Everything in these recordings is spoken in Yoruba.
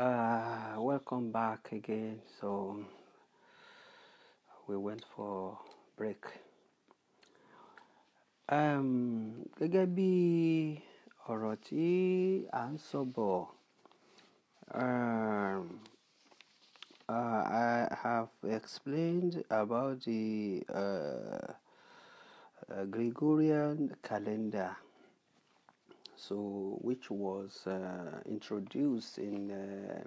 uh, welcome back again so we went for break um, gẹ́gẹ́ bí ọ̀rọ̀ tí à ń sọ bọ̀ um, ah, I have explained about the uh, uh, Gregorian calendar so which was uh, introduced in uh,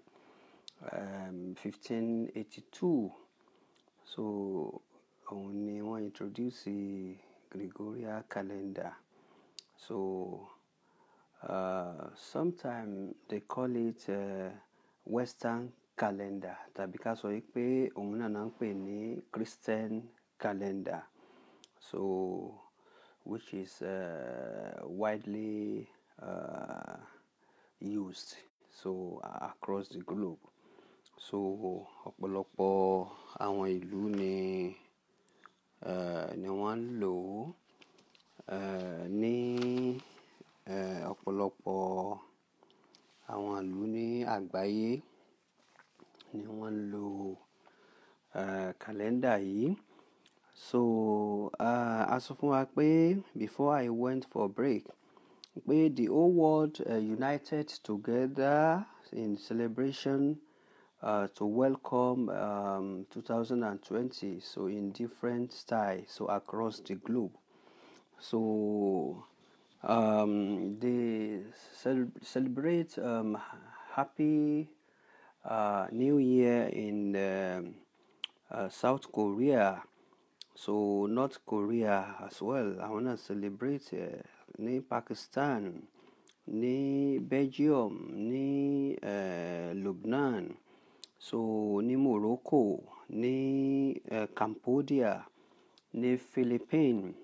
um, 1582 so òun ni wọ́n introduce Gregorian calendar so uh, sometimes they call it uh, western calendar tàbí ká sọ pé òun náà náà ń pè ní christian calendar so which is uh, widely. uh, used so uh, across the globe. So ọ̀pọ̀lọpọ̀ àwọn ìlú ni uh, ni wọ́n ń lò ó uh, ní uh, ọ̀pọ̀lọpọ̀ àwọn ìlú ní àgbáyé ni wọ́n ń lò kàlẹ́ndà yìí. So uh, a sọ fún wa pé before I went for break. We, the whole world, uh, united together in celebration uh, to welcome um, 2020. So in different styles, so across the globe. So um, they cel- celebrate um, happy uh, New Year in um, uh, South Korea. So North Korea as well. I wanna celebrate uh, ní Pakistan, ní Belgium, ní eh, Lubnan, so ní Morocco, ní eh, Cambodia, ní Philippines,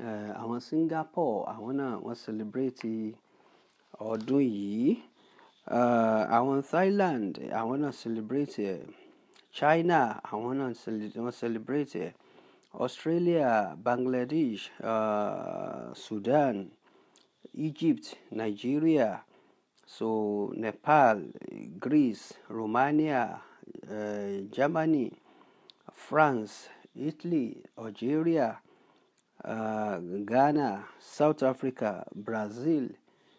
eh, àwọn Singapore àwọn náà wọ́n celebrate ọdún yìí. Uh, àwọn Thailand àwọn náà celebrate ẹ̀ China àwọn náà wọ́n celebrate ẹ̀ Australia, Bangladesh, uh, Sudan, Egypt, Nigeria, so Nepal, Greece, Romania, uh, Germany, France, Italy, Algeria, uh, Ghana, South Africa, Brazil,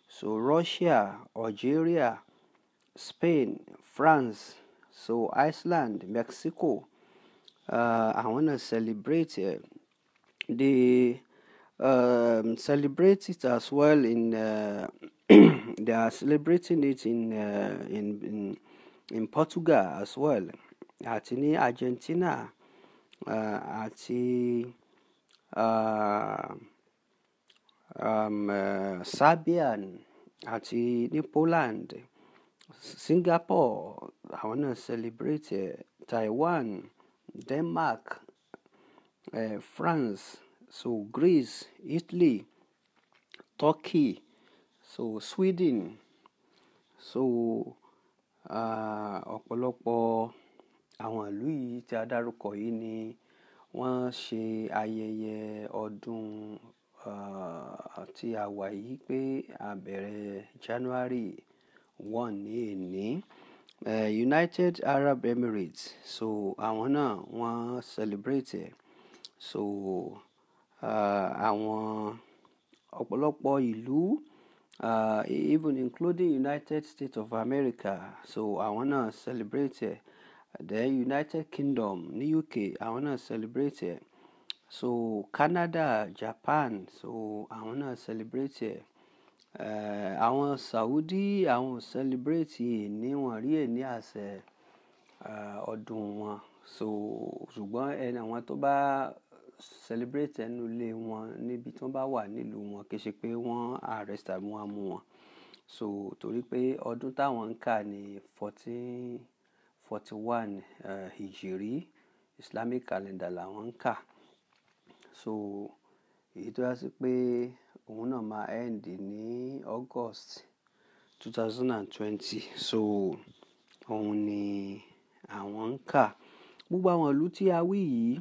so Russia, Algeria, Spain, France, so Iceland, Mexico uh, I want to celebrate uh, they um, celebrate it as well in uh, they are celebrating it in, uh, in in in Portugal as well àti ní Argentina uh, àti uh, um, uh, Serbian àti ní Poland Singapore I want to celebrate uh, Taiwan. Denmark, eh, France, so Greece, Italy, Turkey, so Sweden, so ah, ọ̀pọ̀lọpọ̀ àwọn ìlú yìí tí a dárúkọ yìí ni wọ́n ṣe ayẹyẹ ọdún ah, tí a wà yìí pé a bẹ̀rẹ̀ January one ní èní. Eh, United Arab Emirates so àwọn náà wọ́n celebrate ẹ̀ so eh, àwọn ọ̀pọ̀lọpọ̀ ìlú uh, even including United States of America so àwọn náà celebrate ẹ̀ then United Kingdom ní UK àwọn náà celebrate ẹ̀ so Canada Japan so àwọn náà celebrate ẹ̀. Eh, àwọn Saudi àwọn ò celebrate èní wọn rí èní àṣẹ eh, ọdún wọn so ṣùgbọ́n ẹni àwọn tó bá celebrate ẹnu ilé wọn níbi tí wọ́n bá wà nílùú wọn kì í ṣe pé wọ́n arrest àbí wọ́n wọn so torí pé ọdún táwọn ń kà ní fourteen forty one eh, hijiri Islamic calendar làwọn ń kà so èyí tó yá sí pé òun náà máa end ní August 2020 so òun ni àwọn ń kà gbogbo àwọn ìlú tí a wí yìí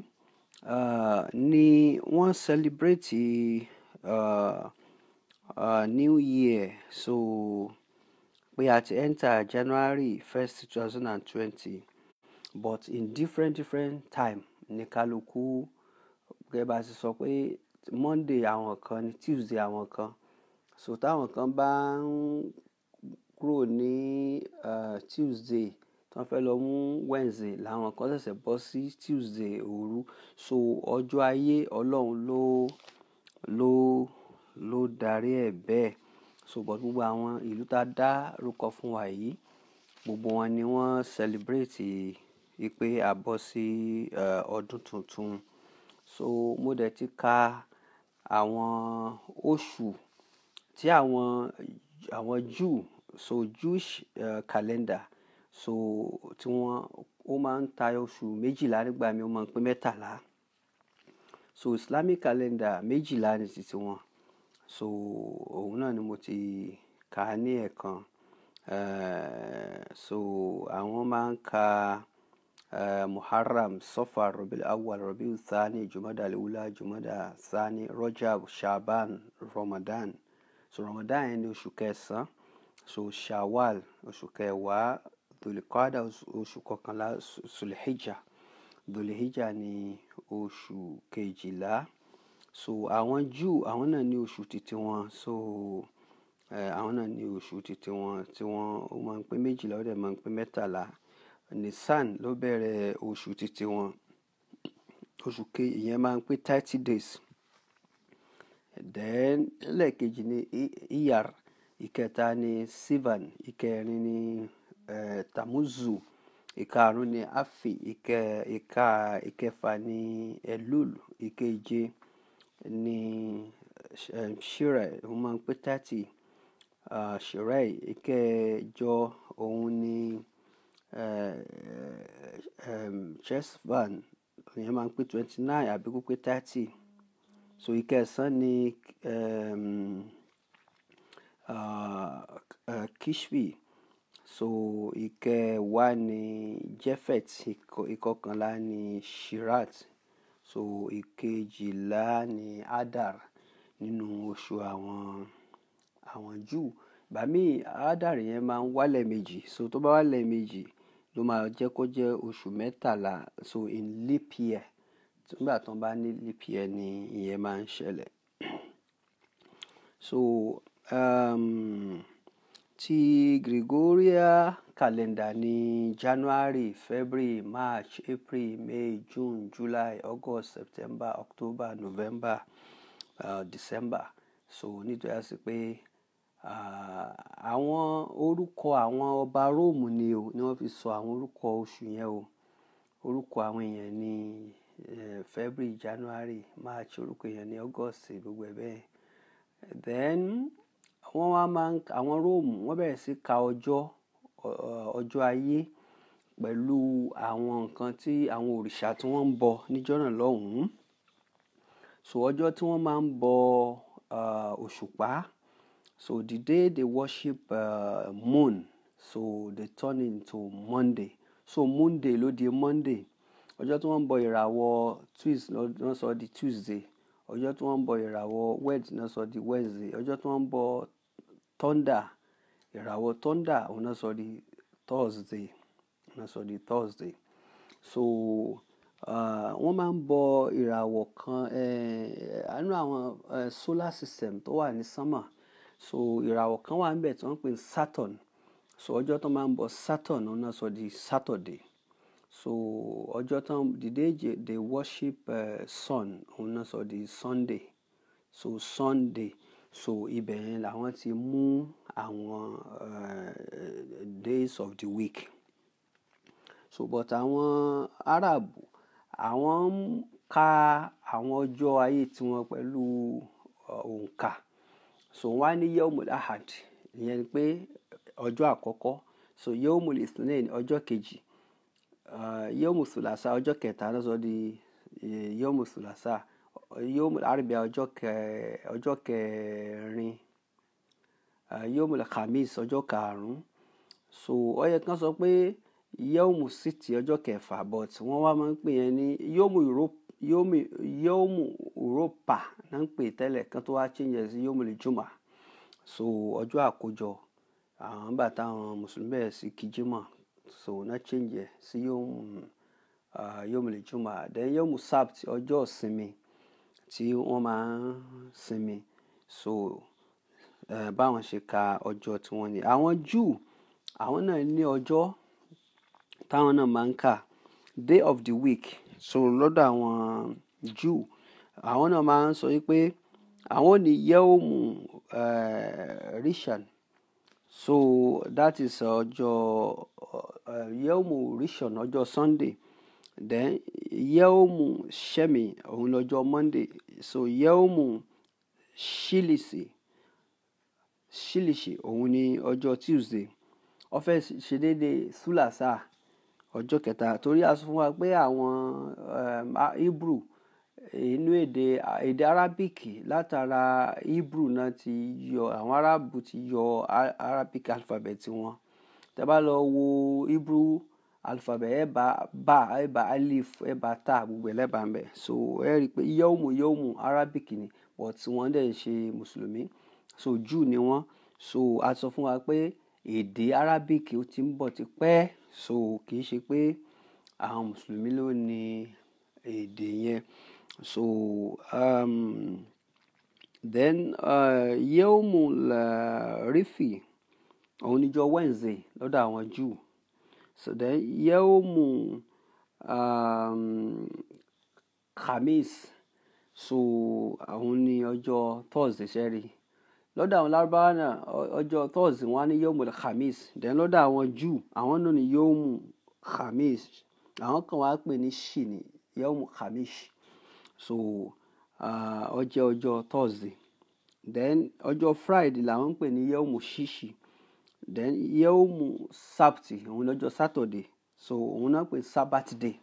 uh, ni wọ́n celebrate uh, uh, New Year so we had to enter January 1st 2020 but in different different time ní kálukú gẹ́gẹ́ bá a ṣe sọ pé Monday àwọn kan ni Tuesday àwọn kan so táwọn kan bá ń kúrò ní Tuesday tí wọ́n fẹ́ lọ mú Wednesday làwọn kan ṣẹ̀ṣẹ̀ bọ́ sí Tuesday òru so ọjọ́ ayé Ọlọ́run ló ló ló darí ẹ̀ bẹ́ẹ̀ so but gbogbo àwọn ìlú tá a dá rúkọ fún wa yìí gbogbo wọn ni wọ́n celebrate ìpè àbọ̀ sí ọdún tuntun so mo dẹ̀ ti ka àwọn oṣù tí àwọn àwọn Jew so Jewish uh, calendar so tí wọ́n ó máa ń ta oṣù méjìlá nígbà mi ó máa ń pín mẹ́tàlá so Islamic calendar méjìlá ni ti tiwọn so òun náà ni mo ti kà ní ẹ̀kan uh, eh, so àwọn máa ń ka. Uh, محرم صفر ربيع الأول ربيع الثاني جمادى الأولى جمادى الثاني رجب شعبان رمضان so Ramadan ẹni oṣù kẹsàn-án so Shawwal oṣù kẹwàá Dhulikada oṣù kọkànlá Zulhijja Zulhijja ni oṣù kejìlá so àwọn Júù àwọn náà ní oṣù títí wọn so àwọn náà ní oṣù títí wọn tí wọn ó máa ń pé méjìlá ó dẹ̀ máa ń pé mẹ́tàlá Nisan ló bẹ̀rẹ̀ oṣù títí wọn oṣù ke ìyẹn máa ń pé thirty days then ẹlẹ́ẹ̀kejì ni iyar e-, e ìkẹta ni sivan ìkẹrin ni tamuzu ìkarùn ni afi ìkẹ ìka ìkẹfà ní elul ìkeje ní shirai òun máa ń pé thirty shirai ìkẹjọ òun ni. Uh, Eh, eh, Chesvan ìyẹn máa ń pé twenty nine àbí kó pé thirty so ìkẹsàn ni um, uh, uh, Kishvi so ìkẹwàá ni Jefet ìkọkànlá ni Shirat so ìkejìlá ni Adar nínú oṣù àwọn àwọn Júù ìgbà míì Adar yẹn máa ń wálẹ̀ méjì so tó bá wálẹ̀ méjì ló máa jẹ́ kó jẹ́ oṣù mẹ́tàlá so in leap year nígbà tán bá ní leap year ni ìyẹn máa ń ṣẹlẹ̀ so um, ti Gregorian calendar ní January February March April May June July August September October November uh, December so nítorí àti pé. Ah, àwọn orúkọ àwọn ọba Róòmù ni o ni wọ́n fi sọ àwọn orúkọ oṣù yẹn o orúkọ àwọn èèyàn ní eh, February January March orúkọ èèyàn ní August gbogbo ẹ̀ bẹ́ẹ̀ then wọ́n wá máa ń àwọn Róòmù wọ́n bẹ̀rẹ̀ sí ka ọjọ́ eh, ọjọ́ ayé pẹ̀lú àwọn nǹkan tí àwọn òrìṣà tí wọ́n ń bọ níjọ́ náà lọ́hùn-ún so ọjọ́ tí wọ́n máa ń bọ ah, òṣùpá. Uh, So the day they worship uh, moon, so they turn into Monday. So Monday ló di Monday. Ọjọ́ tí wọ́n ń bọ ìràwọ̀ twist náà sọ di Tuesday. Ọjọ́ tí wọ́n ń bọ ìràwọ̀ wed náà sọ di Wednesday. Ọjọ́ tí wọ́n ń bọ thunder ìràwọ̀ thunder òun náà sọ di Thursday. Òun náà sọ di Thursday. So uh, wọ́n máa ń bọ ìràwọ̀ kan nínú eh, àwọn eh, solar system tó wà ní sánmà so ìràwọ̀ kan wà níbẹ̀ tí wọ́n ń pè Saturn so ọjọ́ tó máa ń bọ Saturn náà sọ di Saturday so ọjọ́ tó the day they worship uh, sun òun sọ di Sunday so Sunday so ibẹ̀ yẹn làwọn ti mú àwọn uh, days of the week so but àwọn Arab àwọn ń ka àwọn ọjọ́ ayé tiwọn pẹ̀lú eh, òǹkà so wọ́n á ní yawmul ahad ìyẹn pé ọjọ́ àkọ́kọ́ so yawmul ithnain ọjọ́ kejì ah, yawmul sulasa ọjọ́ kẹta náà sọ di yawmul sulasa yawmul arbi'a ọjọ́ kẹrin ah, yawmul khamis ọjọ́ karùn so ó yẹ kán sọ pé yawmul siti ọjọ́ kẹfà but wọ́n wá máa ń pè yẹn ní yawmul Europe yomi yomu europa náà ń pè tẹ́lẹ̀ kan tó wá change sí yomu lejuma so ọjọ́ àkójọ àwọn bá táwọn mùsùlùmí bẹ̀rẹ̀ sí kìjìmọ̀ so na change sí yomu uh, yomu lejuma then yomu sabt ọjọ́ ìsinmi tí wọ́n máa ń sinmi so uh, báwọn ṣe ka ọjọ́ tí wọ́n ní àwọn Júù àwọn náà ní ọjọ́ táwọn náà máa ń kà day of the week so lọ́dọ̀ àwọn Jew àwọn náà máa ń sọ wípé àwọn ní yẹ́ọ̀mù eh, rishon so that is ọjọ́ eh, yẹ́ọ̀mù rishon ọjọ́ Sunday then yẹ́ọ̀mù shemi òun lọ́jọ́ Monday so yẹ́ọ̀mù shilisi shilishi òun ní ọjọ́ Tuesday ó fẹ́ ṣe sulasa ọjọ́ kẹta torí a sọ fún wa pé àwọn ehm, Hebrew inú èdè èdè Arabic látara Hebrew náà ti yọ àwọn Arabu ti yọ Arabic alphabet wọn tá lọ wo Hebrew alifabẹ ẹ ba ẹ alif ẹ bá ta gbogbo ẹ lẹ́bàá mbẹ so ẹ rí i pé yẹ́wùmù yẹ́wùmù Arabic ni but wọ́n dẹ̀ ń ṣe mùsùlùmí so Jew ni wọ́n so a sọ fún wa pé èdè Arabic ó ti ń bọ̀ ti pẹ́ So kì í ṣe pé àwọn Mùsùlùmí ló ni èdè yẹn. So, um, then, uh, la uh, Rifi, òun ni ọjọ́ Wednesday lọ́dọ̀ àwọn Jew. So then Yawmu, um, Khamis, so òun ni ọjọ́ Thursday ṣẹ́rí lọ́dọ̀ àwọn lárúbáwá náà ọjọ́ thursday wọn á ní yomul khamis then lọ́dọ̀ àwọn jew àwọn náà ní yomu khamis àwọn kan wàá pè ní shini yomu khamis so ọjọ́ ọjọ́ thursday then ọjọ́ friday làwọn ń pè ní yomu shishi then yomu sabti òun lọ́jọ́ saturday so òun náà pè sabbath day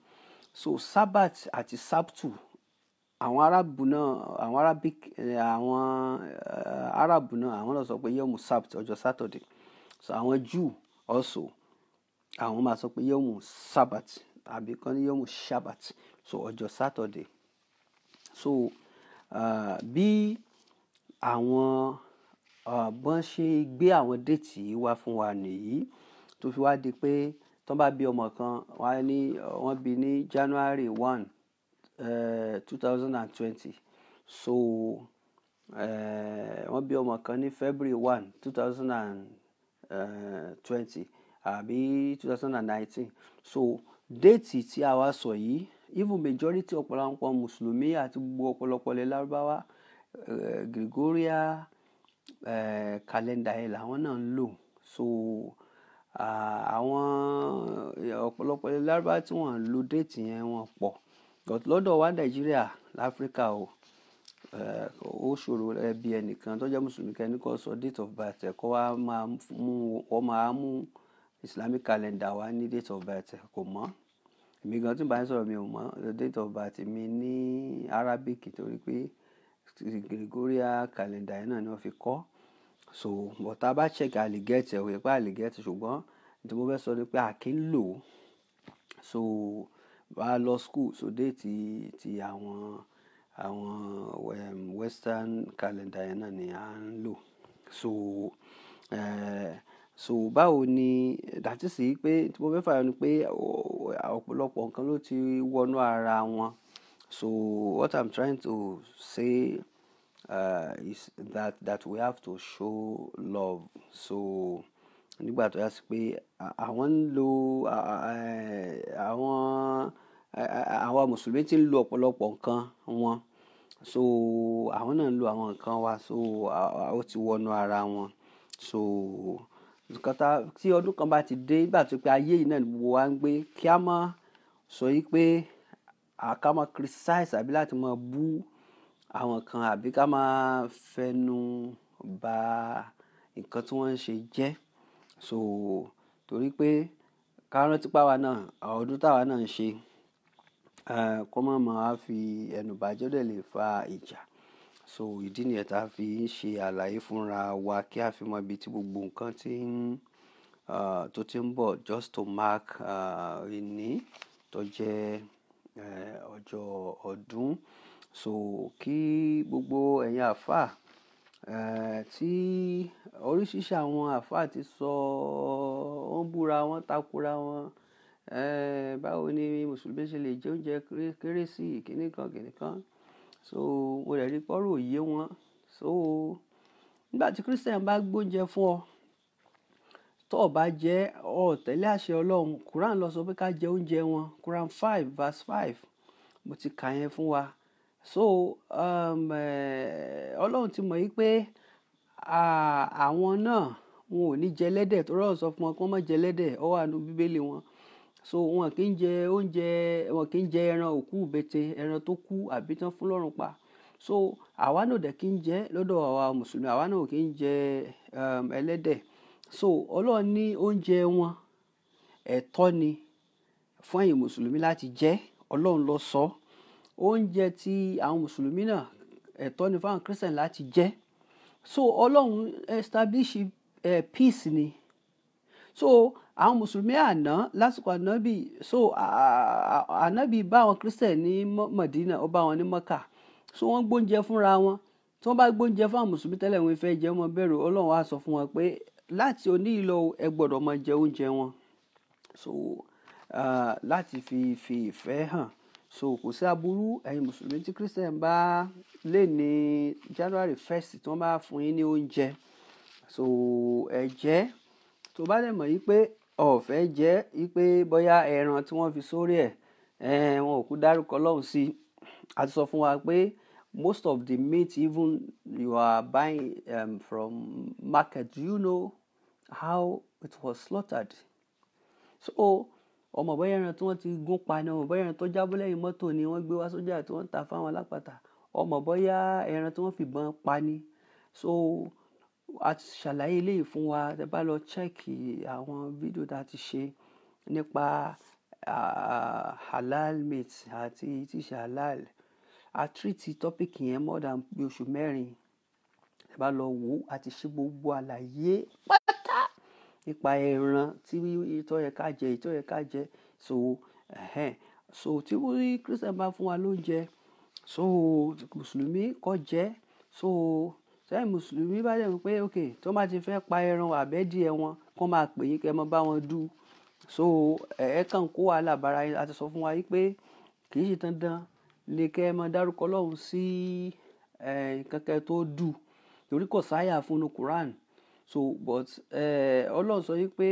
so sabbath àti sabtu àwọn arabu náà àwọn arabic eh, àwọn eh, arabu náà àwọn náà sọ pé yẹ́mu sabt ọjọ́ saturday so àwọn jew also àwọn máa sọ pé yẹ́mu sabat àbí kan ní yẹ́mu shabat so ọjọ́ saturday so uh, bí àwọn uh, bọ́n ṣe gbé àwọn déètì yìí wá fún wa nìyí tó fi wá di pé tọ́n bá bí ọmọ kan wọ́n bí ní january one 2020. Eh, so eh, wọ́n bí ọmọ kan ní February one 2020. thousand and twenty àbí two thousand and nineteen so déètì tí a wá sọ yìí even majority ọ̀pọ̀lọpọ̀ mùsùlùmí àti gbogbo ọ̀pọ̀lọpọ̀ ilẹ̀ lárúbáwá eh, Gregorian calendar yẹn làwọn náà ń lò so ah, àwọn ọ̀pọ̀lọpọ̀ ilẹ̀ lárúbáwá tí wọ́n ń lo déètì yẹn wọ́n pọ̀ lọ́dọ̀ wa nàìjíríà láfíríkà o eh, ó ṣòro ẹbí eh, ẹnìkan tó jẹ́ mùsùlùmí kẹ́ni kó sọ date of birth ẹ̀ kó wá máa mú islamic calendar wa ní date of birth ẹ̀ kò mọ́ èmi gan tí n bá ń sọ̀rọ̀ mi ò mọ́ date of birth mi ní arabic torí pé gregorian calendar yẹn náà ni wọ́n fi kọ́ so but tá a bá check àlìgẹ́tì ẹ̀ wípé àlìgẹ́tì ṣùgbọ́n tí mo sọ ni pé a kì í lò so wà á lọ school sóde ti ti àwọn àwọn um, western calendar yẹn náà ni à ń lò so eh, so báwo ni dàtí sí pé tí mo fẹ́ fààyàn ni pé ọ̀pọ̀lọpọ̀ nǹkan ló ti wọnú ara wọn so what i'm trying to say uh, is that that we have to show love so nígbà tó yá sí pé àwọn ń lo àwọn àwa mùsùlùmí ti ń lo ọ̀pọ̀lọpọ̀ nǹkan wọn so àwọn náà ń lo àwọn nǹkan wa so ó ti wọnú ara wọn so kọta tí ọdún kan bá ti dé nígbà tó pé ayé yìí náà ni gbogbo wa ń gbé kí a má sọ yìí pé ká má criticize àbí láti má bú àwọn kan àbí ká má fẹnu bà nǹkan tí wọ́n ń ṣe jẹ́. So torí pé ká rántí páwa náà ọdún táwa náà ń ṣe kó má a fi ẹnu bàjẹ́ dẹ̀ lè fa ìjà so ìdí nìyẹn tá a fi ń ṣe àlàyé fúnra wa kí a fi mọ ibi tí gbogbo nǹkan ti ń tó ti ń bọ̀ just to mark ìní tó jẹ́ ọjọ́ ọdún so kí gbogbo ẹ̀yin àfáà tí oríṣiríṣi àwọn àfáà ti sọ wọ́n búra wọ́n takora wọn báwo ni mùsùlùmí ṣe lè jẹ oúnjẹ kérésì kìnnìkan kìnnìkan so mo rẹ̀ rí pọ́rọ̀ òye wọn so nígbà tí christian bá gbóúnjẹ fún ọ tó o bá jẹ ọ tẹ̀lé àṣẹ ọlọ́run quran ló sọ pé ká jẹ oúnjẹ wọn quran five verse five mo ti kà yẹn fún wa so um, uh, Ọlọ́run ti mọ̀ yí pé àwọn náà wọn ò ní jẹ ẹlẹ́dẹ̀ tó rọrùn sọ fún wọn kí wọ́n jẹ ẹlẹ́dẹ̀ ó wà bíbélì wọn so wọn kì í jẹ oúnjẹ wọn kì í jẹ ẹran òkú bẹtẹ ẹran tó kú àbí tán fún lọ́rùn pa so àwa náà dẹ̀ kì í jẹ lọ́dọ̀ àwa mùsùlùmí àwa náà kì í jẹ um, ẹlẹ́dẹ̀ so Ọlọ́run ní oúnjẹ wọn ẹ̀tọ́ ni fún ẹ̀yin mùsùlùmí láti jẹ Ọlọ́run ló sọ oúnjẹ tí àwọn mùsùlùmí náà ẹ̀tọ́ ni fáwọn christian láti jẹ́ so ọlọ́run establish eh, peace ni so àwọn mùsùlùmí àná lásìkò ànábì so ànábì bá àwọn christian ní Madina ó bá wọn ní Mọ́kà so wọ́n gbóúnjẹ fúnra wọn tí wọ́n bá gbóúnjẹ fún àwọn mùsùlùmí tẹ́lẹ̀ wọn fẹ́ jẹ wọn bẹ̀rù ọlọ́run á sọ fún wọn pé láti òní ìlọ ẹ gbọ́dọ̀ máa jẹ oúnjẹ wọn so uh, láti fi fi ìfẹ́ hàn so kò sí aburú ẹ̀yin mùsùlùmí tí christian bá lè ní january first tí wọ́n bá fún yín ní oúnjẹ so ẹ jẹ tó bá lè mọ̀ yí pé ọ̀fẹ́ jẹ́ yí pé bóyá ẹran tí wọ́n fi sórí ẹ̀ wọn ò kú dárúkọ lọ́hùn sí a ti sọ fún wa pé most of the meat even you are buying um, from market do you know how it was slaughtered so ọmọ bóyá ẹran tí wọ́n ti gún pa ni ọmọ bóyá ẹran tó jábọ́ lẹ́yìn mọ́tò ni wọ́n gbé wá sójà tí wọ́n ń ta fáwọn alápàtà ọmọ bóyá ẹran tí wọ́n fìbọn pa ni so a ṣàlàyé eléyìí fún wa ẹ bá lọ chẹ́ẹ̀kì àwọn fídíò tá a ti ṣe nípa halal meat àti tíṣe halal a treat topic yẹn more than oṣù mẹ́rin ẹ bá lọ wò ó a ti ṣe gbogbo àlàyé pẹ́ nípa ẹran tí tó yẹ ká jẹ tó yẹ ká jẹ so ẹ̀hẹ́n so tí Christian bá fún wa lóúnjẹ so mùsùlùmí kọ́ jẹ so sẹ́yìn mùsùlùmí bá dẹ̀ pé ok tó má ti fẹ́ pa ẹran àbẹ́dìẹ wọn kó máa pè yín kẹ́ mọ́ bá wọn dú so ẹ kàn kó wàhálà bára yín àti sọ fún wa yí pé kì í ṣe dandan lè kẹ́ ẹ mọ dárúkọ Ọlọ́run sí kankan tó dù torí kò sáyà fún un Quran so but eh, ọlọ́run sọ wípé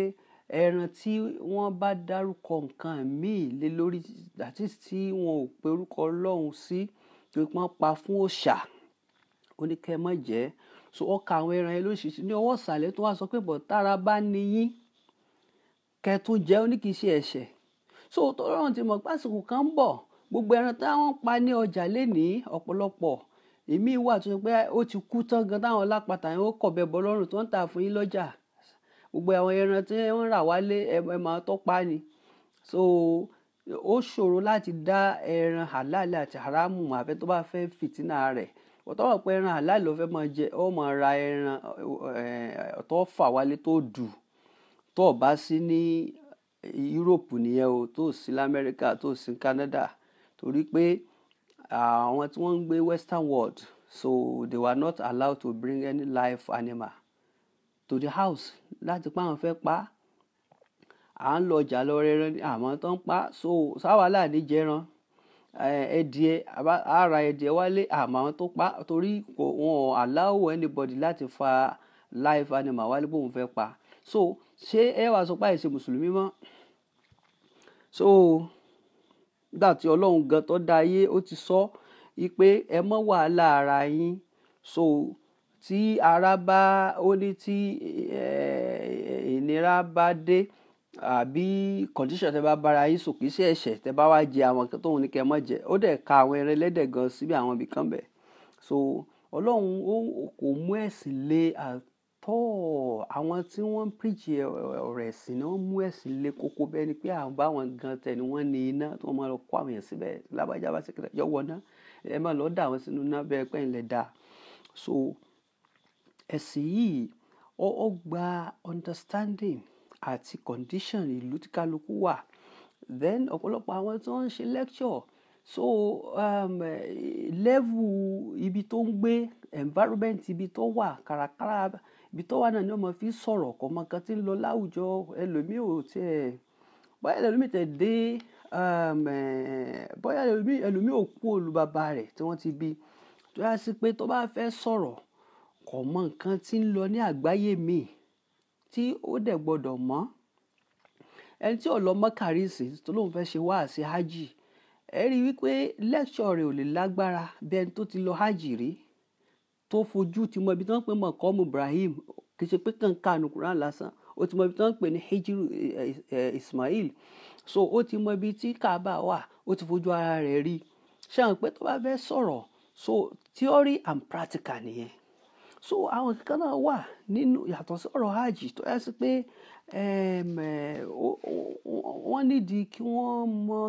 ẹran tí wọ́n bá dárúkọ nǹkan míì lé lórí that is tí wọn ò pe orúkọ ọlọ́run sí tó pọ́n pa fún òòṣà ó ní kẹ́ mọ́ jẹ́ so ọkà àwọn ẹran yẹn lóṣìṣẹ́ ní ọwọ́ ìsàlẹ̀ tó wá sọ pé bọ̀ tára bá ní yín kẹ́ tó jẹ́ ó ẹ̀ṣẹ̀ so tọ́lọ́run ti mọ̀ pásìkò kan ń bọ̀ gbogbo ẹran táwọn pa ní ọjà lénìí ọ̀pọ̀lọpọ̀ èmi wà tó pé ó ti kú tán gan táwọn lápáta yẹn ó kọ̀bẹ bọ́ lọ́rùn tó ń tà fún yín lọ́jà gbogbo àwọn ẹran tí wọ́n rà wálé ẹ máa tọ́ pa ni so ó ṣòro láti dá ẹran halal àti haramu àfẹ́ tó bá fẹ́ fìtínà rẹ̀ ọ̀tọ́ wà pé ẹran halal ló fẹ́ máa jẹ ó máa ra ẹran ọ̀tọ́ fà wálé tó dù tó o bá sí ní Yúróòpù nìyẹn o tó o sí lamẹ́ríkà tó o sí Canada torí pé Ah, àwọn tí wọ́n ń gbé western world so they were not allowed to bring any live animal to the house láti pa àwọn fẹ́ pa à ń lọ ọjà lọ rẹran àmọ́ tó ń pa so sáwàlà ní jẹran eh, ẹdìẹ ara ẹdìẹ wálé àmọ́ tó pa torí wọn ò allow anybody láti fa live animal wálé bóun fẹ́ pa so ṣé ẹ wàá sọ pé àìsè mùsùlùmí mọ́ so nígbà tí ọlọ́run gan tó dá ayé ó ti sọ pé ẹ mọ́ wàhálà ara yín so tí ara bá ó ní tí ìnira bá dé àbí condition tẹ bá bára yín sòkè sí ẹ̀ṣẹ̀ tẹ bá wá jẹ àwọn kan tóun ní kẹ́ mọ́ jẹ ó dẹ̀ ka àwọn ẹran ẹlẹ́dẹ̀ gan síbi àwọn ibì kan bẹ̀ so ọlọ́run kò mú ẹ̀sìn lé tọ́ àwọn tí wọ́n ń píríjì ọ̀rọ̀ ẹ̀sìn náà mú ẹ̀sìn lé kókó bẹ́ẹ̀ ni pé àwọn báwọn gan tẹ̀ni wọ́n ní iná tí wọ́n máa lọ kó àwọn èèyàn síbẹ̀ lábàjá bá ṣèkìlẹ̀ yọ̀wọ̀ náà ẹ máa lọ dà wọ́n sínú náà bẹ́ẹ̀ pẹ́ ńlẹ̀ dà so ẹ̀sìn yìí ó gba understanding àti condition ìlú tí kálukú wà then ọ̀pọ̀lọpọ̀ àwọn tí wọ́n ń ṣe lecture so um, level ibi tó ń gbé environment ibi tó wà kàràkàrà ibi tó wà náà ni ọmọ fi sọ̀rọ̀ kọ́ mọ nǹkan tí ń lọ láwùjọ ẹlòmíì ò tiẹ̀ bóyá ẹlòmíì tẹ̀ dé um, bóyá ẹlòmíì ò kú olùbàbà rẹ̀ tí wọ́n ti bí tó yá sí pé tó bá fẹ́ sọ̀rọ̀ kọ́ mọ nǹkan tí ń lọ ní àgbáyé míì tí ó dẹ̀ gbọ́dọ̀ mọ̀ ẹni tí ọ̀lọ́ mọ́kàrísì tó lóun fẹ́ ṣe wáàsí hájì ẹ rí i wípé lẹ́kṣọ̀ rẹ̀ ò lè lágbára bẹ́ẹ̀ tó ti lọ hájì rí tó fojú ti mọ ibi tí wọ́n pè mọ̀ kọ́mù Ibrahim kì í ṣe pé kànká nu Quran lásán ó ti mọ ibi tí wọ́n pè ní hijiru Ismail so ó ti mọ ibi tí Kaaba wà ó ti fojú ara rẹ̀ rí ṣáà pé tó bá fẹ́ sọ̀rọ̀ so theory and practical nìyẹn so àwọn kankan náà wà nínú yàtọ̀ sí ọ̀rọ̀ hajj tó yẹ sí pé wọ́n nídìí kí wọ́n mọ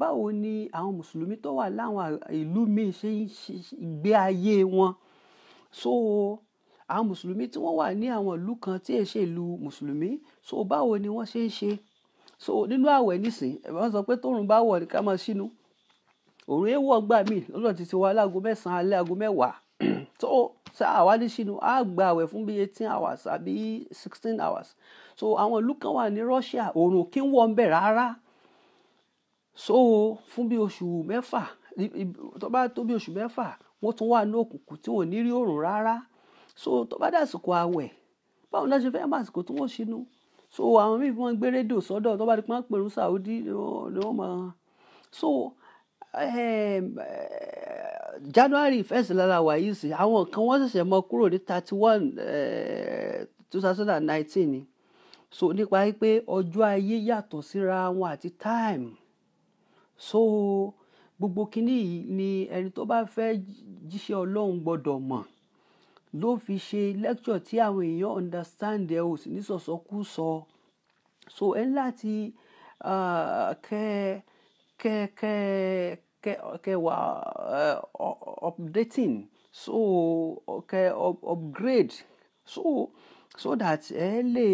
báwo ni àwọn mùsùlùmí tó wà láwọn ìlú míì ṣe ń gbé ayé wọn so àwọn mùsùlùmí tí wọ́n wà ní àwọn ìlú kan tí èṣe ìlú mùsùlùmí so báwo ni wọ́n ṣe ń ṣe so nínú àwẹ̀ nísìn ẹ̀ wọ́n sọ pé tóòrùn bá wọ̀ ní ká máa ṣínú òòrùn yẹn wọ̀ gbà míì lọ́dọ̀ ti ti wá láago mẹ́sàn-án alẹ́ aago mẹ́wàá so sáà wá ní ṣínú á gba àwẹ̀ fún bíi eighteen hours àbí sixteen hours so àwọn ìlú kan wà ní Russia òòrùn kí ń wọ̀ ń bẹ̀ rárá so fún bíi oṣù mẹ́fà tó bá tó bíi oṣù mẹ́fà wọ́n tún wà ní òkùnkùn tí wọ́n ní rí òrùn rárá so tó bá dàsìkò àwẹ̀ báwo náà ṣe fẹ́ mọ àsìkò tí wọ́n ṣinú so àwọn míì fi wọn gbé rédíò sọ́dọ̀ tó bá di pọn pẹ̀lú Saudi ni wọ́n mọ̀ so ehm, eh, January first lára wà yìí sí àwọn kan wọ́n ṣẹ̀ṣẹ̀ mọ kúrò ní thirty one eh, two thousand and nineteen ni so nípa pé ọjọ́ ayé yàtọ̀ síra wọn àti time so gbogbo kinní yìí ni ẹni tó bá fẹ́ jíṣẹ́ ọlọ́run gbọ́dọ̀ mọ̀ ló fi ṣe lecture tí àwọn èèyàn understand ẹ ò sì ní sọ̀sọ́kú sọ so ẹ ní láti kẹ kẹ kẹ kẹ wà updating so kẹ upgrade so so that ẹ lè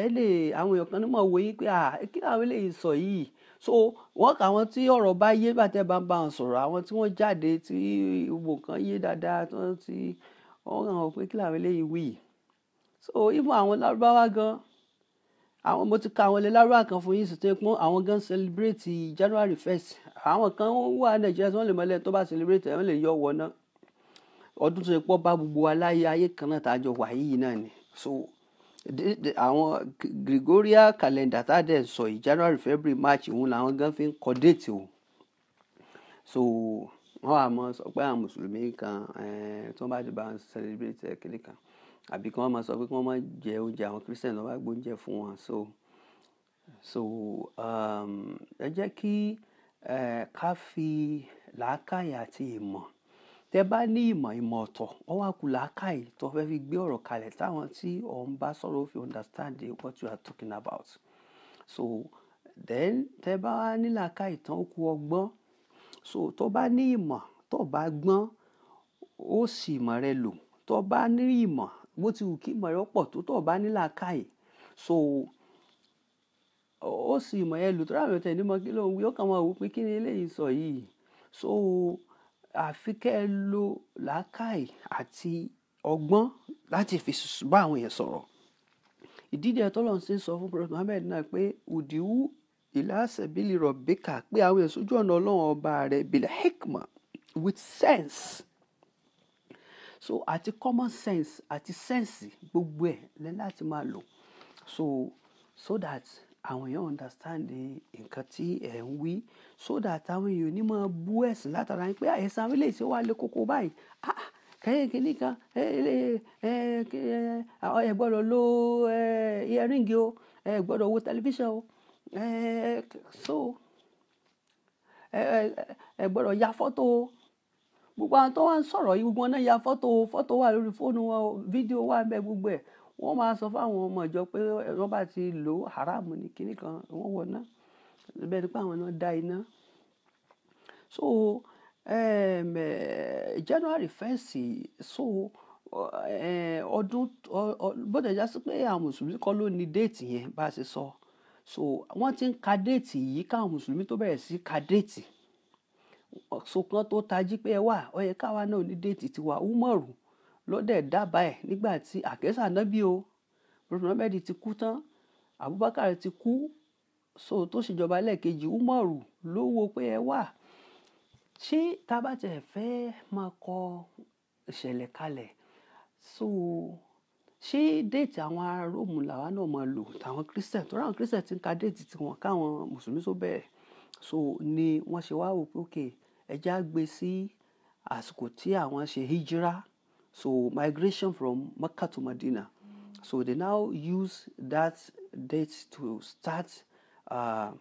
ẹ lè àwọn èèyàn kan ní mọ̀ wòye pé ah kí làwọn eléyìí sọ yìí so wọ́n kà àwọn tí ọ̀rọ̀ bá yé bàtẹ́ bá ń bá wọn sọ̀rọ̀ àwọn tí wọ́n jáde tí gbogbo nǹkan yé dáadáa tí wọ́n ti wọ́n kàn wọ́n pé kí làwọn eléyìí wí so even àwọn lárúbáwá gan àwọn mo ti ka àwọn ilé lárúbáwá kan fún yín sì tó pọ́n àwọn gan celebrate January first àwọn kan wà Nàìjíríà tí wọ́n lè mọ́lẹ̀ tó bá celebrate ẹ̀ wọ́n lè yọ wọ náà ọdún tó ṣe pọ́ bá gbogbo aláyé ayé kan náà tá a jọ wà yìí náà ni so àwọn Gregorian calendar tá a dẹ̀ sọ yìí January February March òun làwọn gan fi ń kọ déètì o so wọ́n á mọ̀ sọ pé àwọn mùsùlùmí kan eh, tí wọ́n bá ti bá ń celebrate eh, kìnìún kan àbí kí wọ́n máa sọ pé kí wọ́n máa jẹ oúnjẹ àwọn Christian lọ́wọ́ gbóúnjẹ fún wọn so so um, ẹ jẹ́ kí eh, ká fi làákàyè àti ìmọ̀ Tẹ bá ní ìmọ̀ ìmọ̀ ọ̀tọ̀, ó wá kù làákàyè tó fẹ́ fi gbé ọ̀rọ̀ kalẹ̀ táwọn tí ọ̀ bá sọ̀rọ̀ fi understand what you are talking about. So then tẹ bá ní làákàyè tán ó kù ọgbọ́n. So tó bá ní ìmọ̀ tó bá gbọ́n, ó sì ìmọ̀ rẹ lò. Tó bá ní ìmọ̀, bó ti wù kí ìmọ̀ rẹ pọ̀ tó, tó bá ní làákàyè, so ó sì ìmọ̀ yẹn lò. Torí àwọn ènìyàn tẹ̀ ní mọ̀ kí ló ń wí, ó kàn máa wò pé kí ni eléyìí sọ yìí. So àfi kẹ́ ẹ lo làákàyè àti ọgbọ́n láti fi bá àwọn èèyàn sọ̀rọ̀ ìdíje tọ́lọ́run ṣe ń sọ fún prophet muhammed náà pé òdìwú ìlàsẹ̀bílì rọ̀bíkà pé àwọn èèyàn sójú ọ̀nà ọlọ́run ọba rẹ̀ bìlẹ̀ hikma with sense so àti common sense àti sense gbogbo ẹ̀ lẹ́ láti máa lò so so that àwọn èèyàn understand nǹkan tí ẹ̀ ń wí so that àwọn èèyàn ní máa bú ẹ̀sìn látara pé ah, ẹ̀sìn àwọn eléyìí ṣe wá lé kókó báyìí ah kẹ́yìn kìíní kan ẹ gbọ́dọ̀ lo earring o ẹ gbọ́dọ̀ wo tẹlifíṣàn o so ẹ gbọ́dọ̀ ya fọ́tò o gbogbo àwọn tó wá ń sọ̀rọ̀ yìí gbogbo wọn náà ya fọ́tò fọ́tò wà lórí fóònù wa o fídíò wà ń bẹ gbogbo ẹ̀ wọ́n máa sọ fáwọn ọmọ ìjọ pé wọ́n bá ti lò ó haramu ní kinní kan wọ́n wọ̀ ná bẹ́ẹ̀ ni pé àwọn náà dá iná so um, uh, January first so eh, ọdún bọ́dẹ̀ já sí pé àwọn mùsùlùmí kọ́ ló ní déètì yẹn bá a ṣe sọ so wọ́n ti ń ka déètì yìí káwọn mùsùlùmí tó bẹ̀rẹ̀ sí ka déètì so kan tó tají pé ẹ wà ó yẹ káwa náà ní déètì tiwa Umaru ló dẹ̀ dábàá ẹ̀ nígbà tí àkẹ́sà nábì o Muhammad ti kú tán Abubakar ti kú so tó ṣèjọba lẹ́ẹ̀kejì Umaru ló wo pé ẹ wà ṣé tá fẹ́ máa kọ ìṣẹ̀lẹ̀ kalẹ̀ so ṣé déètì àwọn ará róòmù làwa náà máa lò táwọn christian tó ráwọn christian ti ń ka déètì tiwọn káwọn mùsùlùmí tó bẹ̀rẹ̀ so ni wọ́n ṣe wá wò pé ok ẹja gbé sí àsìkò tí àwọn ṣe hijira So migration from Mecca to Medina. So they now use that date to start uh,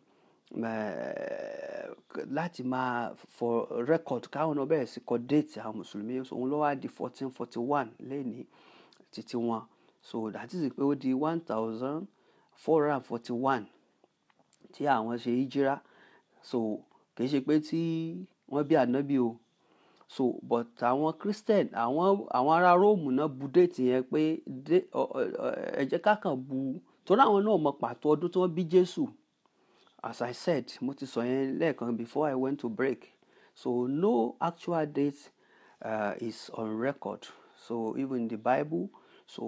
láti máa for record káwọn náà bẹ̀rẹ̀ sí kọ date àwọn mùsùlùmí òun ló wá di fourteen forty one lẹ́ni títí wọn so that is pé ó di one thousand four hundred and forty one tí àwọn ṣe hijira so kì í ṣe pé tí wọ́n bí ànábì o so but àwọn christian àwọn àwọn ará róòmù náà bu déètì yẹn pé ẹ jẹ́ ká kàn bu torí àwọn náà mọ pàtó ọdún tí wọ́n bí jésù as i said mo ti sọ yẹn lẹ́ẹ̀kan before i went to break so no actual date uh, is on record so even the bible so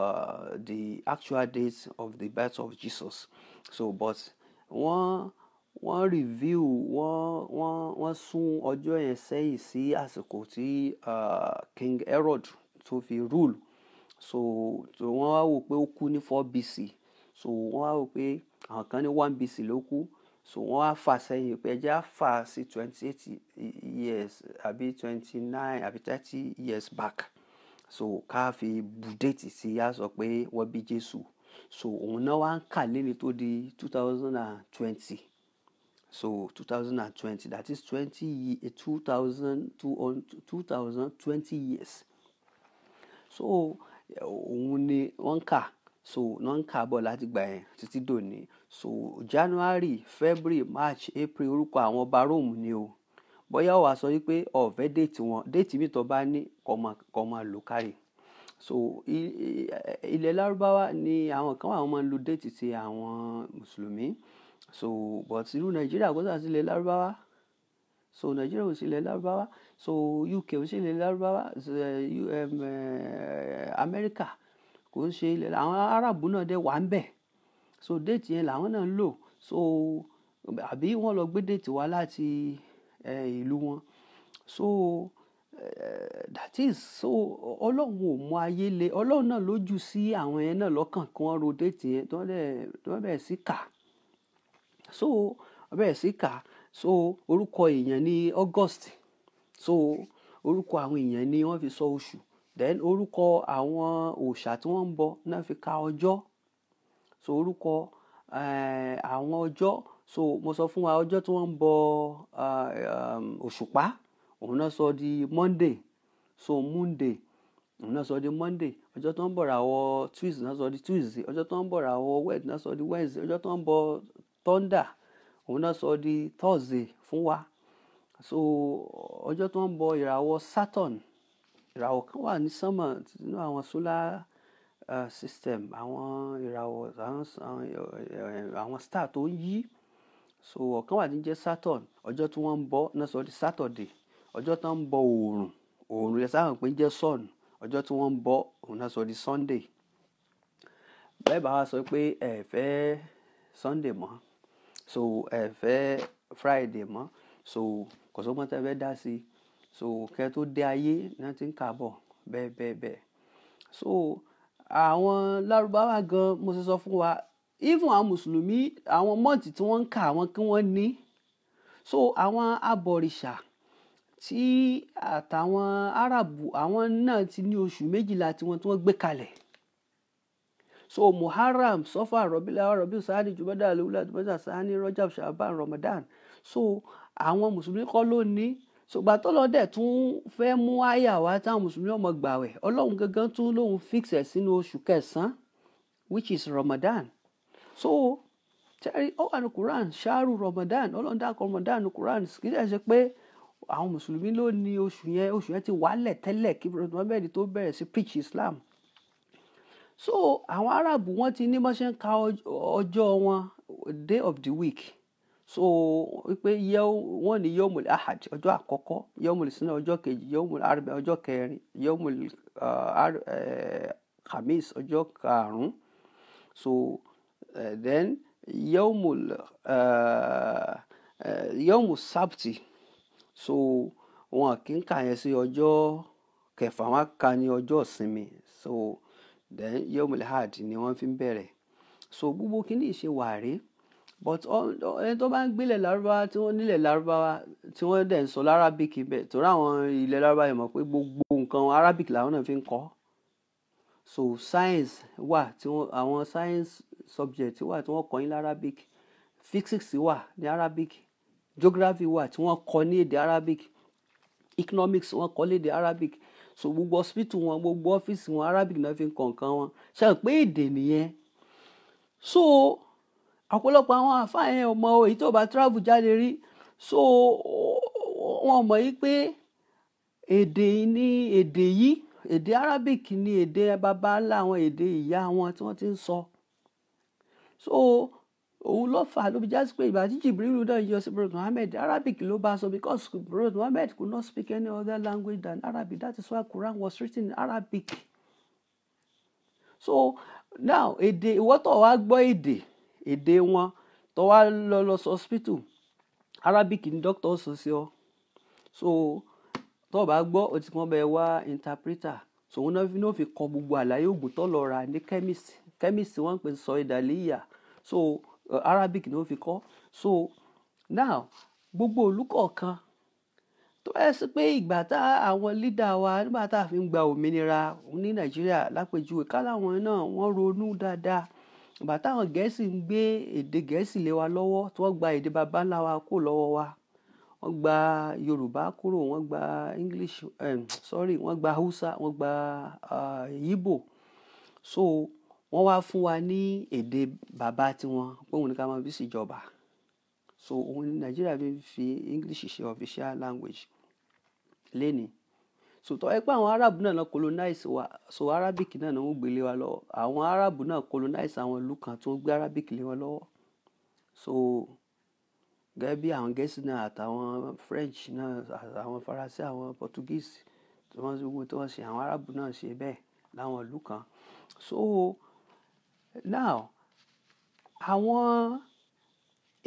uh, the actual date of the birth of jesus so but wọ́n wọ́n review wọ́n wọ́n wọ́n sún ọjọ́ yẹn sẹ́yìn sí àsìkò tí King Herod tó fi rule so wọ́n wá wò pé ó kú ní four BC so wọ́n wá wò pé àwọn kan ní one BC ló kú so wọ́n á fà sẹ́yìn pé ẹjẹ́ á fà sí twenty eight years àbí twenty nine àbí thirty years back so ká fi bùdéètì sí i á sọ pé wọ́n bí Jésù so òun náà wá ń kà lẹ́ni tó di two thousand and twenty So 2020, that is 20 years, 2000, 2020 years. So òun ni wọ́n kà so wọ́n ń kà bọ̀ láti gbà yẹn títí dòní so January, February, March, April orúkọ àwọn ọba Rome ni o bóyá ó wá sọ wípé ọ̀fẹ́ déètì wọn déètì mi tó bá ní kọ́ máa lò kárì so ilẹ̀ lárúbáwá ni àwọn kan wà wọ́n máa ń lo déètì ti àwọn mùsùlùmí so but irú nàìjíríà kò sà sí ilẹ̀ lárúbáwá so nàìjíríà ò sí ilẹ̀ lárúbáwá so uk ò sí ilẹ̀ lárúbáwá eh, America, kò ń ṣe ilẹ̀ àwọn arábù náà dẹ̀ wà ń bẹ̀ so déètì yẹn làwọn náà ń lò so àbí wọ́n lọ gbé déètì wá láti ìlú wọn so eh, that is so ọlọ́run ò mọ ayé le ọlọ́run náà lójú sí àwọn yẹn náà lọ́kàn kí wọ́n ro déètì yẹn tí wọ́n bẹ̀rẹ̀ sí kà so bẹ́ẹ̀ sí kà so orúkọ èèyàn ní August so orúkọ àwọn èèyàn ni wọ́n fi sọ oṣù then orúkọ àwọn òòṣà tí wọ́n ń bọ náà fi ka ọjọ́ so orúkọ eh, àwọn ọjọ́ so mo sọ fún wa ọjọ́ tí wọ́n ń bọ eh, um, òṣùpá òun náà sọ di Monday so Monday òun náà sọ di Monday ọjọ́ tó ń bọ̀ ràwọ̀ Tuesday náà sọ di Tuesday ọjọ́ tó ń bọ̀ ràwọ̀ Wednesday náà sọ di Wednesday ọjọ́ tó ń bọ̀ Thunder òun náà sọ di Thursday fún wa so ọjọ́ tó ń bọ ìràwọ̀ Saturn ìràwọ̀ kan wà ní sánmọ̀ nínú àwọn solar uh, system àwọn ìràwọ̀ eh, àwọn star tó ń yí so ọ̀kan wà ní jẹ́ Saturn ọjọ́ tí wọ́n ń bọ náà sọ di Saturday ọjọ́ tó ń bọ oòrùn oòrùn yẹn sáwọn pé ń jẹ́ sun ọjọ́ tí wọ́n ń bọ òun náà sọ di Sunday bẹ́ẹ̀ bá wa sọ pé ẹ fẹ́ Sunday mọ́ so ẹ Friday mọ́ so kò sọ́gbọ́n tẹ́ fẹ́ dá sí so kẹ́ tó dé ayé náà ti ń kà bọ̀ bẹ́ẹ̀ bẹ́ẹ̀ bẹ́ẹ̀ so àwọn lárúbáwá gan mo sọ fún wa even àwọn mùsùlùmí àwọn mọ́ọ̀tì tí wọ́n ń kà àwọn kí wọ́n ní so àwọn abọ̀rìṣà tí àtàwọn Árábù àwọn náà ti ní oṣù méjìlá tiwọn tí wọ́n gbé kalẹ̀ so muharram sọfà rọbìlà rọbì sani jùmọdà lùlà jùmọdà sani Rajab, shaban ramadan so àwọn mùsùlùmí kọ́ ló ní ṣùgbọ́n tọ́lọ́dẹ̀ tún fẹ́ mú àyà wá táwọn mùsùlùmí ọmọ gbàwẹ̀ ọlọ́run gangan tún lóun fix ẹ̀ sínú oṣù kẹsàn-án which is ramadan so tẹ́rí ó wà ní quran ṣáàrù ramadan ọlọ́run dákọ̀ ramadan ní quran kì í ṣe pé àwọn mùsùlùmí ló ní oṣù yẹn oṣù yẹn ti wálẹ̀ tẹ́lẹ̀ kí Muhammad tó bẹ̀rẹ̀ sí preach islam so àwọn arab wọ́n ti ní bọ́n ṣe ń ka ọjọ́ wọn day of the week so wípé wọ́n ní yomul ahad ọjọ́ àkọ́kọ́ yomul sinna ọjọ́ kejì yomul arba ọjọ́ kẹrin yomul eh, eh, khamis ọjọ́ karùn-ún so eh, then yomul uh, uh, yomul sabti so wọn kì í kà yẹn sí ọjọ́ kẹfà wọn kà ní ọjọ́ ìsinmi so. Uh, then yomul hajj ni wọ́n fi ń bẹ̀rẹ̀ so gbogbo kíní ìṣe wà rí but ẹni tó bá ń gbélé lárúbáwá tí wọ́n nílẹ̀ lárúbáwá tí wọ́n dẹ̀ ń sọ lárábìk bẹ̀ torí àwọn ilẹ̀ lárúbáwá yẹn mọ̀ pé gbogbo nǹkan arabic làwọn náà fi ń kọ́ so science wà tí wọ́n àwọn science subject wà tí wọ́n kọ́ ní arabic physics wà ní arabic geography wà tí wọ́n kọ́ ní èdè arabic economics wọ́n kọ́ lédè arabic so gbogbo hospital wọn gbogbo ọ́fíìsì wọn arabic náà fi ń kọ̀ọ̀kan wọn ṣe é pé èdè nìyẹn so ọ̀pọ̀lọpọ̀ àwọn àfáàyàn ọmọ èyí tó bá travel jáde rí so wọn mọ̀ yí pé èdè ní èdè yìí èdè arabic ní èdè baba ńlá àwọn èdè ìyá wọn tí wọ́n ti ń sọ so. so òun ló fà ló fi jásí pé ìgbà tí jibrilu náà yọ sí prophet muhammed arabic ló bá sọ because prophet muhammed could not speak any other language than arabic that is why quran was written in arabic so now èdè ìwọ tó wá gbọ́ èdè èdè wọn tó wá lọ lọ sí hospital arabic ni doctor sọ sí ọ so tó bá gbọ́ o ti kàn bẹ wá interpreter so wọn náà fi kọ gbogbo àlàyé oògùn tó lọ rà ní chemist chemist wọn pè sọ ìdàlẹ́yà so. so Uh, Arabic ni wọ́n fi kọ́ so now gbogbo olùkọ̀ọ̀kan tó yẹ sí pé ìgbà tá àwọn lídà wa nígbà tá a fi ń gba òmìnira ní Nàìjíríà lápèjúwe káláwọn náà wọ́n ronú dáadáa ìgbà táwọn Gẹ̀ẹ́sì ń gbé èdè Gẹ̀ẹ́sì lé wa lọ́wọ́ tí wọ́n gba èdè baba ńlá wa kó lọ́wọ́ wa wọ́n gba Yorùbá kúrò wọ́n gba English um, sorry wọ́n gba Hausa wọ́n gba uh, Igbo so wọ́n wá fún wa ní èdè bàbá tiwọn pé òun ni ká máa fi ṣèjọba so òun ni nàìjíríà fi fi english ṣe official language lẹ́ni so tọ́ ẹ pé àwọn arab náà colonize wa so arabic náà ni wọ́n gbé lé wa lọ́wọ́ àwọn arab náà colonize àwọn ìlú kan tó gbé arabic lé wọn lọ́wọ́ so gẹ́gẹ́ bí àwọn gẹ̀ẹ́sì náà àtàwọn french náà àtàwọn faransé àwọn portuguese tí wọ́n ṣe gbogbo tí wọ́n ṣe àwọn arab náà ṣe bẹ́ẹ̀ láwọn ìlú kan so. Uh, Now, àwọn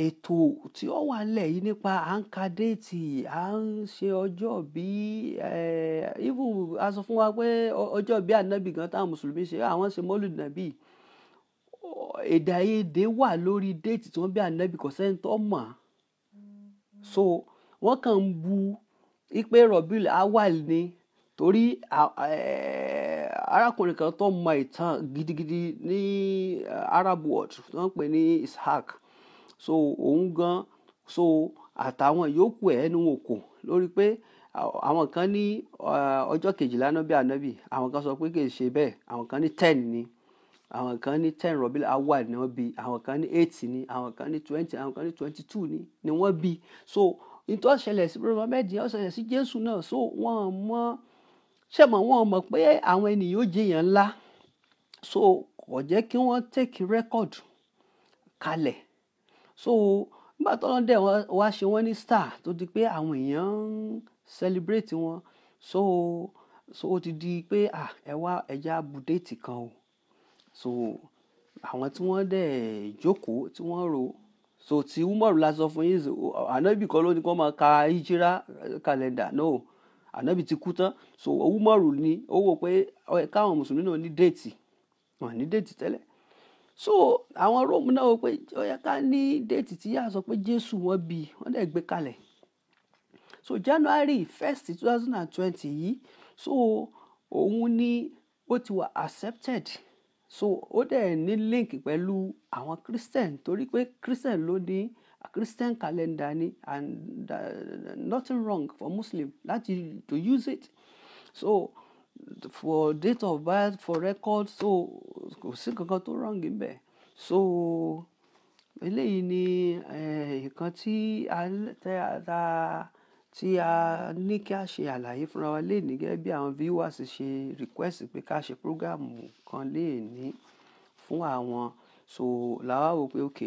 ètò tí ó wà nílẹ̀ yìí nípa à ń ka déètì, à ń ṣe ọjọ́ bí, eh, even a sọ fún wa pé ọjọ́ bí ànábì gan táwọn Mùsùlùmí ṣe, àwọn ṣe mọ́lúdì nàbí. Èdè àìyedè wà lórí déètì tí wọ́n bí ànábì kò sẹ́ni tó mọ̀. So wọ́n kàn ń bu wípé Rọ̀bìl Awal ni torí eh, arákùnrin kan tó mọ ìtàn gidigidi ní eh, Arab world tó ń pè ní Ishaq so òun gan so àtàwọn yòókù ẹ̀ ẹnu wọn kò lórí pé àwọn kan ní eh, ọjọ́ kejìlá nábì ànábì àwọn kan sọ pé kì í ṣe bẹ́ẹ̀ àwọn kan ní ten ni àwọn kan ní ten rọbìlà awad ni wọ́n bí àwọn kan ní eight ni àwọn kan ní twenty àwọn kan ní twenty two ni ni wọ́n bí so nítorí ọ̀ṣẹ̀lẹ̀ sí Muhammad ọ̀ṣẹ̀lẹ̀ sí Jésù náà so wọ́n mọ́ ṣe mọ̀ wọ́n mọ̀ pé àwọn ènìyàn ó jiyàn ńlá so kò jẹ́ kí wọ́n tẹ̀kí rẹ́kọ̀dù kalẹ̀ so nígbà tó lọ́n dẹ̀ wá ṣe wọ́n ní star tó di pé àwọn èèyàn ń celebrate wọn so so ó ti di pé ah ẹ wá ẹja budéètì kan o so àwọn tí wọ́n dẹ̀ jókòó tí wọ́n rò so ti umaru la sọ fún yín ànábì kan ló ní kí wọ́n máa ka hijira calendar náà. No ànábì ti kú tán so Umaru ni ó wò pé káwọn mùsùlùmí náà ní déètì wọn ní déètì tẹ́lẹ̀ so àwọn róòmù náà wò pé ó yẹ ká ní déètì tí yáà sọ pé Jésù wọn bí wọn dẹ̀ gbé kalẹ̀ so January first two thousand and twenty yìí so òun ni ó ti wà accepted so ó dẹ̀ ní link pẹ̀lú àwọn Christian torí pé Christian ló ní a Christian calendar ni and uh, nothing wrong for Muslim láti to use it so for date of birth for record so kò sí kankan tó wrong níbẹ̀ so eléyìí ni eh, nǹkan tí a ta tí a ní kí a ṣe àlàyé fúnra wa léèní gẹ́gẹ́ bí àwọn viewers ṣe request pé ká ṣe program kan léèní fún àwọn. So làá wò pé ok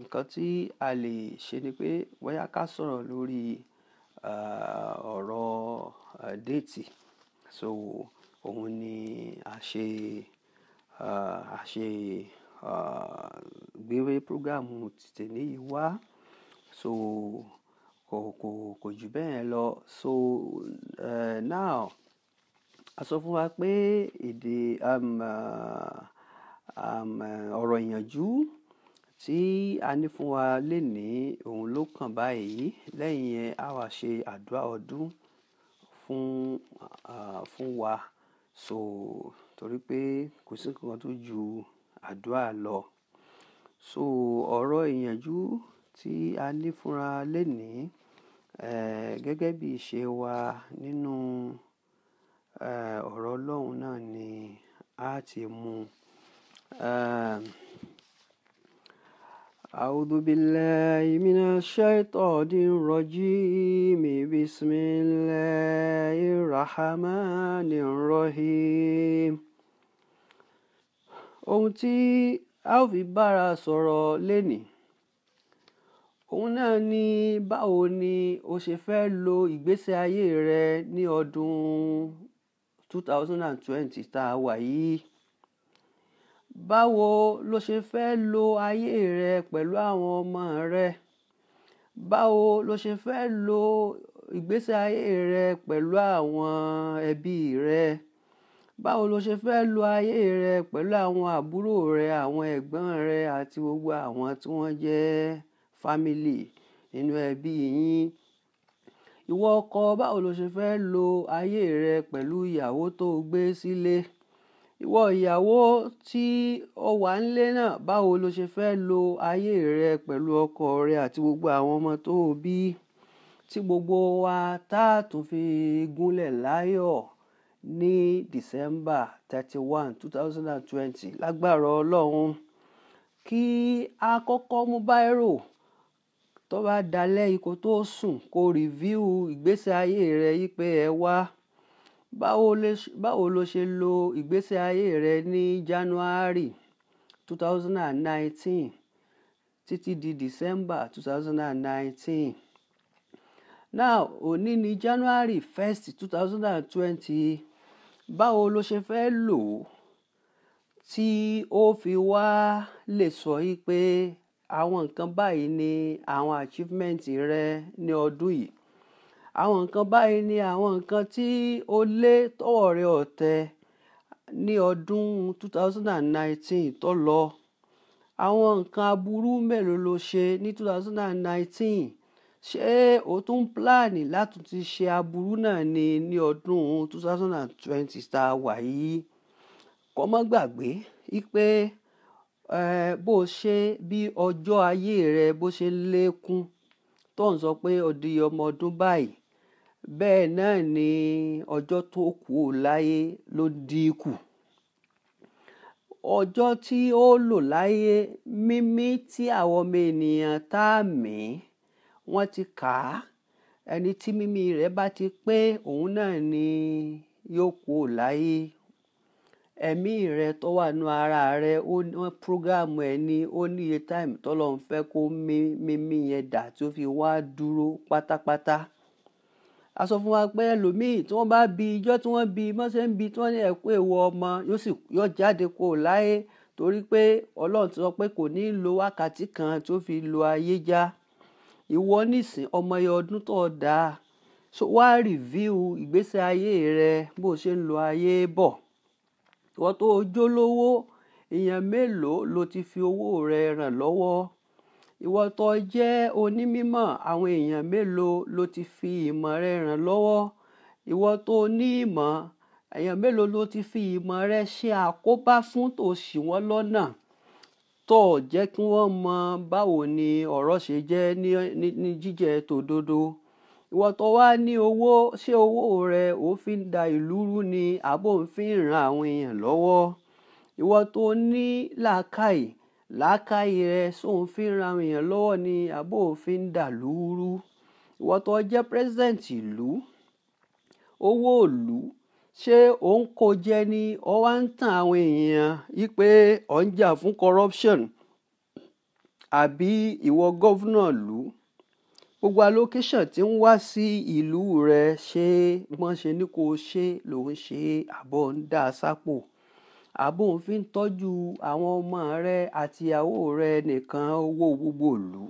nǹkan tí a lè ṣe ni pé bóyá ká sọ̀rọ̀ lórí ọ̀rọ̀ déètì. So òun ni a ṣe, a ṣe gbéwé program tìtẹ̀ní wá. So kò, kò, kò ju bẹ́ẹ̀ lọ. So now a sọ fún wa pé èdè um, Eh, ọ̀rọ̀ ìyànjú tí a ní fún wa lénìí òun ló kàn báyìí lẹ́yìn yẹn a wá ṣe àdúrà ọdún fún fún wa so torí pé kò sí nǹkan tó ju àdúrà lọ so ọ̀rọ̀ ìyànjú tí a ní fúnra lénìí eh, gẹ́gẹ́ bí ìṣe wa nínú eh, ọ̀rọ̀ Ọlọ́run náà ni a ti mú un. أعوذ بالله من الشيطان الرجيم بسم الله الرحمن الرحيم ohun tí a ó fi bára sọ̀rọ̀ lénìí òun náà ni báwo ni o ṣe fẹ́ lo ìgbésí ayé rẹ ní ọdún 2020 tá a wà yìí Báwo lo ṣe fẹ́ lo ayé rẹ pẹ̀lú àwọn ọmọ rẹ? Báwo lo ṣe fẹ́ lo ìgbésí ayé rẹ pẹ̀lú àwọn ẹbí rẹ? Báwo lo ṣe fẹ́ lo ayé rẹ pẹ̀lú àwọn àbúrò rẹ, àwọn ẹ̀gbọ́n rẹ àti gbogbo àwọn tí wọ́n jẹ́ family nínú ẹbí yín? Ìwọ ọkọ, báwo lo ṣe fẹ́ lo ayé rẹ pẹ̀lú ìyàwó tó gbé sílé? ìwọ ìyàwó tí ó wà nílé náà báwo lo ṣe fẹ́ lo ayé rẹ pẹ̀lú ọkọ rẹ àti gbogbo àwọn ọmọ tó o bí tí gbogbo wa tá a tún fi gúnlẹ̀ láyọ̀ ní December thirty one two thousand and twenty lágbára Ọlọ́run kí a kọ́kọ́ mú báírò tó bá dalẹ̀ ikú tó sùn kó rìvíw ìgbésẹ̀ ayé rẹ yí pé ẹ wá Báwo lo ṣe lo ìgbésí ayé rẹ ní January 2019 títí di December 2019? Now, òní ni January 1st 2020. Báwo lo ṣe fẹ́ lò ó tí ó fi wá lè sọ yí pé àwọn nǹkan báyìí ni àwọn achievement rẹ ní ọdún yìí? àwọn nǹkan báyìí ni àwọn nǹkan tí ó lé tọwọ́ rẹ̀ ọ̀tẹ̀ ní ọdún 2019 tó lọ àwọn nǹkan aburú mélòó ló ṣe ní 2019 ṣé o tún pílánì láti ti ṣe aburú náà ni ní ọdún 2020 tá a wà yìí kọ́ mọ́ gbàgbé wípé bó ṣe bí ọjọ́ ayé rẹ bó ṣe lékún tó ń sọ pé ó ọmọ ọdún báyìí bẹ́ẹ̀ náà ni ọjọ́ tó kù ó láyé ló dínkù ọjọ́ tí ó lò láyé mímí tí àwọn ọmọ ènìyàn tá a mí wọ́n ti kà á ẹni tí mímí rẹ̀ bá ti pé òun náà ni yóò kú ó láyé ẹ̀mí rẹ̀ tó wà nù ara rẹ̀ ó wọ́n prógámù ẹ̀ ní ó ní iye táìmù tọ́lọ́run fẹ́ kó mímí yẹn dà tí fi wá dúró pátápátá a sọ fún wa pé ẹlòmíì tí wọ́n bá bi ijọ́ tí wọ́n bi mọ́sẹ̀ ń bi tí wọ́n ní ẹ̀kú èèwọ̀ ọmọ yóò sì yọ jáde kó o láyé torí pé ọlọ́run ti sọ pé kò ní lo wákàtí kan tó fi lo ayé já ìwọ nísìn ọmọ ẹ ọdún tó dá so wá rìvíw ìgbésẹ̀ ayé rẹ bó o ṣe ń lo ayé bọ̀ ìwọ tó o jólówó èèyàn mélòó ló ti fi owó rẹ ràn lọ́wọ́ ìwọ tó jẹ́ onímímọ̀ àwọn èèyàn mélòó ló ti fi ìmọ̀ rẹ ràn lọ́wọ́ ìwọ tó ní ìmọ̀ èèyàn mélòó ló ti fi ìmọ̀ rẹ ṣe àkóbá fún tó ṣì wọ́n lọ́nà tó jẹ́ kí wọ́n mọ báwo ni ọ̀rọ̀ ṣe jẹ́ ní jíjẹ tòdodo ìwọ tó wá ní owó ṣé owó rẹ ò fi ń da ìlú rú ni àbò ń fi ń ran àwọn èèyàn lọ́wọ́ ìwọ tó ní làákàyè làákàyè rẹ sóun fi ń ra àwọn èèyàn lọ́wọ́ ni àbó òfin ń dà lúúrú ìwọ tó jẹ́ president ìlú owó ìlú ṣé ò ń kó jẹ ni ọ wá ń tàn àwọn èèyàn yí pé ọ ń jà fún corruption àbí ìwọ gọ́vnà ìlú gbogbo allocation tí ń wá sí ìlú rẹ ṣé gbọ́n ṣe ni kò ṣe lòun ṣe àbọ̀ ń dá a sápò àbò òfin tọ́jú àwọn ọmọ rẹ àti ìyàwó rẹ nìkan owó gbogbo ìlú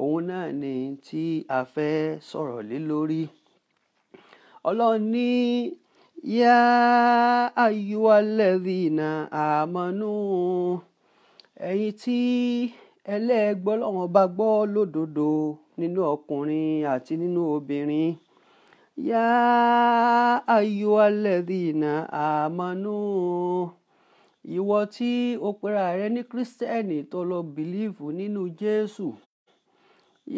òun náà ni tí a fẹ́ sọ̀rọ̀ lé lórí ọlọ́run ní yá ayúwalẹ́dínà àmọ́nú ẹ̀yin tí ẹlẹ́gbọ́lọ́wọ́n bá gbọ́ lódodo nínú ọkùnrin àti nínú obìnrin يا أيها الذين آمنوا ìwọ tí o pera rẹ ní kírísítẹ́nì tó lọ bìlíìfù nínú jésù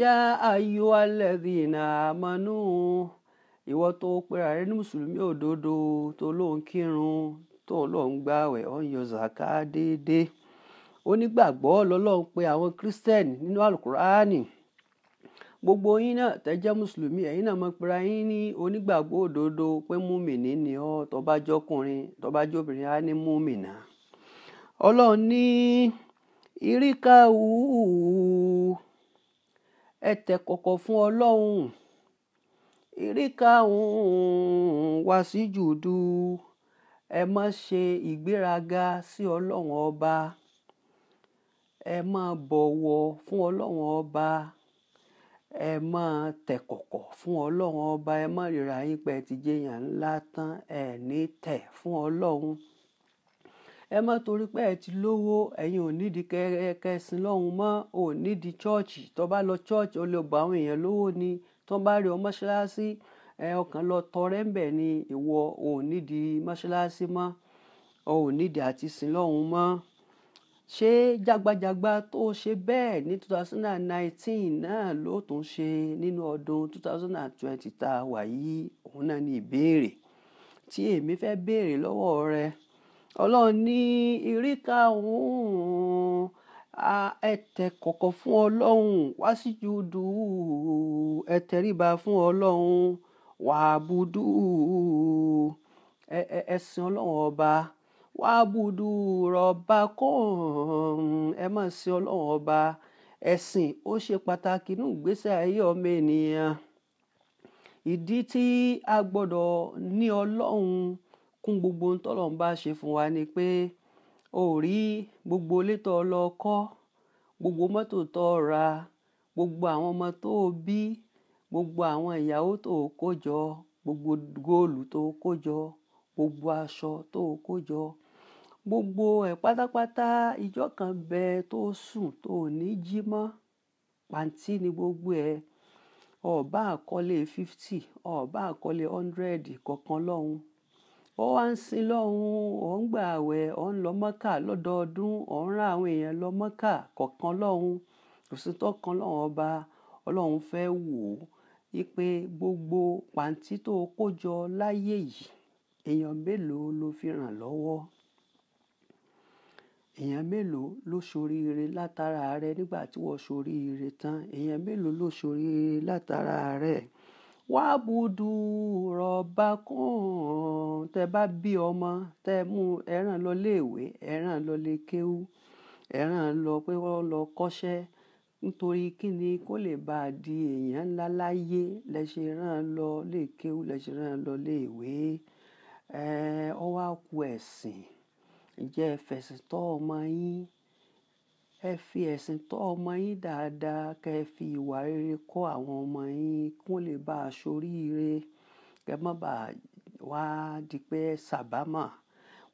yá ayọ̀ alẹ́dìínà àmọ́nú ìwọ tó pera rẹ ní mùsùlùmí òdodo tó ló ń kírun tó ló ń gbààwẹ̀ ó ń yọ déédéé onígbàgbọ́ lọ́lọ́run pé àwọn kírísítẹ́nì nínú àlùkùránì gbogbo yín náà tẹ́ jẹ́ mùsùlùmí ẹ̀yin náà mọ̀ pera yín ní onígbàgbọ́ òdodo pé múmìnì ni ọ́ tó bá jọkùnrin tó bá jọbìnrin á ní múmìnà ọlọ́run ní ìríkà wùú ẹ̀tẹ̀ kọ̀kọ̀ fún ọlọ́run ìríkà wá sí jùdú ẹ má ṣe ìgbéraga sí ọlọ́run ọba ẹ má bọ̀wọ̀ fún ọlọ́run ọba ẹ máa tẹ̀kọ̀kọ̀ fún ọlọ́run ọba ẹ má ríra yín pé ti jẹyàn ńlá tán ẹ ní tẹ̀ fún ọlọ́run ẹ má torí pé ẹ ti lówó ẹ̀yin ò nídìí kẹsìn lọ́hùn mọ́ ò nídìí chọ́ọ̀chì tó bá lọ chọ́ọ̀chì ó lè gba àwọn èèyàn lówó ni tó bá rí ọ mọ́ṣáláṣí ẹ ọkàn lọ tọrẹ ń bẹ̀ ni ìwọ ò nídìí mọ́ṣáláṣí mọ́ ò nídìí àti sìn lọ́hùn mọ́ ṣé jágbajàgba tó ṣe bẹ́ẹ̀ ní 2019 náà ló tún ṣe nínú ọdún 2020 tá a wà yìí òun náà ní ìbéèrè tí èmi fẹ́ béèrè lọ́wọ́ rẹ ọlọ́run ní ìríkà òun ẹtẹ kọ̀kọ̀ fún ọlọ́run wá sí jùdù ẹtẹríba fún ọlọ́run wàá budú ẹsìn ọlọ́run ọba wàbùdù rọ̀bà kọ́ọ̀n ẹ máa sin ọlọ́run ọba ẹ̀sìn ó ṣe pàtàkì nínú ìgbésẹ̀ ayé ọmọ ènìyàn ìdí tí a gbọ́dọ̀ ní ọlọ́run kún gbogbo ohun tọ́lọ́run bá ṣe fún wa ni pé o rí gbogbo ilé tó lọ kọ́ gbogbo mọ́tò tó ra gbogbo àwọn ọmọ tó bí gbogbo àwọn ìyàwó tó kó jọ gbogbo góòlù tó kó jọ gbogbo aṣọ tó kó jọ gbogbo ẹ̀ pátápátá ìjọ́ kan bẹ tó sùn tó ní jí mọ́ pàǹtí ni gbogbo ẹ̀ ọba àkọlé fifty ọba àkọlé hundred kọ̀ọ̀kan lọ́hùn ó wá ń sin lọ́hùn ó ń gbà àwẹ̀ ó ń lọ mọ́kà lọ́dọọdún ó ń rán àwọn èèyàn lọ mọ́kà kọ̀ọ̀kan lọ́hùn òsìtọ́ kan lọ́hùn ọba ọlọ́run fẹ́ wò ó wípé gbogbo pàǹtí tó kó jọ láyé yìí èèyàn mélòó ló fi ràn lọ́wọ́ èèyàn mélòó ló ṣoríire látara rẹ nígbà tí wọ́n ṣoríire tán èèyàn mélòó ló ṣoríire látara rẹ wàbùdù rọ̀bà kàn tẹ bá bí ọmọ tẹ mú ẹran lọ léèwé ẹran lọ lè kéwú ẹran lọ pé wọ́n lọ kọ́ṣẹ́ nítorí kíni kó lè bá a di èèyàn ńlá láyé lẹ ṣe rán lọ lè kéwú lẹ ṣe rán lọ léèwé ẹ ọ wá ku ẹ̀sìn Ǹjẹ́ ẹ fẹ̀sìn tọ́ ọmọ yín? Ẹ fi ẹ̀sìn tọ́ ọmọ yín dáadáa. Kẹ fi ìwà rere kọ́ àwọn ọmọ yín kí wọ́n lè bá ṣoríire. Kẹ má ba wá di pé ṣàbámọ̀.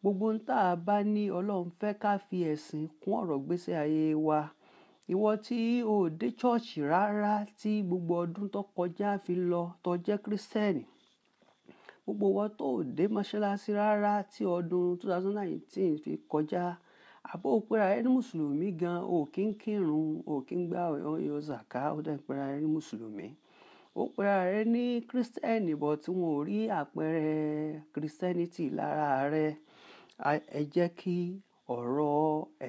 Gbogbo ohun tí a bá ní Ọlọ́run fẹ́ ká fi ẹ̀sìn kún ọ̀rọ̀ ìgbésí ayé wa. Ìwọ tí o dé church rárá tí gbogbo ọdún tó kọjá fi lọ, tó jẹ́ Kristẹni gbogbo wa tó dé mọ́ṣáláṣí rárá tí ọdún 2019 fi kọjá àbó òpera ẹni mùsùlùmí gan ò kí ń kírun ò kí ń gbà ọyọ zaka ó dá ìpera ẹni mùsùlùmí ó pera rẹ ní kírísítẹ́nì bọ̀ tí wọn ò rí àpẹẹrẹ kírísítẹ́nìtì lára rẹ ẹ jẹ́ kí ọ̀rọ̀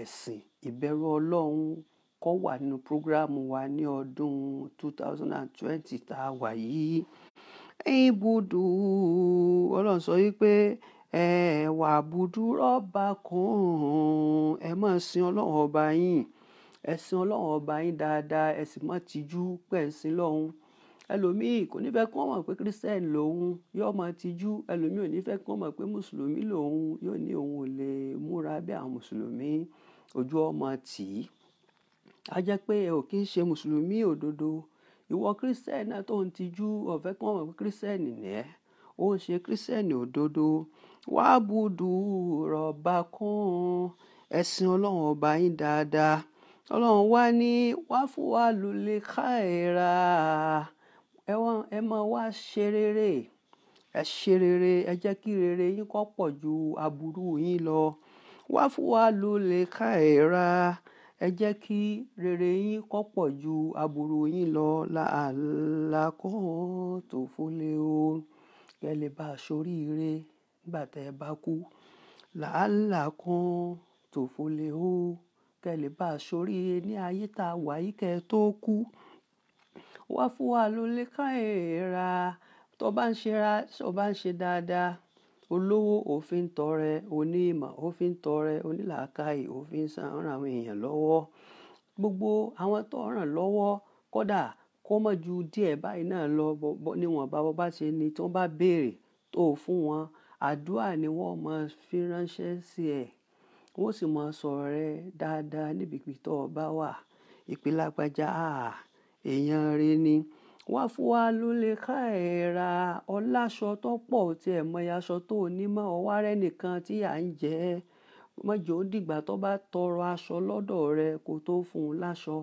ẹ̀sìn ìbẹ̀rù ọlọ́run kọ́ wà nínú prógrámù wa ní ọdún 2020 tá a wà yìí ibùdó Ọlọ́run sọ wípé ẹ wà bùdú rọ́bà kan ẹ máa sin Ọlọ́run ọba yín ẹ sin Ọlọ́run ọba yín dáadáa ẹ sì má tijú pẹ̀ ń sin lọ́hùn ẹlòmíì kò nífẹ̀ẹ́ kí wọ́n mọ̀ pé kírísítẹ́nì lòun yóò máa tijú ẹlòmíì ò nífẹ̀ẹ́ kí wọ́n mọ̀ pé mùsùlùmí lòun yóò ní òun ò lè múra bí àwọn mùsùlùmí ojú ọmọ tì í a jẹ́ pé ẹ ò kí ń ṣe mùsùlùmí òdodo ìwọ kírísítẹ́nì náà tó ń tijú ọ̀fẹ́ kí wọ́n mọ̀ pé kírísítẹ́nì ni ẹ́ ó ń ṣe kírísítẹ́nì òdodo wá búdú rọ̀bà kún ẹ̀sìn ọlọ́run ọba yín dáadáa ọlọ́run wá ní wá fún wa lulẹ̀ káìra ẹ máa wá ṣe rere ẹ ṣe rere ẹ jẹ́ kí rere yín kó pọ̀ ju aburú yín lọ wá fún wa lulẹ̀ káìra ẹ jẹ́ kí rere yín kó pọ̀ ju aburú yín lọ làálàkọ́ tó fólé o kẹ́ lè bá a ṣoríire nígbà tẹ́ ẹ bá kú làálàkọ́ tó fólé o kẹ́ lè bá a ṣoríire ní ayé tá a wà yìí kẹ́ ẹ tó kú wá fún wa ló lè ká èèrà tó bá ń ṣe dáadáa olówó ó fi ń tọrẹ onímọ̀ ó fi ń tọrẹ onílàákàyè ó fi ń san ran àwọn èèyàn lọ́wọ́ gbogbo àwọn tó ràn lọ́wọ́ kódà kó mọ̀ ju díẹ̀ báyìí náà lọ níwọ̀n bá bá ṣe ni tí wọ́n bá béèrè tó fún wọn àdúrà ni wọ́n mọ̀ fi ránṣẹ́ sí ẹ̀ wọ́n sì mọ̀ sọ̀rọ̀ rẹ dáadáa níbi tó bá wà ìpè lágbájá èèyàn rẹ ni wá fún wa ló lè ká ẹ̀ ra ọláṣọ tó pọ̀ tí ẹ̀ aṣọ tó onímọ̀ ọwá rẹ̀ nìkan tí à ń jẹ́ mọ́jọ́ dìgbà tó bá tọrọ aṣọ lọ́dọ̀ rẹ kó tó fún un láṣọ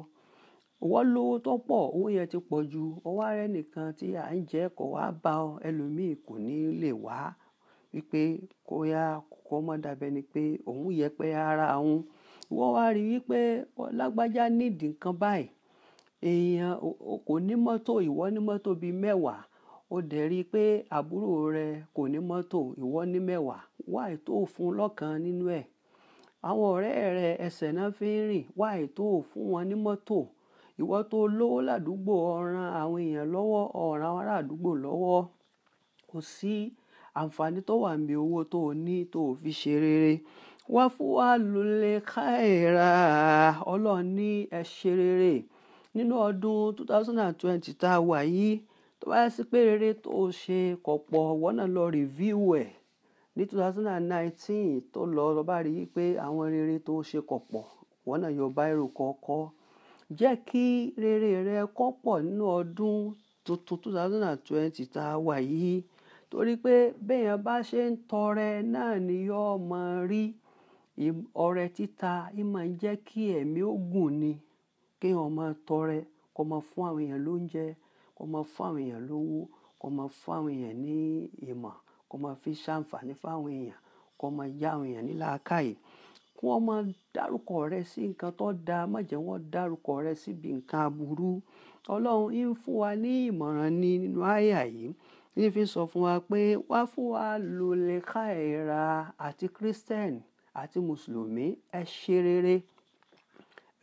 owó lówó tó pọ̀ owó yẹn ti pọ̀ ju ọwá nìkan tí à ń jẹ́ kó wá bá ọ ẹlòmíì kò ní lè wá wípé kó yá kó mọ́ dàbẹ́ ni pé òun yẹpẹ́ ara òun ìwọ wá rí wípé lágbájá nídìí nǹkan báyìí èèyàn kò ní mọ́tò ìwọ ní mọ́tò bíi mẹ́wàá ó dẹ̀ rí i pé àbúrò rẹ kò ní mọ́tò ìwọ ní mẹ́wàá wáì tó fún lọ́kàn nínú ẹ̀ àwọn ọ̀rẹ́ rẹ ẹsẹ̀ náà fi ń rìn wáì tó fún wọn ní mọ́tò ìwọ tó lówó ládùúgbò ọ̀ràn àwọn èèyàn lọ́wọ́ ọ̀ràn ará àdúgbò lọ́wọ́ kò sí àǹfààní tó wà níbi owó tó o ní tó o fi ṣe rere wá fún wa lulẹ̀ káìra ọlọ́ọ̀ni ẹ ṣe rere nínú ọdún 2020 tá a wà yìí tó bá sí pé rere tó o ṣe kọ̀pọ̀ ọ̀wọ́ náà lọ review ẹ̀ ní 2019 tó lọ lọ bá rí i pé àwọn rere tó o ṣe kọ̀pọ̀ ọ̀wọ́ náà yọ báírò kọ̀ọ̀kọ́ jẹ́ kí rere rẹ kọ́pọ̀ nínú ọdún tuntun 2020 tá a wà yìí torí pé béèyàn bá ṣe ń tọrẹ náà ni yóò máa rí ọrẹ títa ìmọ̀ jẹ́ kí ẹ̀mí ó gùn ni kí èèyàn máa tọrẹ, kó máa fún àwọn èèyàn lóúnjẹ, kó máa fún àwọn èèyàn lówó, kó máa fún àwọn èèyàn ní ìmọ̀, kó máa fi ṣàǹfààní fún àwọn èèyàn, kó máa yá àwọn èèyàn ní làákàyè. Kí wọ́n máa dárúkọ rẹ sí nǹkan tó da, má jẹ́ wọ́n dárúkọ rẹ síbi nǹkan aburú. Ọlọ́run ń fún wa ní ìmọ̀ràn ni nínú áyà yìí. Ní fi sọ fún wa pé wá fún wa lòlẹ̀ káìrà àti Kristẹni àti Mùsùlùmí, ẹ ṣe rere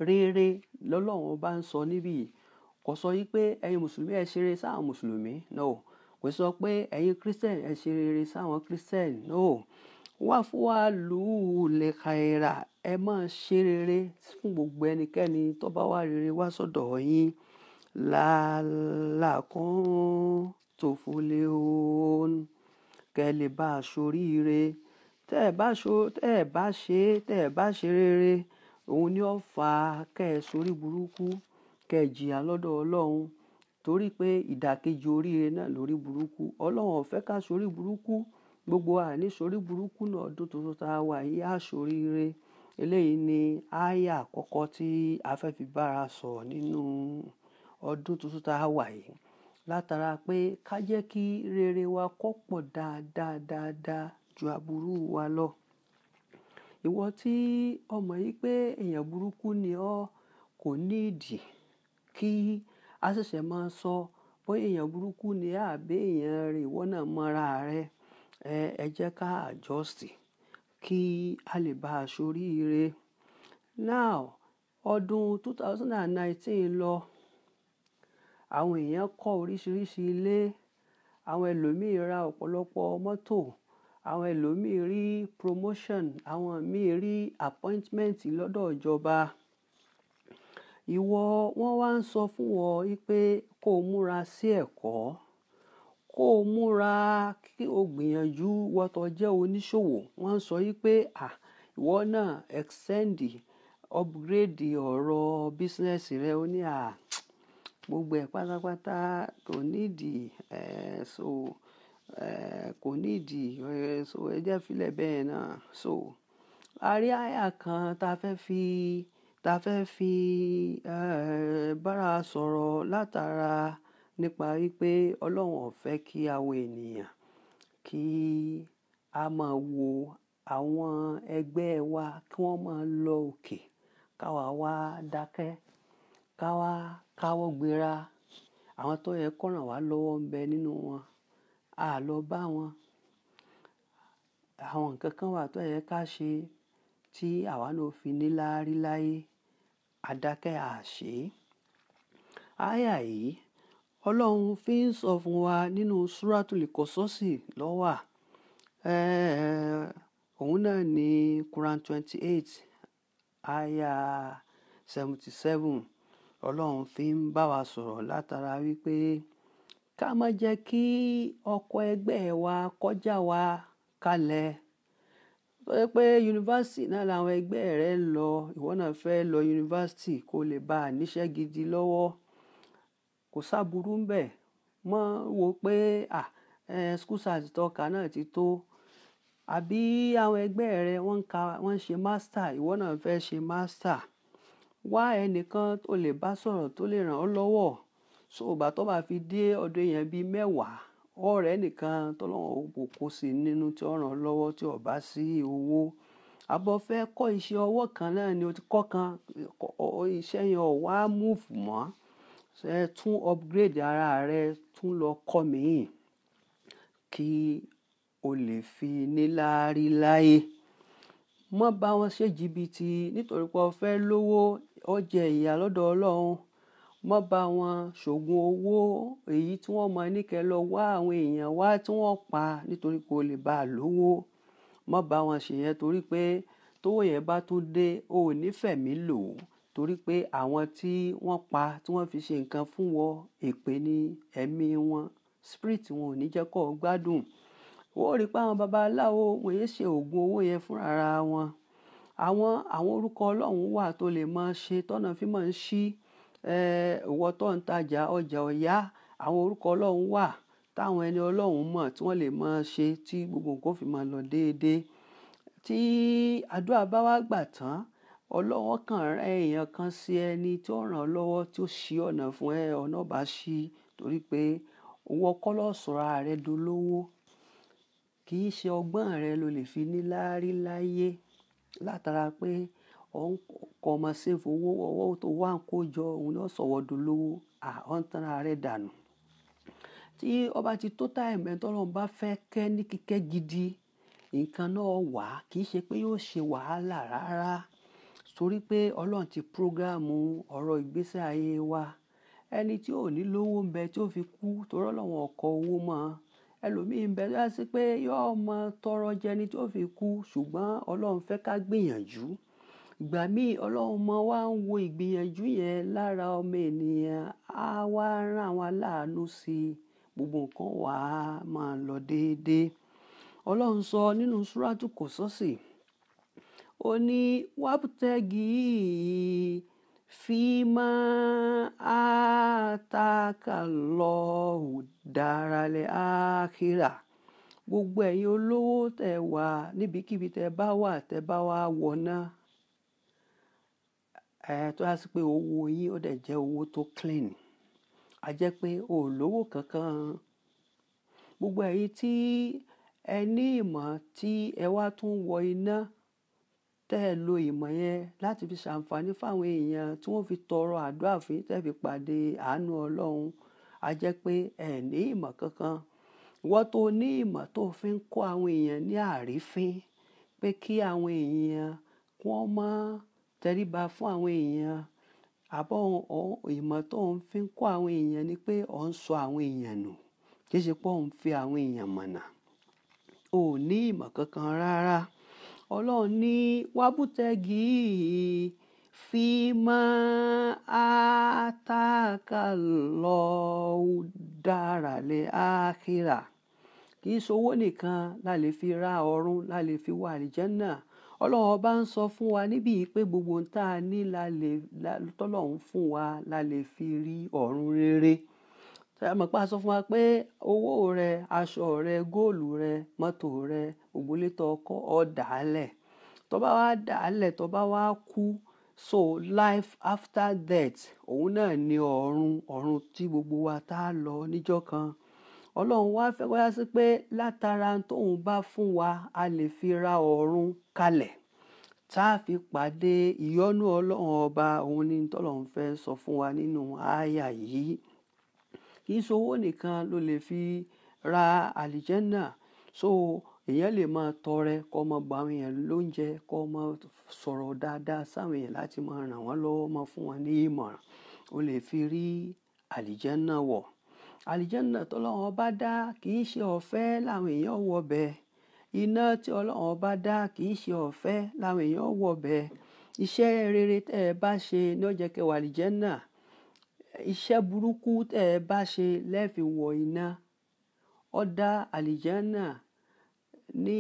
rere lọ́lọ́run bá ń sọ níbí yìí kò sọ yìí pé ẹ̀yin mùsùlùmí ẹ ṣe rere sáwọn mùsùlùmí no kò sọ pé ẹ̀yin christian ẹ ṣe rere sáwọn christian no wá fún wa lù ú lè ka ẹ̀rà ẹ máa ṣe rere fún gbogbo ẹnikẹ́ni tó bá wá rere wá sọ́dọ̀ yín làálàkún tó fúlé òun kẹ́ lè bá a ṣoríire tẹ́ ẹ bá ṣe tẹ́ ẹ bá ṣe rere Òun ni ó fa kẹ sórí burúkú, kẹ jìyà lọ́dọ̀ Ọlọ́run torí pé ìdàkejì oríire náà lórí burúkú. Ọlọ́run ò ká sórí burúkú. Gbogbo wa sórí burúkú náà ọdún tuntun ta wà yìí á Eléyìí ni ááyà àkọ́kọ́ tí a fẹ́ fi bá ara sọ̀rọ̀ nínú ọdún tuntun ta wà yìí. Látara pé ká jẹ́ kí rere wa kó pọ̀ dáadáa, dáadáa ju àbúrú wa lọ. Ìwọ tí o mọ̀ yí pé èèyàn burúkú ni ọ́ kò níìdí kí a ṣẹ̀ṣẹ̀ máa sọ bóyá èèyàn burúkú ni àbí èèyàn rè ìwọ náà mọ́ra rẹ. Ẹ jẹ́ ká adjust kí a lè bá a ṣoríire. Now, ọdún 2019 lọ, àwọn èèyàn kọ́ oríṣiríṣi ilé, àwọn ẹlòmíì ọ̀pọ̀lọpọ̀ mọ́tò, àwọn ẹlòmíì rí promotion àwọn míì rí appointment lọ́dọ̀ ìjọba ìwọ wọ́n wá ń sọ fún ọ pé kó o múra sí ẹ̀kọ́ kó o múra kí o gbìyànjú wọ́tọ̀ jẹ́ oníṣòwò wọ́n ń sọ yí ìwọ náà extend upgrade ọ̀rọ̀ business rẹ ó ní à gbogbo ẹ̀ pátápátá kò nídìí ẹ̀ eh, so. Eh, kò nídìí eh, so ẹ jẹ́ filẹ̀ bẹ́ẹ̀ náà so a rí àyà kan tá a fẹ́ fi tá a fẹ́ fi eh, bára sọ̀rọ̀ látara nípa wípé ọlọ́run ò fẹ́ kí àwọn ènìyàn kí a máa wo àwọn ẹgbẹ́ wa kí wọ́n máa lọ òkè káwa wá dákẹ́ káwa káwọ́ gbéra àwọn tó yẹ kó wá lọ́wọ́ ń bẹ nínú wọn a lọ bá wọn. Àwọn nǹkan kan wà tó yẹ ká ṣe tí àwa náà fi ní láárí láyé. A dákẹ́ à ṣe. Ááyà yìí Ọlọ́run fi ń sọ fún wa nínú Súratul Qasas ló Òun náà ni Quran twenty eight, ááyà seventy seven. Ọlọ́run fi ń bá wa sọ̀rọ̀ látara wípé ká má jẹ́ kí ọkọ̀ ẹgbẹ́ wa kọjá wa kalẹ̀ tó yẹ pé yunifásitì náà làwọn ẹgbẹ́ rẹ ń lọ ìwọ náà fẹ́ lọ yunifásitì kó lè bá a gidi lọ́wọ́ kò sáburú ń bẹ̀ mọ́ wo pé ah eh, school science tọ́ka náà ti tó àbí àwọn ẹgbẹ́ rẹ wọ́n ń ka wọ́n ń ṣe master ìwọ náà fẹ́ ṣe master wá ẹnìkan tó lè bá sọ̀rọ̀ tó lè ràn ọ́ lọ́wọ́ so ìgbà tó bá fi dé ọ̀dọ̀ èèyàn bíi mẹ́wàá ọ̀rẹ́ nìkan tọ́lọ́wọ́n kò kó sí nínú tí ó ràn lọ́wọ́ tí ó bá sí owó àbọ̀ fẹ́ kọ́ iṣẹ́ ọwọ́ kan náà ni o ti kọ́ kan iṣẹ́ yẹn ò wá múùfù mọ́ ẹ tún upgrade ara rẹ tún lọ kọ́ míì kí o lè fi níláárí láyé mọ́ bá wọn ṣe jìbìtì nítorí pé o fẹ́ lówó ó jẹ ìyà lọ́dọ̀ Ọlọ́run mọ́ bá wọn ṣògùn owó èyí tí wọ́n mọ níkẹ́ lọ wá àwọn èèyàn wá tí wọ́n pa nítorí kò lè bá a lówó mọ́ bá wọn ṣèyẹn torí pé tówó yẹn bá tún dé o ò nífẹ̀ẹ́ mi lò ó torí pé àwọn tí wọ́n pa tí wọ́n fi ṣe nǹkan fún wọn èpè ní ẹ̀mí wọn spirit wọn ò ní jẹ́ kó o gbádùn ó rí i pé àwọn babaláwo wọn yéé ṣe oògùn owó yẹn fúnra wọn àwọn àwọn orúkọ ọlọ́run wà tó lè máa ṣe tọ́nà fi máa ń ṣí ìwọ tó ń tajà ọjà ọ̀yá àwọn orúkọ Ọlọ́run wà táwọn ẹni Ọlọ́run mọ̀ tí wọ́n lè máa ṣe tí gbogbo nǹkan fi máa lọ déédéé tí àdúrà bá wá gbà tán ọlọ́wọ́ kan rán èèyàn kan sí ẹni tí ó ràn ọ́ lọ́wọ́ tí ó ṣí ọ̀nà fún ẹ ọ̀nà bá ṣí torí pé owó kọ́lọ́ rẹ dolówó kì í ṣe ọgbọ́n rẹ ló lè fi ní láárí láyé látara pé kọ́ ọmọ sèfù owó ọwọ́ tó wà ń kó jọ òun lọ sọ̀wọ́ dolówó àwọn tán ara rẹ̀ dànù tí ọba ti tó táìmù ẹ̀ tọ́lọ́run bá fẹ́ kẹ́ ní kíkẹ́ gidi nǹkan náà wà kì í ṣe pé yóò ṣe wàhálà rárá torí pé ọlọ́run ti prógáàmù ọ̀rọ̀ ìgbésẹ̀ ayé wa ẹni tí ò ní lówó ń bẹ tí ó fi kú torọ́ lọ́wọ́n ọkọ̀ owó mọ́ ẹlòmíín bẹ tó yá sí pé yóò mọ tọrọ jẹni tí ó fi kú ṣùgbọ́n ọlọ́run fẹ́ ká gbìyànjú Ìgbà míì Ọlọ́run mọ wá ń wo ìgbìyànjú yẹn lára ọmọ ènìyàn, á wá rán àwọn aláàánú sí i, gbogbo nǹkan wà á máa lọ déédéé. Ọlọ́run sọ nínú Súrátù Kòsọ́sì, ó ní wábùtẹ́gì fi máa átákà lọ dáralẹ̀ ákírà. Gbogbo ẹ̀yin olówó tẹ wà níbikíbi tẹ bá wà tẹ bá wá wọná ẹ tó yà sí pé owó yín ó dẹ̀ jẹ́ owó tó clean a jẹ́ pé o ò lówó kankan gbogbo èyí tí ẹ ní ìmọ̀ tí ẹ wá tún wọ iná tẹ́ ẹ lo ìmọ̀ yẹn láti fi ṣàǹfààní fáwọn èèyàn tí wọ́n fi tọrọ àdúrà fún tẹ́ fi pàdé àánú ọlọ́run a jẹ́ pé ẹ ní ìmọ̀ kankan wọ́n tó ní ìmọ̀ tó fi ń kọ́ àwọn èèyàn ní àrífín pé kí àwọn èèyàn wọ́n máa tẹríba fún àwọn èèyàn àbọ̀ ìmọ̀ tó ń fi ń àwọn èèyàn ni pé ọ̀ ń sọ àwọn èèyàn nù kì í ṣe pé ọ̀ ń fi àwọn èèyàn mọ̀nà ò ní ìmọ̀ kankan rárá ọlọ́run ní wábùtẹ́gì fi mọ́ àtàkà lọ dára lé àkírà kì í ṣowó nìkan la fi ra ọ̀run la fi wà àlìjẹ́ náà ọlọ́run ọba ń sọ fún wa níbi pé gbogbo ohun tá a ní tọ́lọ́run fún wa la lè fi rí ọ̀run rere mọ̀ pé a sọ fún wa pé owó rẹ aṣọ rẹ góòlù rẹ mọ́tò rẹ ògbólétọ̀ ọkọ ọ̀dàálẹ̀ tó bá wá dàálẹ̀ tó bá wá kú so life after death òun náà ni ọ̀run ọ̀run tí gbogbo wa tá a lọ níjọ́ kan ọlọ́run wá fẹ́ kó yá sí pé látara tóun bá fún wa a lè fi ra ọ̀run kalẹ̀ tá a fi pàdé ìyọ́nú ọlọ́run ọba òun ní tọ́lọ́run fẹ́ sọ fún wa nínú àyà yìí kì í sowó nìkan ló lè fi ra àlìjẹ́nà so èèyàn lè máa tọrẹ kó máa gba àwọn èèyàn lóúnjẹ kó máa sọ̀rọ̀ dáadáa sáwọn èèyàn láti máa ràn wọ́n lọ́wọ́ máa fún wọn ní ìmọ̀ràn ó lè fi rí àlìjẹ́nà wọ̀ àlìjẹ́nà tọ́lọ́run ọba dá kì í ṣe ọ̀fẹ́ làwọn èèyàn wọ bẹ̀ iná tí ọlọ́run ọba dá kì í ṣe ọ̀fẹ́ làwọn èèyàn wọ bẹ̀ iṣẹ́ rere tẹ́ ẹ bá ṣe ni ó jẹ́ kẹ́ wà àlìjẹ́nà iṣẹ́ burúkú tẹ́ ẹ bá ṣe lẹ́ẹ̀fi wọ iná ó àlìjẹ́nà ní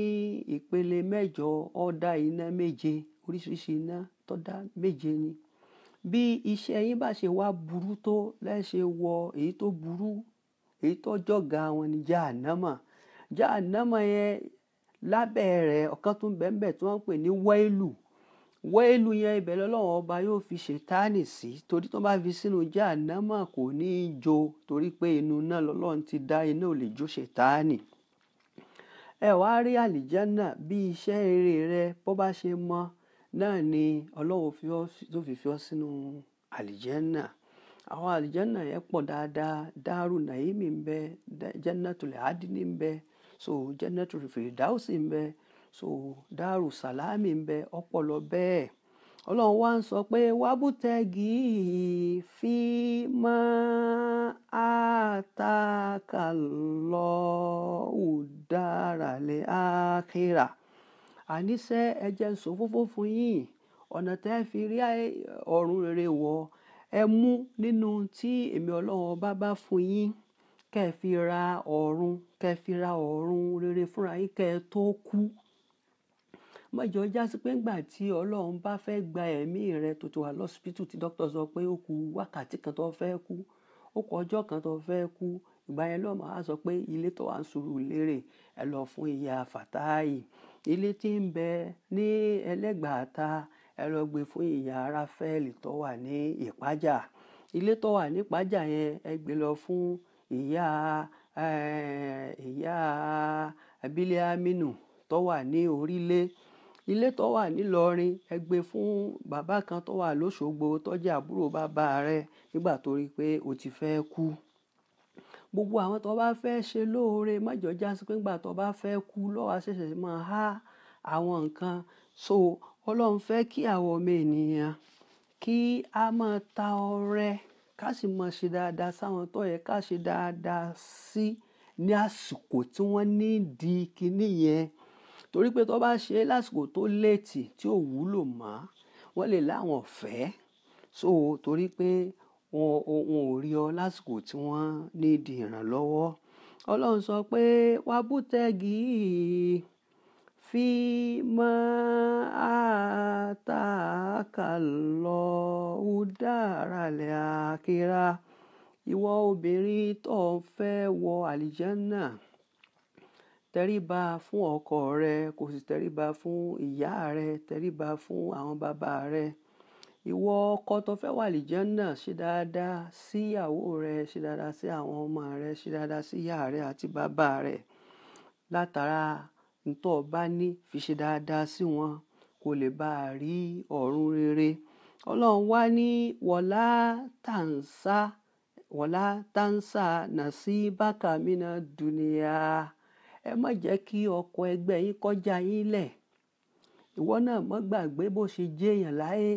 ìpele mẹ́jọ ó iná méje oríṣiríṣi iná tó méje ni bí iṣẹ́ yín bá ṣe wá burú tó lẹ́ṣẹ̀ wọ èyí tó burú èyí tó jọ̀gá wọn ni jahannama jahannama yẹn lábẹ́ rẹ̀ ọ̀kan tún bẹ́ẹ̀ tí wọ́n ń pè ní wẹ́ẹ̀lù wẹ́ẹ̀lù yẹn ibẹ̀ lọ́lọ́run ọba yóò fi ṣètánì sí torí tó bá fi sínú jahannama kò ní í jó torí pé inú náà lọ́lọ́run ti dá iná ò lè jó ṣètánì ẹ wá rí àlìjánà bí iṣẹ́ eré rẹ bó bá ṣe mọ náà ni ọlọ́run tó fi fi ọ sínú àlìjánà. àwọn àlìjánà yẹn pọ̀ dáadáa dáàrú nàìmí ń bẹ jannatul adini ń bẹ so jannatul firdausi ń bẹ so dáàrú salami ń bẹ ọpọlọ bẹ́ẹ̀ ọlọ́run wá ń sọ pé wábùtẹ́gì fi máa àtàkà lọ òdàrà lè ákìrà àníṣe ẹjẹ ń sọ fúnfún fún ọ̀nà tẹ́ fi rí ọ̀run rere wọ̀ Ẹ mú nínú tí èmi Ọlọ́run ọba bá fún yín, kí ẹ fi ra ọ̀run, kí ẹ fi ra ọ̀run rere fúnra yín kí ẹ tó kú. Má jásí pé nígbà tí Ọlọ́run bá fẹ́ gba ẹ̀mí rẹ tó wà lọ́spítù tí dókítà sọ pé ó ku wákàtí kan tó fẹ́ kú, ó ku ọjọ́ kan tó fẹ́ kú, ìgbà yẹn ló máa sọ pé ilé tó wà ń Surulere, ẹ lọ fún Ìyá Fatai. Ilé tí ń bẹ ní Ẹlẹ́gbàáta, ẹ lọ gbé fún ìyá Ráfẹ́lì tó wà ní Ìpájà ilé tó wà ní Ìpájà yẹn ẹ gbé lọ fún ìyá ìyá Bílíámínù tó wà ní Orílẹ̀ ilé tó wà nílọrin ẹ gbé fún bàbá kan tó wà lóṣogbo tó jẹ́ àbúrò bàbá rẹ̀ nígbà tó rí i pé o ti fẹ́ kú gbogbo àwọn tó bá fẹ́ ṣe lóore mọ́jọ́ já pé ńgbà tó bá fẹ́ kú lọ́wọ́ ṣẹ̀ṣẹ̀ máa há àwọn nǹkan so Ọlọ́run fẹ́ kí àwọn ọmọ ènìyàn kí a máa ta ọrẹ ká sì máa ṣe dáadáa sáwọn tó yẹ ká ṣe dáadáa sí ní àsìkò tí wọ́n ní di kinní yẹn torí pé tó bá ṣe lásìkò tó léètì tí ò wúlò mọ́ wọ́n lè láwọn fẹ́ so torí pé wọn ò rí ọ lásìkò tí wọ́n ní di ìrànlọ́wọ́ Ọlọ́run sọ pé wàá bú tẹ́gì yìí. فيما آتاك الله الدار الآخرة ìwọ obìnrin tó ń fẹ́ wọ àlìjánà tẹríba fún ọkọ rẹ kò sì tẹríba fún ìyá rẹ tẹríba fún àwọn bàbá rẹ ìwọ ọkọ tó fẹ́ wọ àlìjánà ṣe dáadáa sí ìyàwó rẹ ṣe dáadáa sí àwọn ọmọ rẹ ṣe dáadáa sí ìyá rẹ àti bàbá rẹ látara ntọ́ ọba ní fi ṣe dáadáa sí wọn kó lè bá a rí ọ̀run rere ọlọ́run wá ní wọ̀lá tàǹsà wọ̀lá tàǹsà nàṣí bákà mínà dùnìyà ẹ má jẹ́ kí ọkọ̀ ẹgbẹ́ yín kọjá yín lẹ̀ ìwọ náà má gbàgbé bó ṣe jẹ́yàn láyé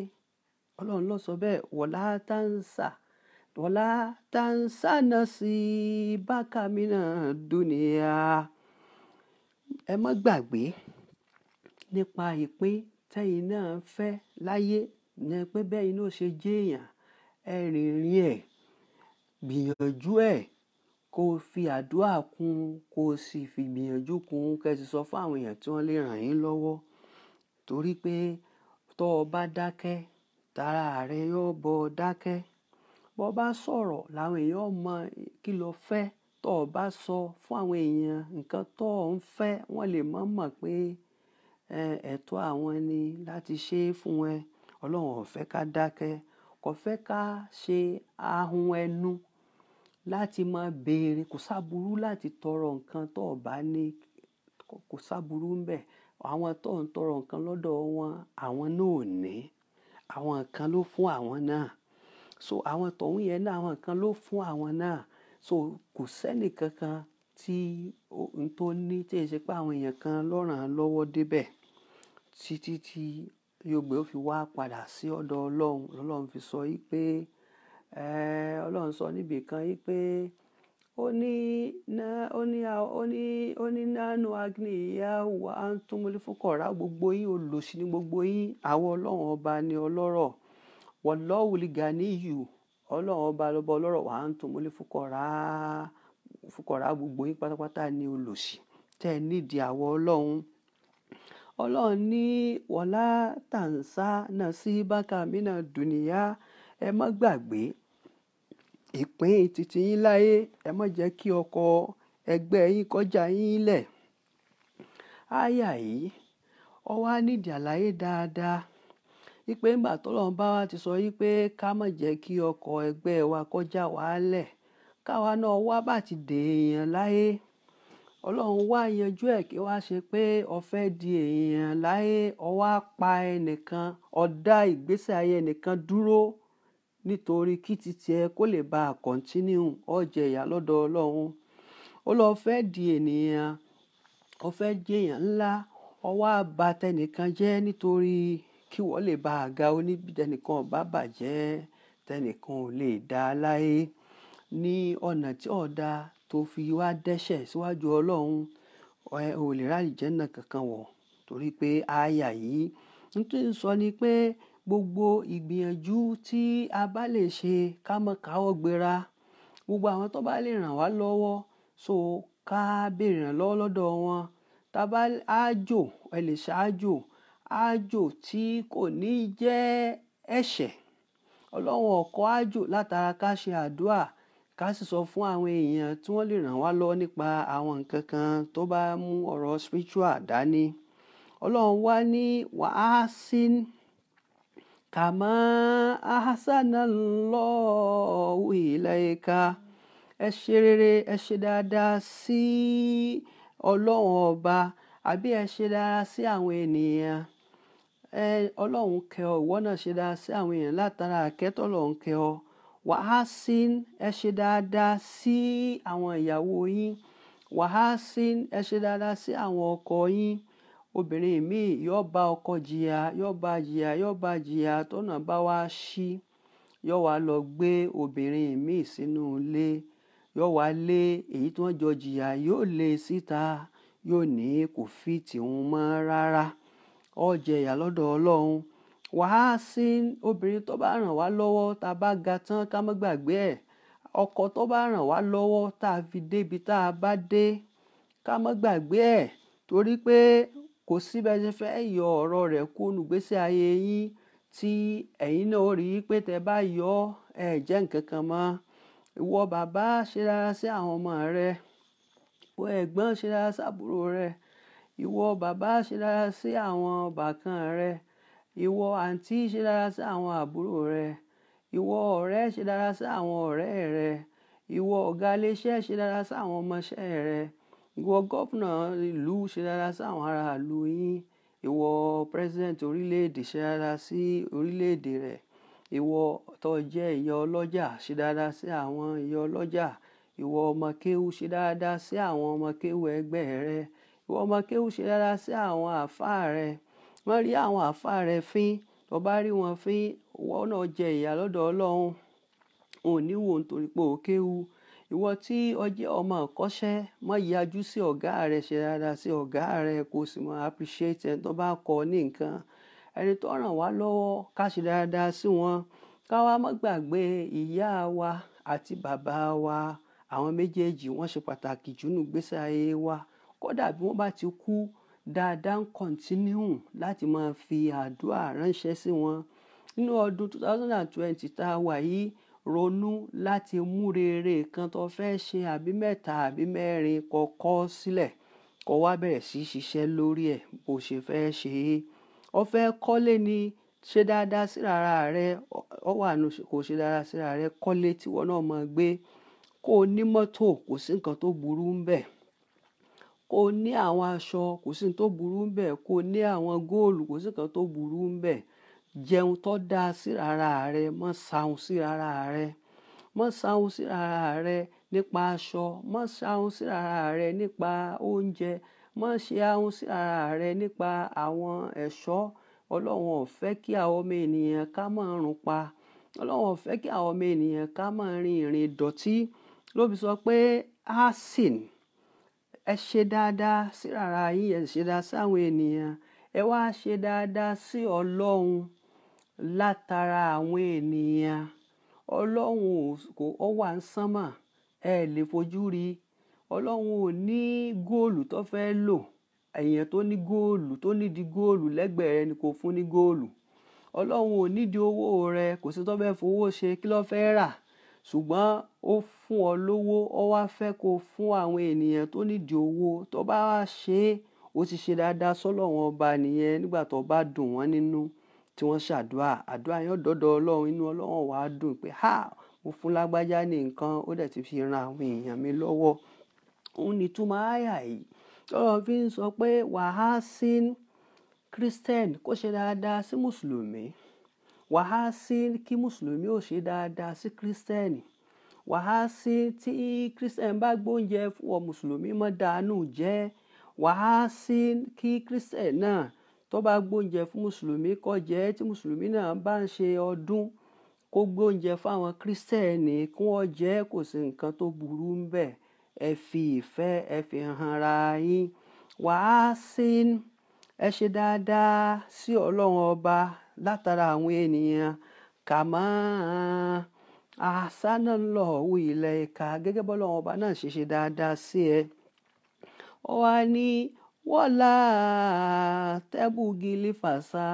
ọlọ́run ló sọ bẹ́ẹ̀ wọ̀lá tàǹsà wọ̀lá tàǹsà nàṣí bákà mínà dùnìyà ẹ má gbàgbé nípa ìpín tẹ́yin náà ń fẹ́ láyé ní pé bẹ́yìn náà ṣe jéèyàn ẹ rìnrìn ẹ̀ gbìyànjú ẹ̀ kó o fi àdúrà kún kó o sì fi gbìyànjú kún kẹ́ ẹ sì sọ fún àwọn èèyàn tí wọ́n lè ràn yín lọ́wọ́ torí pé tọ́ ọ bá dákẹ́ tara rẹ yóò bọ́ ọ dákẹ́ bọ́ ọ bá sọ̀rọ̀ làwọn èèyàn mọ kí lo fẹ́ tó o bá sọ fún àwọn èèyàn nǹkan tó o ń fẹ́ wọ́n lè mọ̀ mọ̀ pé ẹ̀tọ́ àwọn ni láti ṣe é fún ẹ ọlọ́run ò ká dákẹ́ kò fẹ́ ká ṣe ahun ẹnu láti máa béèrè kò sáburú láti tọrọ nǹkan tó o bá ní kò sáburú ń bẹ àwọn tó ń tọrọ nǹkan lọ́dọ̀ wọn àwọn náà ní àwọn kan ló fún àwọn náà so àwọn tọ̀hún yẹn náà àwọn kan ló fún àwọn náà So kò sẹ́ni kankan tí n tó ní tí èsì pé àwọn èèyàn kan ló ràn án lọ́wọ́ débẹ̀ títí tí yóògbé ó fi wá padà sí ọ̀dọ̀ Ọlọ́run lọ́lọ́run fi sọ yí pé Ọlọ́run sọ níbi kan yí pé ó ní ó ní ó ní ó ní nánú agni ìyá wa á ń tún múlẹ̀ fúkọ̀rá gbogbo yín olòṣì ní gbogbo yìí àwọn Ọlọ́run ọba ni ọlọ́rọ̀ wọ́n lọ́wọ́ lè gà níyù ọlọ́run ọba lọ́ba ọlọ́rọ̀ wà á ń tún mọ́lé fúkọ̀rá fúkọ̀rá gbogbo yín pátápátá ní olòṣì tẹ́ ẹ nídìí àwọ̀ ọlọ́run ọlọ́run ní wọlá tàǹsà náà sí bákà mínà dùnìyà ẹ má gbàgbé ìpín títí yín láyé ẹ mọ́ jẹ́ kí ọkọ ẹgbẹ́ yín kọjá yín lẹ̀ áyà yìí ọwọ́ á nídìí àlàyé dáadáa wípé ńgbà tọ́lọ́run bá wa ti sọ wípé ká má jẹ́ kí ọkọ̀ ẹgbẹ́ wa kọjá wàhálẹ̀ káwa náà wá bá ti dèèyàn láyé ọlọ́run wá yanjú ẹ̀ kí wá ṣe pé ọ̀fẹ́ di èèyàn láyé ọwá pa ẹnìkan ọ̀dá ìgbésẹ̀ ayé ẹnìkan dúró nítorí kí titi ẹ kó lè bá kọ́ntínú ọ̀jẹ̀ ìyá lọ́dọ̀ ọlọ́run ó lọ fẹ́ di ènìyàn ọ̀fẹ́ jẹ̀yàn ńlá ọwá bà jẹ́ nítorí kí wọ́n lè bá a ga ó níbi tẹnìkan ò bá bàjẹ́ tẹnìkan ò lè dá a láyé ní ọ̀nà tí ọ̀dà tó fi wá dẹ́ṣẹ̀ síwájú ọlọ́run ò lè ráàlì jẹ́nà kankan wọ̀ torí pé àyà yìí ń tún sọ ni pé gbogbo ìgbìyànjú tí a bá lè ṣe ká má káwọ́ gbéra gbogbo àwọn tó bá lè ràn wá lọ́wọ́ so ká béèrè ràn lọ́wọ́ lọ́dọ̀ wọn tá a bá ájò ẹ lè ṣáájò ájò tí kò ní jẹ́ ẹ̀ṣẹ̀ ọlọ́run ọkọ̀ ájò látara ká ṣe àdúà ká sì sọ fún àwọn èèyàn tí wọ́n lè ràn wá lọ nípa àwọn nǹkan kan tó bá mú ọ̀rọ̀ spiritual dání ọlọ́run wá ní wàá sí kàmá ahásánà lọ́ọ́ ìlẹ́ka ẹ ṣe rere ẹ ṣe dáadáa sí ọlọ́run ọba àbí ẹ ṣe dáadáa sí àwọn ènìyàn ẹ ọlọ́run kẹ́ ọ ìwọ náà ṣe dáadáa sí àwọn èèyàn látara àkẹ́tọ̀ ọlọ́run kẹ́ ọ wàhásín ẹ ṣe dáadáa sí àwọn ìyàwó yín wàhásín ẹ ṣe dáadáa sí àwọn ọkọ yín obìnrin míì yóò bá ọkọ jìyà yóò bá jìyà yóò bá jìyà tọ́nà bá wá ṣí yóò wá lọ gbé obìnrin míì sínú ilé yóò wá lé èyí tí wọ́n jọ jìyà yóò lé síta yóò ní kò fi tìhun mọ́ rárá ó jẹ ìyà lọ́dọ̀ Ọlọ́run wàá sí obìnrin tó bá ràn wá lọ́wọ́ tá a bá ga tán ká má gbàgbé ẹ̀ ọkọ tó bá ràn wá lọ́wọ́ tá a fi débi tá a bá dé ká má gbàgbé ẹ̀ torí pé kò síbẹ̀ ṣe fẹ́ yọ ọ̀rọ̀ rẹ̀ kó nùgbésí ayé yín tí ẹ̀yin náà ó rí i pé tẹ́ bá yọ ẹ̀ jẹ́ nǹkan kan mọ́ ìwọ bàbá ṣe rárá sí àwọn ọmọ rẹ ìwọ ẹ̀gbọ́n ṣe rárá sábúrò rẹ Ìwọ bàbá ṣe dára sí àwọn ọbàkan rẹ. Ìwọ àǹtí ṣe dára sí àwọn àbúrò rẹ. Ìwọ ọ̀rẹ́ ṣe dára sí àwọn ọ̀rẹ́ rẹ. Ìwọ ọ̀gá ilé iṣẹ́ ṣe dára sí àwọn ọmọṣẹ́ rẹ. Ìwọ gọ́fìnà ìlú ṣe dára sí àwọn ará ìlú yín. Ìwọ president orílẹ̀-èdè ṣe dára sí orílẹ̀ rẹ. Ìwọ tó ìyá ọlọ́jà ṣe sí àwọn ìyá ọlọ́jà. Ìwọ ọmọ kéwú sí àwọn ọmọ kéwú rẹ ìwọ ọmọ kéwú ṣe dára sí àwọn àáfàá rẹ wọ́n rí àwọn àáfàá rẹ fín tó bá rí wọn fín wọ́n náà jẹ ìyà lọ́dọ̀ ọlọ́run òun ní wò nítorí pé ó kéwú ìwọ tí ó ọmọ ìkọ́ṣẹ́ má yájú sí ọ̀gá rẹ ṣe dára sí ọ̀gá rẹ kò sì mọ appreciate ẹni tó bá kọ ní nǹkan ẹni tó ràn wá lọ́wọ́ ká ṣe dáadáa sí wọn ká má gbàgbé ìyá wa àti bàbá wa àwọn méjèèjì wọ́n ṣe pàtàkì jùnú gbésí ayé wa kódà bí wọ́n bá ti kú dáadáa ń kọ̀ntínúù láti máa fi àdúrà ránṣẹ́ sí wọn. nínú ọdún 2020 tá a wà yìí ronú láti mú rere kan tó fẹ́ ṣe àbí mẹ́ta àbí mẹ́rin kọ́kọ́ sílẹ̀ kó wá bẹ̀rẹ̀ sí ṣiṣẹ́ lórí ẹ̀ bó ṣe fẹ́ ṣe é. o fẹ́ kọ́lé ni ṣe dáadáa síra rẹ ọ wà kò ṣe dáadáa síra rẹ kọ́lé tí wọn náà máa gbé kó o ní mọ́tò kò sí nǹkan tó burú ń bẹ̀ kó ní àwọn aṣọ kò sí tó burú ń bẹ̀ kó ní àwọn góòlù kò sí kan tó burú ń bẹ̀ jẹun tó dáa sí ara rẹ mọ́ sahun sí ara rẹ mọ́ sahun sí ara rẹ nípa aṣọ mọ́ sahun sí ara rẹ nípa oúnjẹ mọ́ ṣe ahun sí ara rẹ nípa àwọn ẹ̀ṣọ́ ọlọ́run ò kí àwọn ọmọ ènìyàn ká máa rùn pa ọlọ́run ò kí àwọn ọmọ ènìyàn ká máa rin ìrìn dọ̀tí ló fi sọ pé asin. Ah, ẹ ṣe dáadáa sí rárá yín ẹ ṣe dáadáa sáwọn ènìyàn ẹ wá ṣe dáadáa sí ọlọ́run látara àwọn ènìyàn ọlọ́run kò ọ wà ń sánmà ẹ lè fojú rí ọlọ́run ò ní góòlù tó fẹ́ lò èèyàn tó ní góòlù tó nídìí góòlù lẹ́gbẹ̀ẹ́ rẹ ni kò fún ní góòlù ọlọ́run ò nídìí owó rẹ kò sí tó fẹ́ fowó ṣe kí ló fẹ́ rà ṣùgbọ́n ó fún ọ lówó ọ wá fẹ́ kó fún àwọn ènìyàn tó nídìí owó tó bá wá ṣe é ó ti ṣe dáadáa sọ́lọ́run ọba nìyẹn nígbà tó bá dùn wọ́n nínú tí wọ́n ṣàdúrà àdúrà yẹn dọ́dọ̀ ọlọ́run inú ọlọ́run wàá dùn pé ha mo fún lágbájá ní nǹkan ó dẹ̀ ti fi ran àwọn èèyàn mi lọ́wọ́ òun ni túmọ̀ àyà yìí tọ́lọ́ fi ń sọ pé wàhásín kírísítẹ́nì kó ṣe dáadáa sí mùsùlùmí wàá sí kí mùsùlùmí ò ṣe dáadáa sí kírísítẹ́nì wàá sí tí kírísítẹ́nì bá gbóúnjẹ fún ọ mùsùlùmí mọ́ dànù jẹ́ wàá sí kí kírísítẹ́nì náà tó bá gbóúnjẹ fún mùsùlùmí kó jẹ tí mùsùlùmí náà bá ń ṣe ọdún kó gbóúnjẹ fáwọn kírísítẹ́nì kí wọ́n jẹ kò sí nǹkan tó burú ń bẹ̀ ẹ fi ìfẹ́ ẹ fi hàn ra yín wàá sí ẹ ṣe dáadáa sí ọlọ́run ọba látara àwọn ènìyàn kàmá àṣánà lọ wù ilẹ̀ ìka gẹ́gẹ́ bọ́lá ọba náà ṣe ṣe dáadáa sí ẹ. ó wá ní wọ́lá tẹ́bùgìlì fàṣà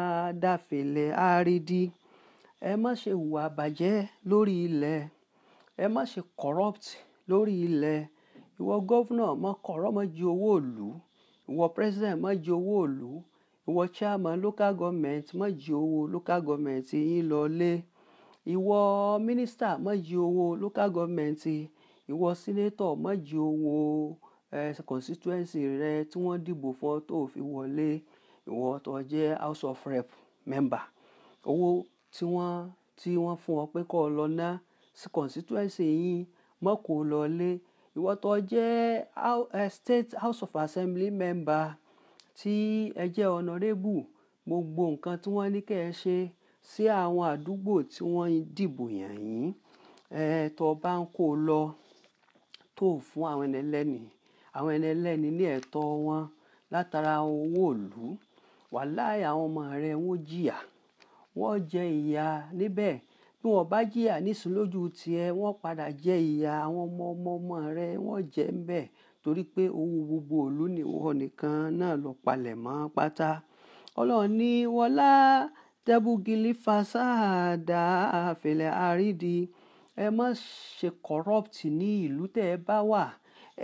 dàfẹ̀lẹ̀ àrídì ẹ má ṣe hùwà bàjẹ́ lórí ilẹ̀ ẹ má ṣe corrupt lórí ilẹ̀ ìwọ gọ́vnà má kọ̀rọ̀ má jí owó ìlú ìwọ president má jí owó ìlú ìwọ chairman local government má owó local government yín lọ lé ìwọ minister má owó local government ìwọ senator má owó eh, constituency rẹ tí wọ́n dìbò fún tó fi wọlé ìwọ tó jẹ́ house of rep member owó tí wọ́n tí wọ́n fún ọ pé kọ́ ọ lọ ná sí constituency yín mọ́ kó lọ lé ìwọ tó jẹ́ eh, state house of assembly member tí ẹ jẹ́ ọ̀nàrẹ́bù gbogbo nǹkan tí wọ́n ní kẹ́ ẹ ṣe sí àwọn àdúgbò tí wọ́n dìbò yàn yín tó bá ń kó lọ tó fún àwọn ẹni àwọn ẹni ní ẹ̀tọ́ wọn látara owó ìlú wàláì àwọn ọmọ rẹ wọ́n jìyà wọ́n jẹ ìyà níbẹ̀ bí wọ́n bá jìyà nísìn lójú tiẹ̀ wọ́n padà jẹ ìyà àwọn ọmọ ọmọ rẹ wọ́n jẹ ń bẹ̀ torí pé owó gbogbo ìlú ni ìwọ nìkan náà ló palẹ̀ mọ́ pátá ọlọ́run ní wọlá tẹ́bùgìlì fasáàdà àfẹlẹ̀ àrídì ẹ má ṣe corrupt ní ìlú tẹ́ ẹ bá wà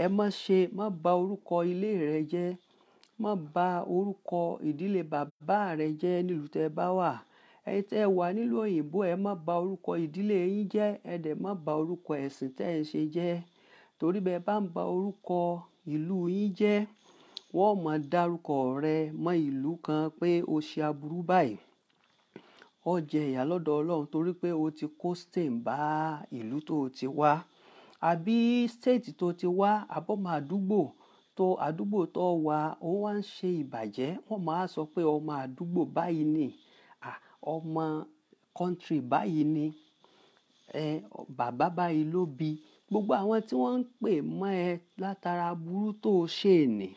ẹ má ṣe má bà orúkọ ilé rẹ jẹ́ má bà orúkọ ìdílé bàbá rẹ jẹ́ nílùú tẹ́ ẹ bá wà ẹ tẹ́ ẹ wà nílùú òyìnbó ẹ má bà orúkọ ìdílé yín jẹ́ ẹ dẹ̀ má bà orúkọ ẹ̀sìn tẹ́ ẹ ṣe jẹ́ torí bẹ́ẹ̀ bá ń ba orúkọ ìlú yín jẹ́ wọ́n mọ̀ dárúkọ rẹ mọ́ ìlú kan pé o ṣe aburú báyìí ó jẹ ìyà lọ́dọ̀ ọlọ́run torí pé o ti kó stain bá ìlú tó o ti wá àbí state tó ti wá àbọ̀mọ̀ àdúgbò tó àdúgbò tó wà ó wá ń ṣe ìbàjẹ́ wọ́n máa sọ pé ọmọ àdúgbò báyìí ni ọmọ country báyìí ni bàbá báyìí ló bí gbogbo àwọn tí wọ́n ń pè mọ́ ẹ látara burú tó o ṣe nì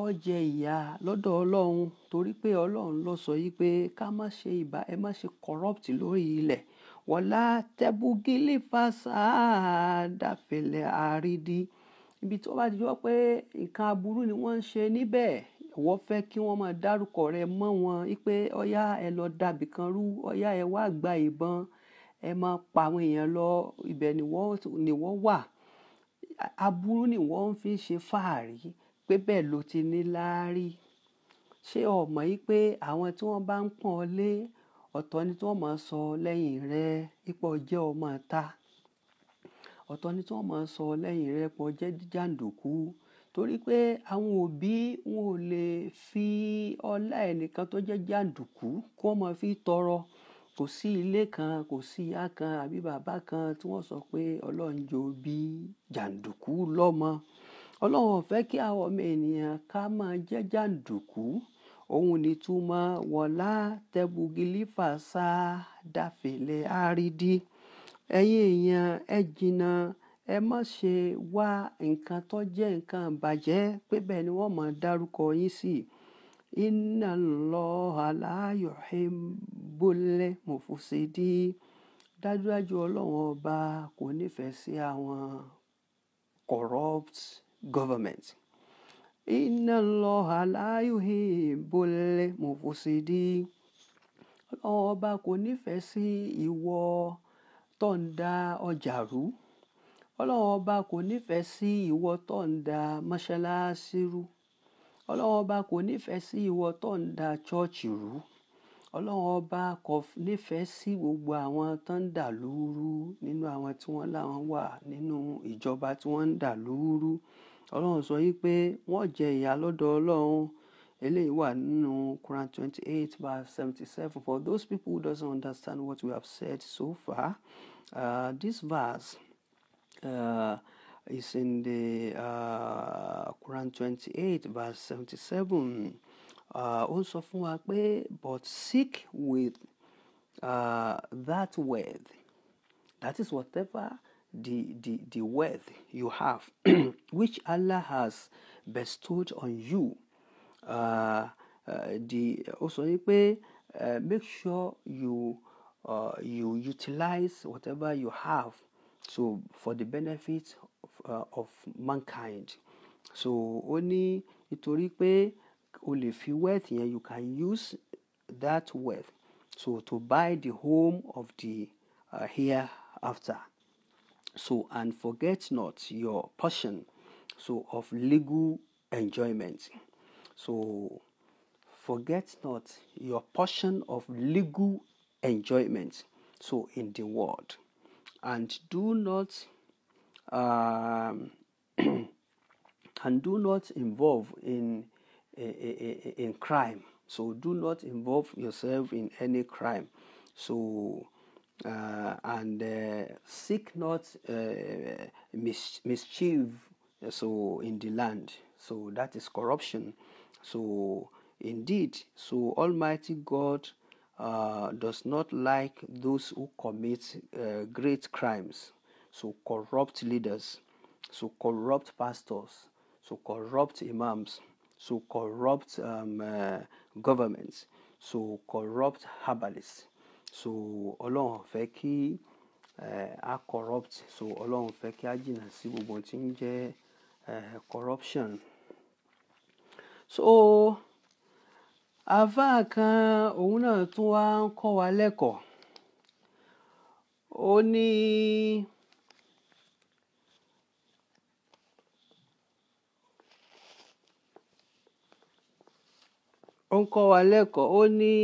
ọ jẹ ìyà lọ́dọ̀ ọlọ́run torí pé ọlọ́run ló sọ yìí pé ká má ṣe ìbá ẹ má ṣe corrupt lórí ilẹ̀ wọlá tẹbugílì fàṣàdàfẹlẹ àrídì ibi tí wọ́n bá ti jọ pé nǹkan aburú ni wọ́n ń ṣe níbẹ̀ ìwọ fẹ́ kí wọ́n máa dárúkọ rẹ mọ́ wọn pé ọyá ẹ lọ dàbí kan rú ọyá ẹ wá gba ìbọn ẹ máa pa àwọn èèyàn lọ ibẹ̀ ni wọ́n wà aburú ni wọ́n ń fi ṣe fàárí pé bẹ́ẹ̀ ló ti ní láárí ṣé o yìí pé àwọn tí wọ́n bá ń pọ́n ọ lé ọ̀tọ̀ ni tí wọ́n máa sọ lẹ́yìn rẹ ipò jẹ́ ọmọ ta ọ̀tọ̀ ni tí wọ́n máa sọ lẹ́yìn rẹ pọ̀ jẹ́ jàǹdùkú torí pé àwọn òbí wọn ò lè fi ọlá ẹnìkan tó jẹ́ jàǹdùkú kó máa fi tọrọ kò sí ilé kan kò sí ìyá kan àbí bàbá kan tí wọ́n sọ pé ọlọ́run jò bí jàǹdùkú lọ́mọ ọlọ́run ò fẹ́ kí àwọn ọmọ ènìyàn ká máa jẹ́ jàǹdùkú òun ni túmọ̀ wọ̀lá tẹ́bugilífà sá dáfẹ̀lẹ̀ árídì ẹ̀yin èèyàn ẹ jìnnà ẹ má ṣe wá nǹkan tó jẹ́ nǹkan bàjẹ́ pé bẹ́ẹ̀ ni wọ́n máa dárúkọ yín sí i inna Allaha la yuhibbul mufusidi dájúdájú ọlọ́run ọba kò nífẹ̀ẹ́ sí àwọn corrupt government inna Allaha la yuhibbul mufusidi ọlọ́run ọba kò nífẹ̀ẹ́ sí ìwọ tó ń da ọjà rú ọlọ́run ọba kò nífẹ̀ẹ́ sí ìwọ tó ń da mọ́ṣáláṣí rú ọlọ́run ọba kò nífẹ̀ẹ́ sí ìwọ tó ń da chọ́ọ̀chì rú ọlọ́run ọba kò nífẹ̀ẹ́ sí gbogbo àwọn tó ń dà lúrú nínú àwọn tí wọ́n láwọn wà nínú ìjọba tí wọ́n ń dà lúrú ọlọ́run sọ yìí pé wọ́n jẹ ìyà lọ́dọ̀ ọlọ́run eléyìí wà nínú Quran twenty eight verse seventy seven for those people who doesn't understand what we have said so far uh, this verse. Uh, is in the uh, Quran 28 verse seventy-seven. Uh, also, sọ fún wa but seek with uh, that wealth that is whatever the, the, the wealth you have which Allah has bestowed on you uh, uh, the also sọ uh, make sure you uh, you utilize whatever you have so for the benefit uh, of mankind so ó ní nítorí pé o lè fi wealth yẹn you can use that wealth so to buy the home of the uh, hereafter so and forget not your portion so of legal enjoyment so forget not your portion of legal enjoyment so in the world and do not um, and do not involve in eh, eh, eh, in crime. So do not involve yourself in any crime. So uh, and uh, seek not uh, mis- mischief. So in the land. So that is corruption. So indeed, so Almighty God uh, does not like those who commit uh, great crimes. So corrupt leaders, so corrupt pastors, so corrupt imams, so corrupt um, uh, governments, so corrupt herbalists. So Ọlọ́run fẹ́ kí uh, a corrupt so Ọlọ́run fẹ́ kí a jìnnà sí gbogbo tí ń jẹ́ uh, corruption. So àfáà kan òun náà tún wá ń kọ́ wa lẹ́kọ̀ọ́ ó ní. Oni... ó ń kọ́ wa lẹ́kọ̀ọ́ ó ní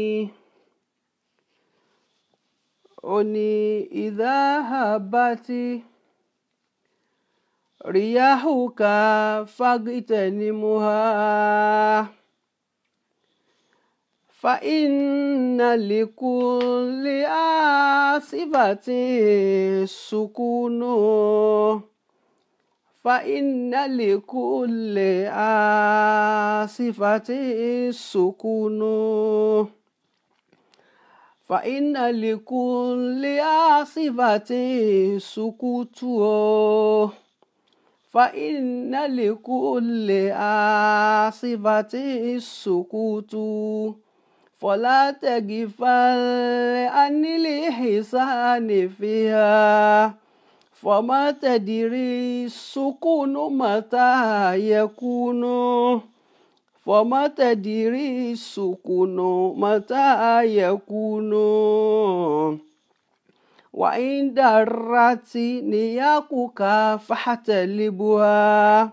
ó ní ìdáhàbátì ríyáhùkà fagitẹnimuha fa inna likulli asibatin sukunu. فإن لكل آسفة سكون فإن لكل آسفة سكوت فإن لكل آسفة سكوت فلا تغفل عن الإحسان فيها فما تدري السكون متى يكون فما تدري السكون متى يكون وإن درت نياقك فاحتلبها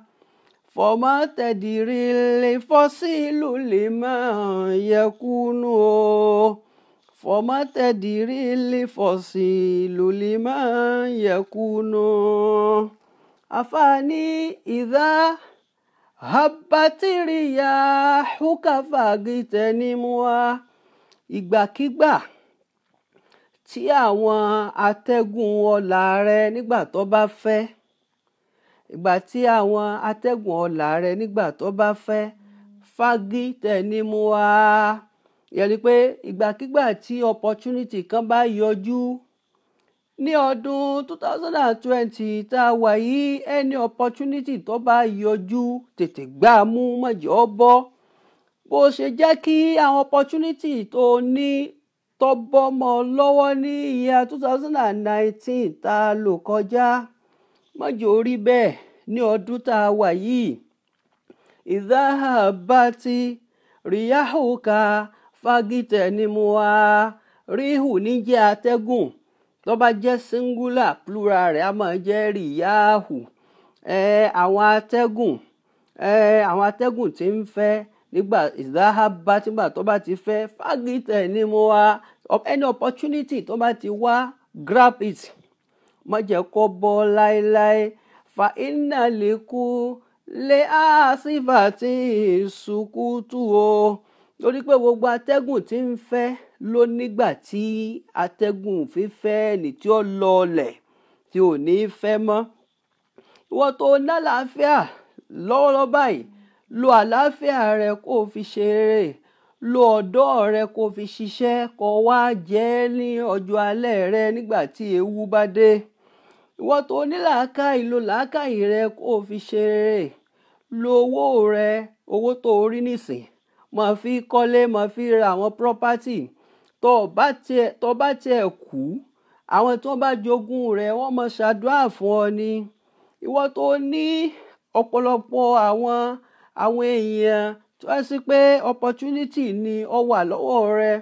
فما تدري الفصيل لما يكون فما تدري لفصيل لمن يكون أفاني إذا هبت رياحك فاغتنمها ìgbàkígbà tí àwọn atẹ́gùn ọ̀là rẹ nígbà tó bá fẹ́ ìgbà tí àwọn atẹ́gùn ọ̀là rẹ nígbà tó bá fẹ́ fagitẹ̀nimuwa yẹri pé ìgbàkigbà tí opportunity kan bá yọjú ní ọdún 2020 tá a wà yìí ẹni opportunity tó bá yọjú tètè gbá a mú mọ̀jọ́ bọ́ bó ṣe jẹ́ kí àwọn opportunity tó ní tó bọ́ mọ́ lọ́wọ́ ní ìyá 2019 tá a lò kọjá mọ̀jọ́ rí bẹ́ẹ̀ ní ọdún tá a wà yìí ìdáhàbá ti ríyáhùn ka fagitẹ ni mo wá ríhù ní jẹ́ atẹ́gùn tó singula plural rẹ̀ á máa jẹ́ ríyáhù àwọn atẹ́gùn àwọn atẹ́gùn tí ń fẹ́ nígbà ìdáhábá tígbà tó bá ti fẹ́ fagitẹ ni mo wá any opportunity tó bá ti wá grab it má jẹ́ kó bọ́ láéláé fa iná lè kú lé àsìfà tí ìsùnkú tù o torí pé gbogbo atẹ́gùn tí ń fẹ́ ló nígbà tí atẹ́gùn fífẹ́ ní tí ó lọlẹ̀ tí ò ní fẹ́ mọ́ ìwọ tó lálàáfíà lọ́wọ́lọ́wọ́ báyìí lo àlàáfíà rẹ kó o fi ṣeré lo ọ̀dọ́ rẹ kó o fi ṣiṣẹ́ kó wá jẹ́ ní ọjọ́ alẹ́ rẹ nígbà tí ewu bá dé ìwọ tó ní lo làákàyè rẹ kó o fi ṣeré lo owó rẹ owó tó o rí nísìn máa fi kọ́lé máa fi ra àwọn property tó bá tiẹ̀ tó bá tiẹ̀ kú àwọn tí wọ́n bá jogún rẹ̀ wọ́n máa ṣàdúrà fún ọ ni ìwọ tó ní ọ̀pọ̀lọpọ̀ àwọn àwọn èèyàn tó yẹ sí pé opportunity ni ó wà lọ́wọ́ rẹ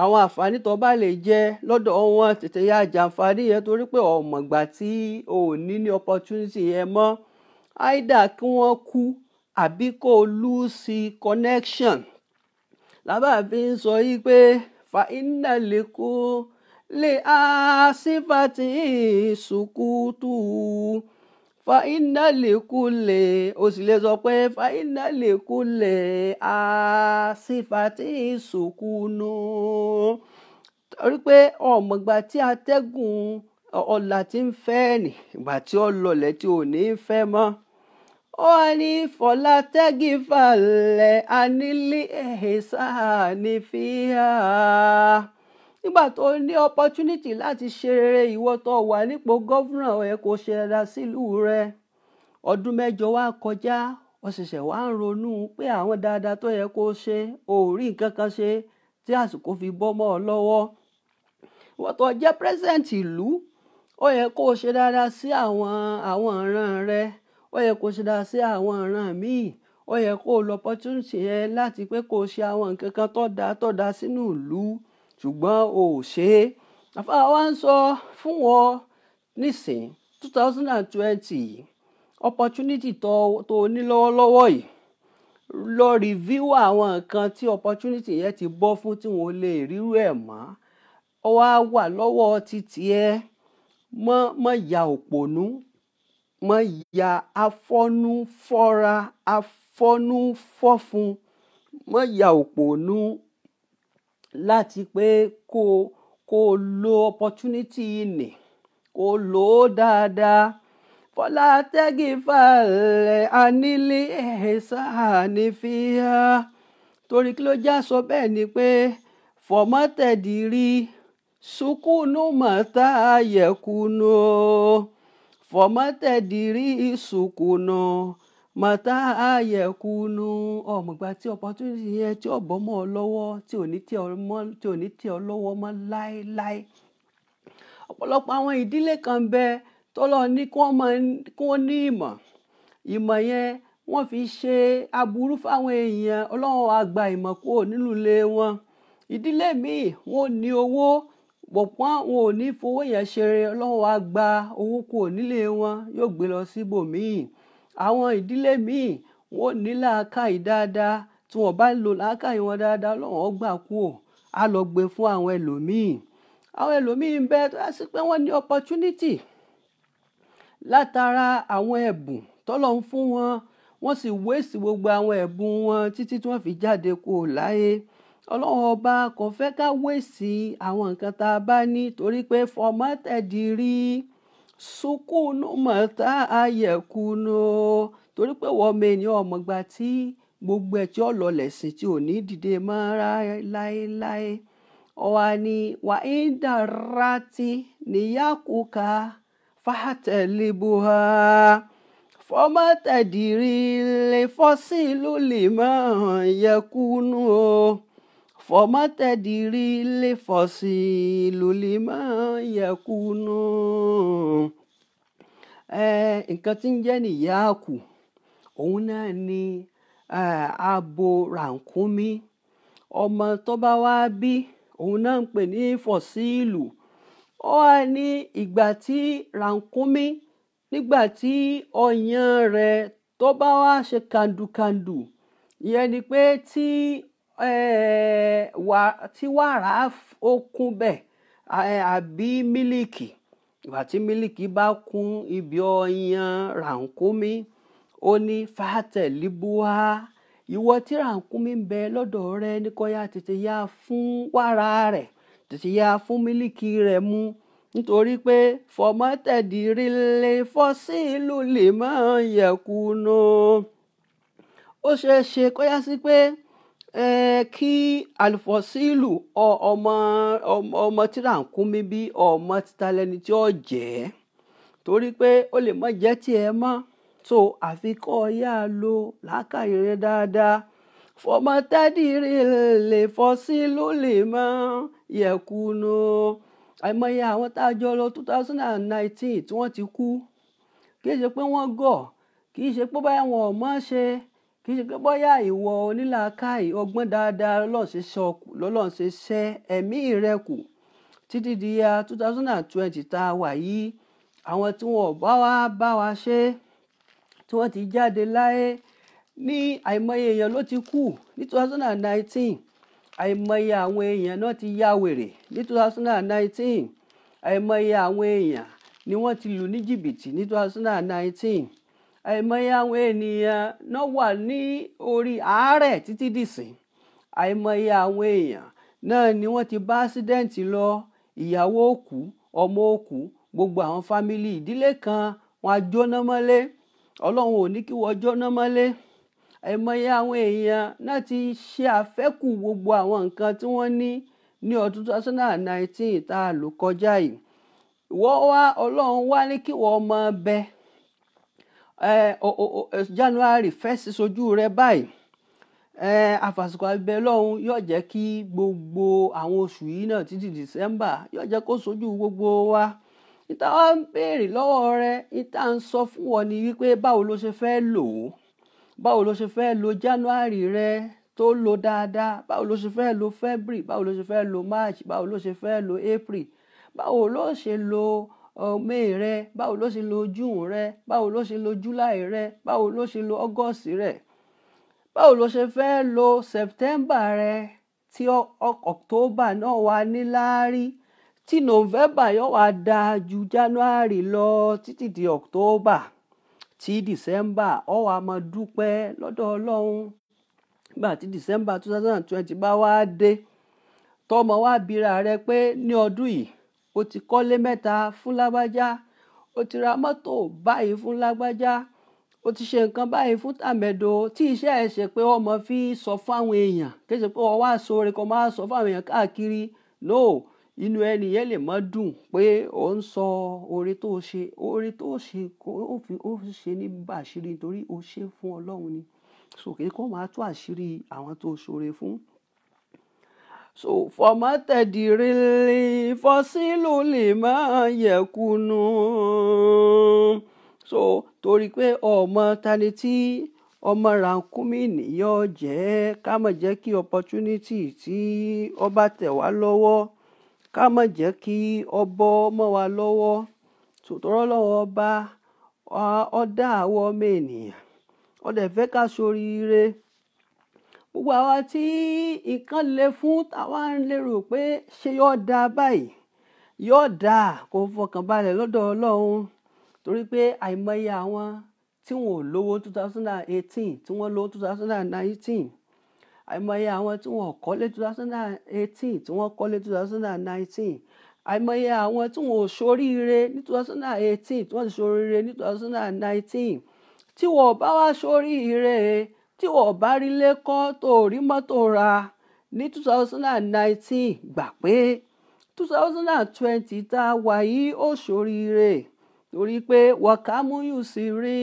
àwọn àǹfààní tó bá lè jẹ lọ́dọ̀ wọn tètè ya jàǹfààní yẹn torí pé ọ̀mọ̀gbà tí o ò ní ní opportunity yẹn mọ́ áìdà kí wọ́n kú àbí kó o lùsì connection lábàbí ń sọ yí pé fa iná lè kó lè á sífàtì ìsùkútù fa iná lè kú lè o sì lè sọ pé fa iná lè kú lè á sífàtì ìsùkúnù torí pé ọmọgbà tí atẹ́gùn ọ̀la ti ń fẹ́ nì ìgbà tí ó lọlẹ̀ tí ò ní fẹ́ mọ́ wani fọlátẹ́gì falẹ̀ anílé ẹ̀ẹ́sà ní fíhà nígbà tó ní opportunity láti ṣe rere ìwọ tó wà nípò gọ́fúnà ẹ kò ṣẹlá sílùú rẹ ọdún mẹ́jọ wá kọjá ó ṣẹ̀ṣẹ̀ wá ń ronú pé àwọn dáadáa tó yẹ kó ṣe ò rí nǹkan kan ṣe tí àsìkò fi bọ́ mọ́ ọ lọ́wọ́ ìwọ tó jẹ́ present ìlú ó yẹ kó ṣe dáadáa sí àwọn àwọn ìran rẹ ó yẹ kó ṣe dáa sí àwọn ọ̀ràn míì ó yẹ kó o lọ opportunity yẹn láti pé kó o ṣe àwọn nǹkan kan tó dáa tó dáa sínú ìlú ṣùgbọ́n o ò ṣe é àfa wa ń sọ fún ọ nísìn two thousand and twenty opportunity tó o ní lọ́wọ́lọ́wọ́ yìí lọ review àwọn nǹkan tí opportunity yẹn ti bọ́ fún tí wọ́n lè rírú ẹ̀ mọ́ ọ wá wà lọ́wọ́ títí ẹ mọ́ mọ́ ya òpònú mọ̀yà afọ́núfọ́ra afọ́núfọ́fun mọ̀yà òpònú láti pé kó kó lo opportunity nì kó lò ó dáadáa fọlá tẹ́gì falẹ̀ anílé ẹ̀sà nífìhà torí kí ló já sọ bẹ́ẹ̀ ni pé fọmọ́tẹ̀dì rí sukùnù mọ́tà yẹ̀kùnú o fọmọtẹdìrí ìsùnkùnà mọta àyẹkùnú ọmọgbà tí opportunity yẹn tí ọbọ mọ ọ lọ́wọ́ tí ò ní tẹ ọ lọ́wọ́ mọ́ láéláé ọ̀pọ̀lọpọ̀ àwọn ìdílé kan bẹ tọlọ ní kí wọn ní ìmọ̀ ìmọ̀ yẹn wọ́n fi ṣe aburú fáwọn èèyàn Ọlọ́run á ìmọ̀ kúrò nínú ilé wọn ìdílé míì wọ́n ní owó wọ̀pọ̀ wọn ò ní fowó yẹn ṣeré ọlọ́run wa gba owó kù nílé wọn yóò gbé lọ síbòmíì àwọn ìdílé míì wọn ò ní làákàyè dáadáa tí wọn bá lo làákàyè wọn dáadáa ọlọ́run ó gbà kú ò á lọ gbé e fún àwọn ẹlòmíì àwọn ẹlòmíì ń bẹ tó yà sí pé wọ́n ní opportunity látara àwọn ẹ̀bùn tọ́lọ̀ ń fún wọn wọ́n sì wéèsì gbogbo àwọn ẹ̀bùn wọn títí tí wọ́n fi jáde kú láyé ọlọ́run ọba kò fẹ́ ká wèsì àwọn nǹkan tá a bá ní torí pé fọmọ́tẹ̀dì rí sukùnù mọ̀tá ayẹ̀kùnù torí pé wọ́n mẹ́ni ọmọgbà tí gbogbo ẹ̀ tí ó lọ lẹ̀sìn tí ò ní dìde mọ́ láéláé ọ̀wá ni wà ń dàrá tí níyàkùkà fàtẹ̀lẹ́bùhà fọmọ́tẹ̀dì rí lè fọ́ sí ìlú lè máa yẹkùnù o. Formatediri lefasilulima yakunu nǹkan tí ń jẹ́ nìyáàkù òun náà ni abo ràkúnmí ọmọ tó bá wá bí òun náà ń pè ní fọ̀síìlù ó wà ní ìgbà tí ràkúnmí nígbà tí ọyàn rẹ̀ tó bá wá ṣe kàndùkàndù ìyẹn ni pé tí Eh, tí wàrà ó kún bẹ́ẹ̀ eh, àbí mílìkì ìgbà tí mílìkì bá kún ibi ọyàn rànkúnmí ó ní fàtẹ̀ líbúwá ìwọ tí rànkúnmí ń bẹ lọ́dọ̀ rẹ ní kó yá tètè yá fún wàrà rẹ̀ tètè yá fún mílìkì rẹ̀ mu nítorí pé fọmọtẹdìrìlẹ fọsílù lè máa yẹkùnú ó ṣeé ṣe kó sí pé kí alifọsílù ọmọ ọmọ tíra ń kún mi bí ọmọ títa lẹni tí ó jẹ́ torí pé ó lè mọ jẹ́ tiẹ̀ mọ́ so àfi kọ́ ọ lo làákàyè rẹ dáadáa fọmọ tádìrí lè fọsílù lè mọ yẹkùnú àìmọye àwọn tá a jọ lọ two thousand and nineteen tí wọ́n ti kú kì í ṣe pé wọ́n gọ̀ kì í ṣe pé báyà wọn ò mọ̀ ṣe kì í ṣe pé bóyá ìwọ onílàákàyè ọgbọ́n dáadáa lọ́lọ́run ṣe ṣẹ́ ẹ̀mí rẹ kù títí di ya two thousand and twenty tá a wà yìí àwọn tí wọn ò bá wa bá wa ṣe tí wọ́n ti jáde láyé ní àìmọye èèyàn ló ti kú ní two thousand and nineteen àìmọye àwọn èèyàn náà ti ya wèrè ní two thousand and nineteen àìmọye àwọn èèyàn ni wọ́n ti lù ní jìbìtì ní two thousand and nineteen àìmọye àwọn ènìyàn náà wà ní orí àárẹ̀ títí dìsìn àìmọye àwọn èèyàn náà ni wọ́n ti bá ásídẹ́ǹtì lọ ìyàwó òkú ọmọ òkú gbogbo àwọn fámìlì ìdílé kan wọn á jóná mọ́lé ọlọ́run ò ní kí wọ́n jóná mọ́lé àìmọye àwọn èèyàn náà ti ṣe àfẹ́kù gbogbo àwọn nǹkan tí wọ́n ní ní ọdún 2019 tá a lò kọjá yìí wọ́n wá ọlọ́run wá ní kí wọ́n mọ bẹ́ẹ̀ January first sojú rẹ báyìí àfàsìkò abẹ lọ́hún yóò jẹ́ kí gbogbo àwọn oṣù yìí náà títí December yóò jẹ́ kó sojú gbogbo wa ìta wa ń béèrè lọ́wọ́ rẹ ìta ń sọ fún ọ ni wípé báwo ló ṣe fẹ́ lò ó báwo ló ṣe fẹ́ lo January rẹ tó lò dáadáa báwo ló ṣe fẹ́ lo February báwo ló ṣe fẹ́ lo March báwo ló ṣe fẹ́ lo April báwo ló ṣe lo ọmọ rẹ báwo ló ṣe lo ojú rẹ báwo ló ṣe lo july rẹ báwo ló ṣe lo august rẹ báwo ló ṣe fẹ́ lo september rẹ tí october náà wà níláárí tí november yóò wá da ju january lọ títí di october tí december ó wá máa dúpẹ́ lọ́dọ̀ ọlọ́run nígbà tí december two thousand and twenty bá wá dé tọmọ wá bira rẹ pé ní ọdún yìí ó ti kọ́lé mẹ́ta fún lágbájá ó ti ra mọ́tò báyìí fún lágbájá ó ti ṣe nǹkan báyìí fún tàmẹ̀dò tí iṣẹ́ ẹ̀ ṣe pé ọmọ fi sọ fáwọn èèyàn kéṣe pé ọwọ́ àsọ̀rẹ́ kan máa sọ fáwọn èèyàn káàkiri no inú ẹni yẹn lè mọ́ dùn pé ó ń sọ oore tó ṣe oore tó ṣe ó fi ó fi ṣe ní bàṣírí nítorí ó ṣe fún ọlọ́run ni sòkè kó máa tú àṣírí àwọn tó ṣoore fún. سوف ما تدري الفصيل لما يكون so torí pé ọmọ tani tí ọmọ rànkúmí nìyọ jẹ́ ká má jẹ́ kí opportunity tí ó bá tẹ̀ wá lọ́wọ́ ká má jẹ́ kí ó bọ́ mọ́ wa lọ́wọ́ tòtọ́rọ́ lọ́wọ́ bá ọ̀dà ọmọ ènìyàn ọ̀dẹ̀ fẹ́ ká ṣoríire. So, gbogbo àwa tí nǹkan le fún táwa ń lérò pé ṣé yóò dáa báyìí yóò dáa kó fọkàn balẹ̀ lọ́dọ̀ ọlọ́run torí pé àìmọye àwọn tí wọn ò lówó two thousand and eighteen tí wọ́n lówó two thousand and nineteen àìmọye àwọn tí wọn ò kọ́lé two tí wọ́n kọ́lé two àìmọye àwọn tí wọn ò ṣoríire ní two tí wọ́n ti ṣoríire ní two tí wọn ò bá wá ṣoríire tí wọ́n bá rí ilé kọ́ tó rí mọ́tò ra ní two thousand and nineteen gbà pé two thousand and twenty tá a wà yìí ó ṣoríire torí pé wàkàmúyù sí rí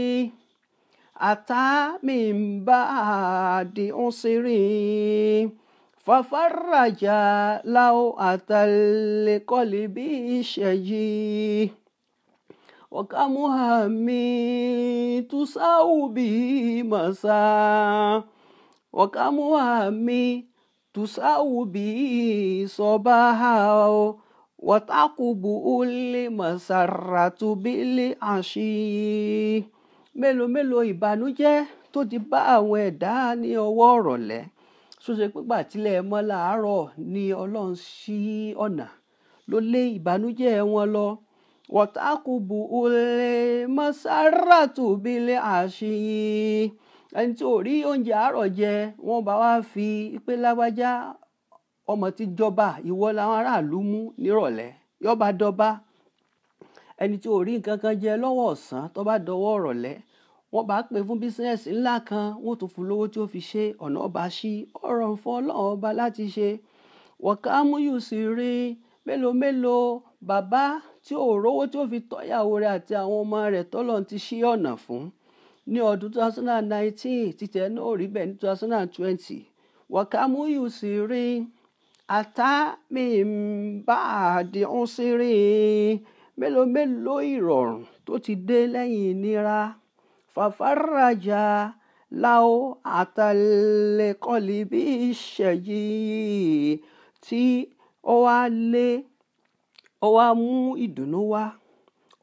àtàmìǹbàdì ń sí rí fàfàràjà láò àtàlẹ́kọ̀lẹ́ bí وكم همي تساو به مساء وكم همي تساو به صباحا وتعقب المسرة بالعشي mélòó mélòó ìbànújẹ́ tó ti bá àwọn ẹ̀dá ní ọwọ́ ọ̀rọ̀lẹ́ sóṣe pípa tilẹ̀ mọ́ làárọ̀ ni ọlọ́run ṣí ọ̀nà ló lé ìbànújẹ́ wọn lọ wọ̀tákùbù ulẹ̀ mọ́sáràtù bílẹ̀ àṣeyìn ẹni tí ò rí oúnjẹ àárọ̀ jẹ wọ́n bá wá fi pé lágbájá ọmọ ti jọba ìwọ làwọn aráàlú mú nírọ̀lẹ́ yọba dọba ẹni tí ò rí nǹkan kan jẹ lọ́wọ́ ọ̀sán tó bá dọwọ́ ọ̀rọ̀lẹ́ wọ́n bá pè fún bísíǹsì ńlá kan wọ́n tún fún lówó tí ó fi ṣe ọ̀nà ọba ṣí ọ̀rọ̀ ń fún ọlọ́run ọba láti ṣe wọ̀ká múyù sí rí mélòó mélòó bàbá tí ò rówó tí ó fi tọ́yàwó rẹ̀ àti àwọn ọmọ rẹ̀ tọ́lọ́run ti ṣí ọ̀nà fún ní ọdún 2019 títẹ̀ náà rí bẹ́ẹ̀ ní 2020 wàkàmú yìí sì rí àtàmìbàdì ń sí rí mélòó mélòó ìrọ̀rùn tó ti dé lẹ́yìn ìnira fàfàràjà láò àtàlẹ́kọ̀lì bí ìṣẹ̀yí tí ó wá lé ó wá mú ìdùnnú wá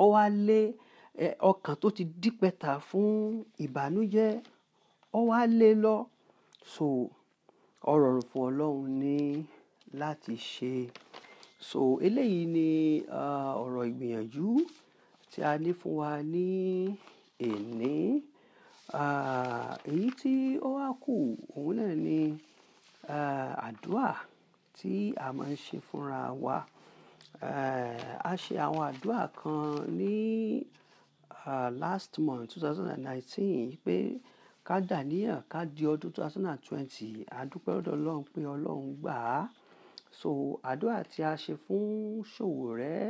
ó wá lé ọkàn tó ti dípẹ̀tà fún ìbànújẹ́ ó wá lé lọ so ọ̀rọ̀ fún ọlọ́run ní láti ṣe so eléyìí ni ọ̀rọ̀ ìgbìyànjú tí a ní fún wa ní èní èyí tí ó wá kù òun náà ni àdúà tí a máa ń ṣe fúnra wa. Eh, a ṣe àwọn àdúrà kan ní ah, last month two thousand and nineteen pé ká dàníyàn ká di ọdún two thousand and twenty àdúpẹ́ lọ́dọ̀ ọlọ́run pé ọlọ́run gbà á so àdúrà tí a ṣe fún Ṣòwòrẹ́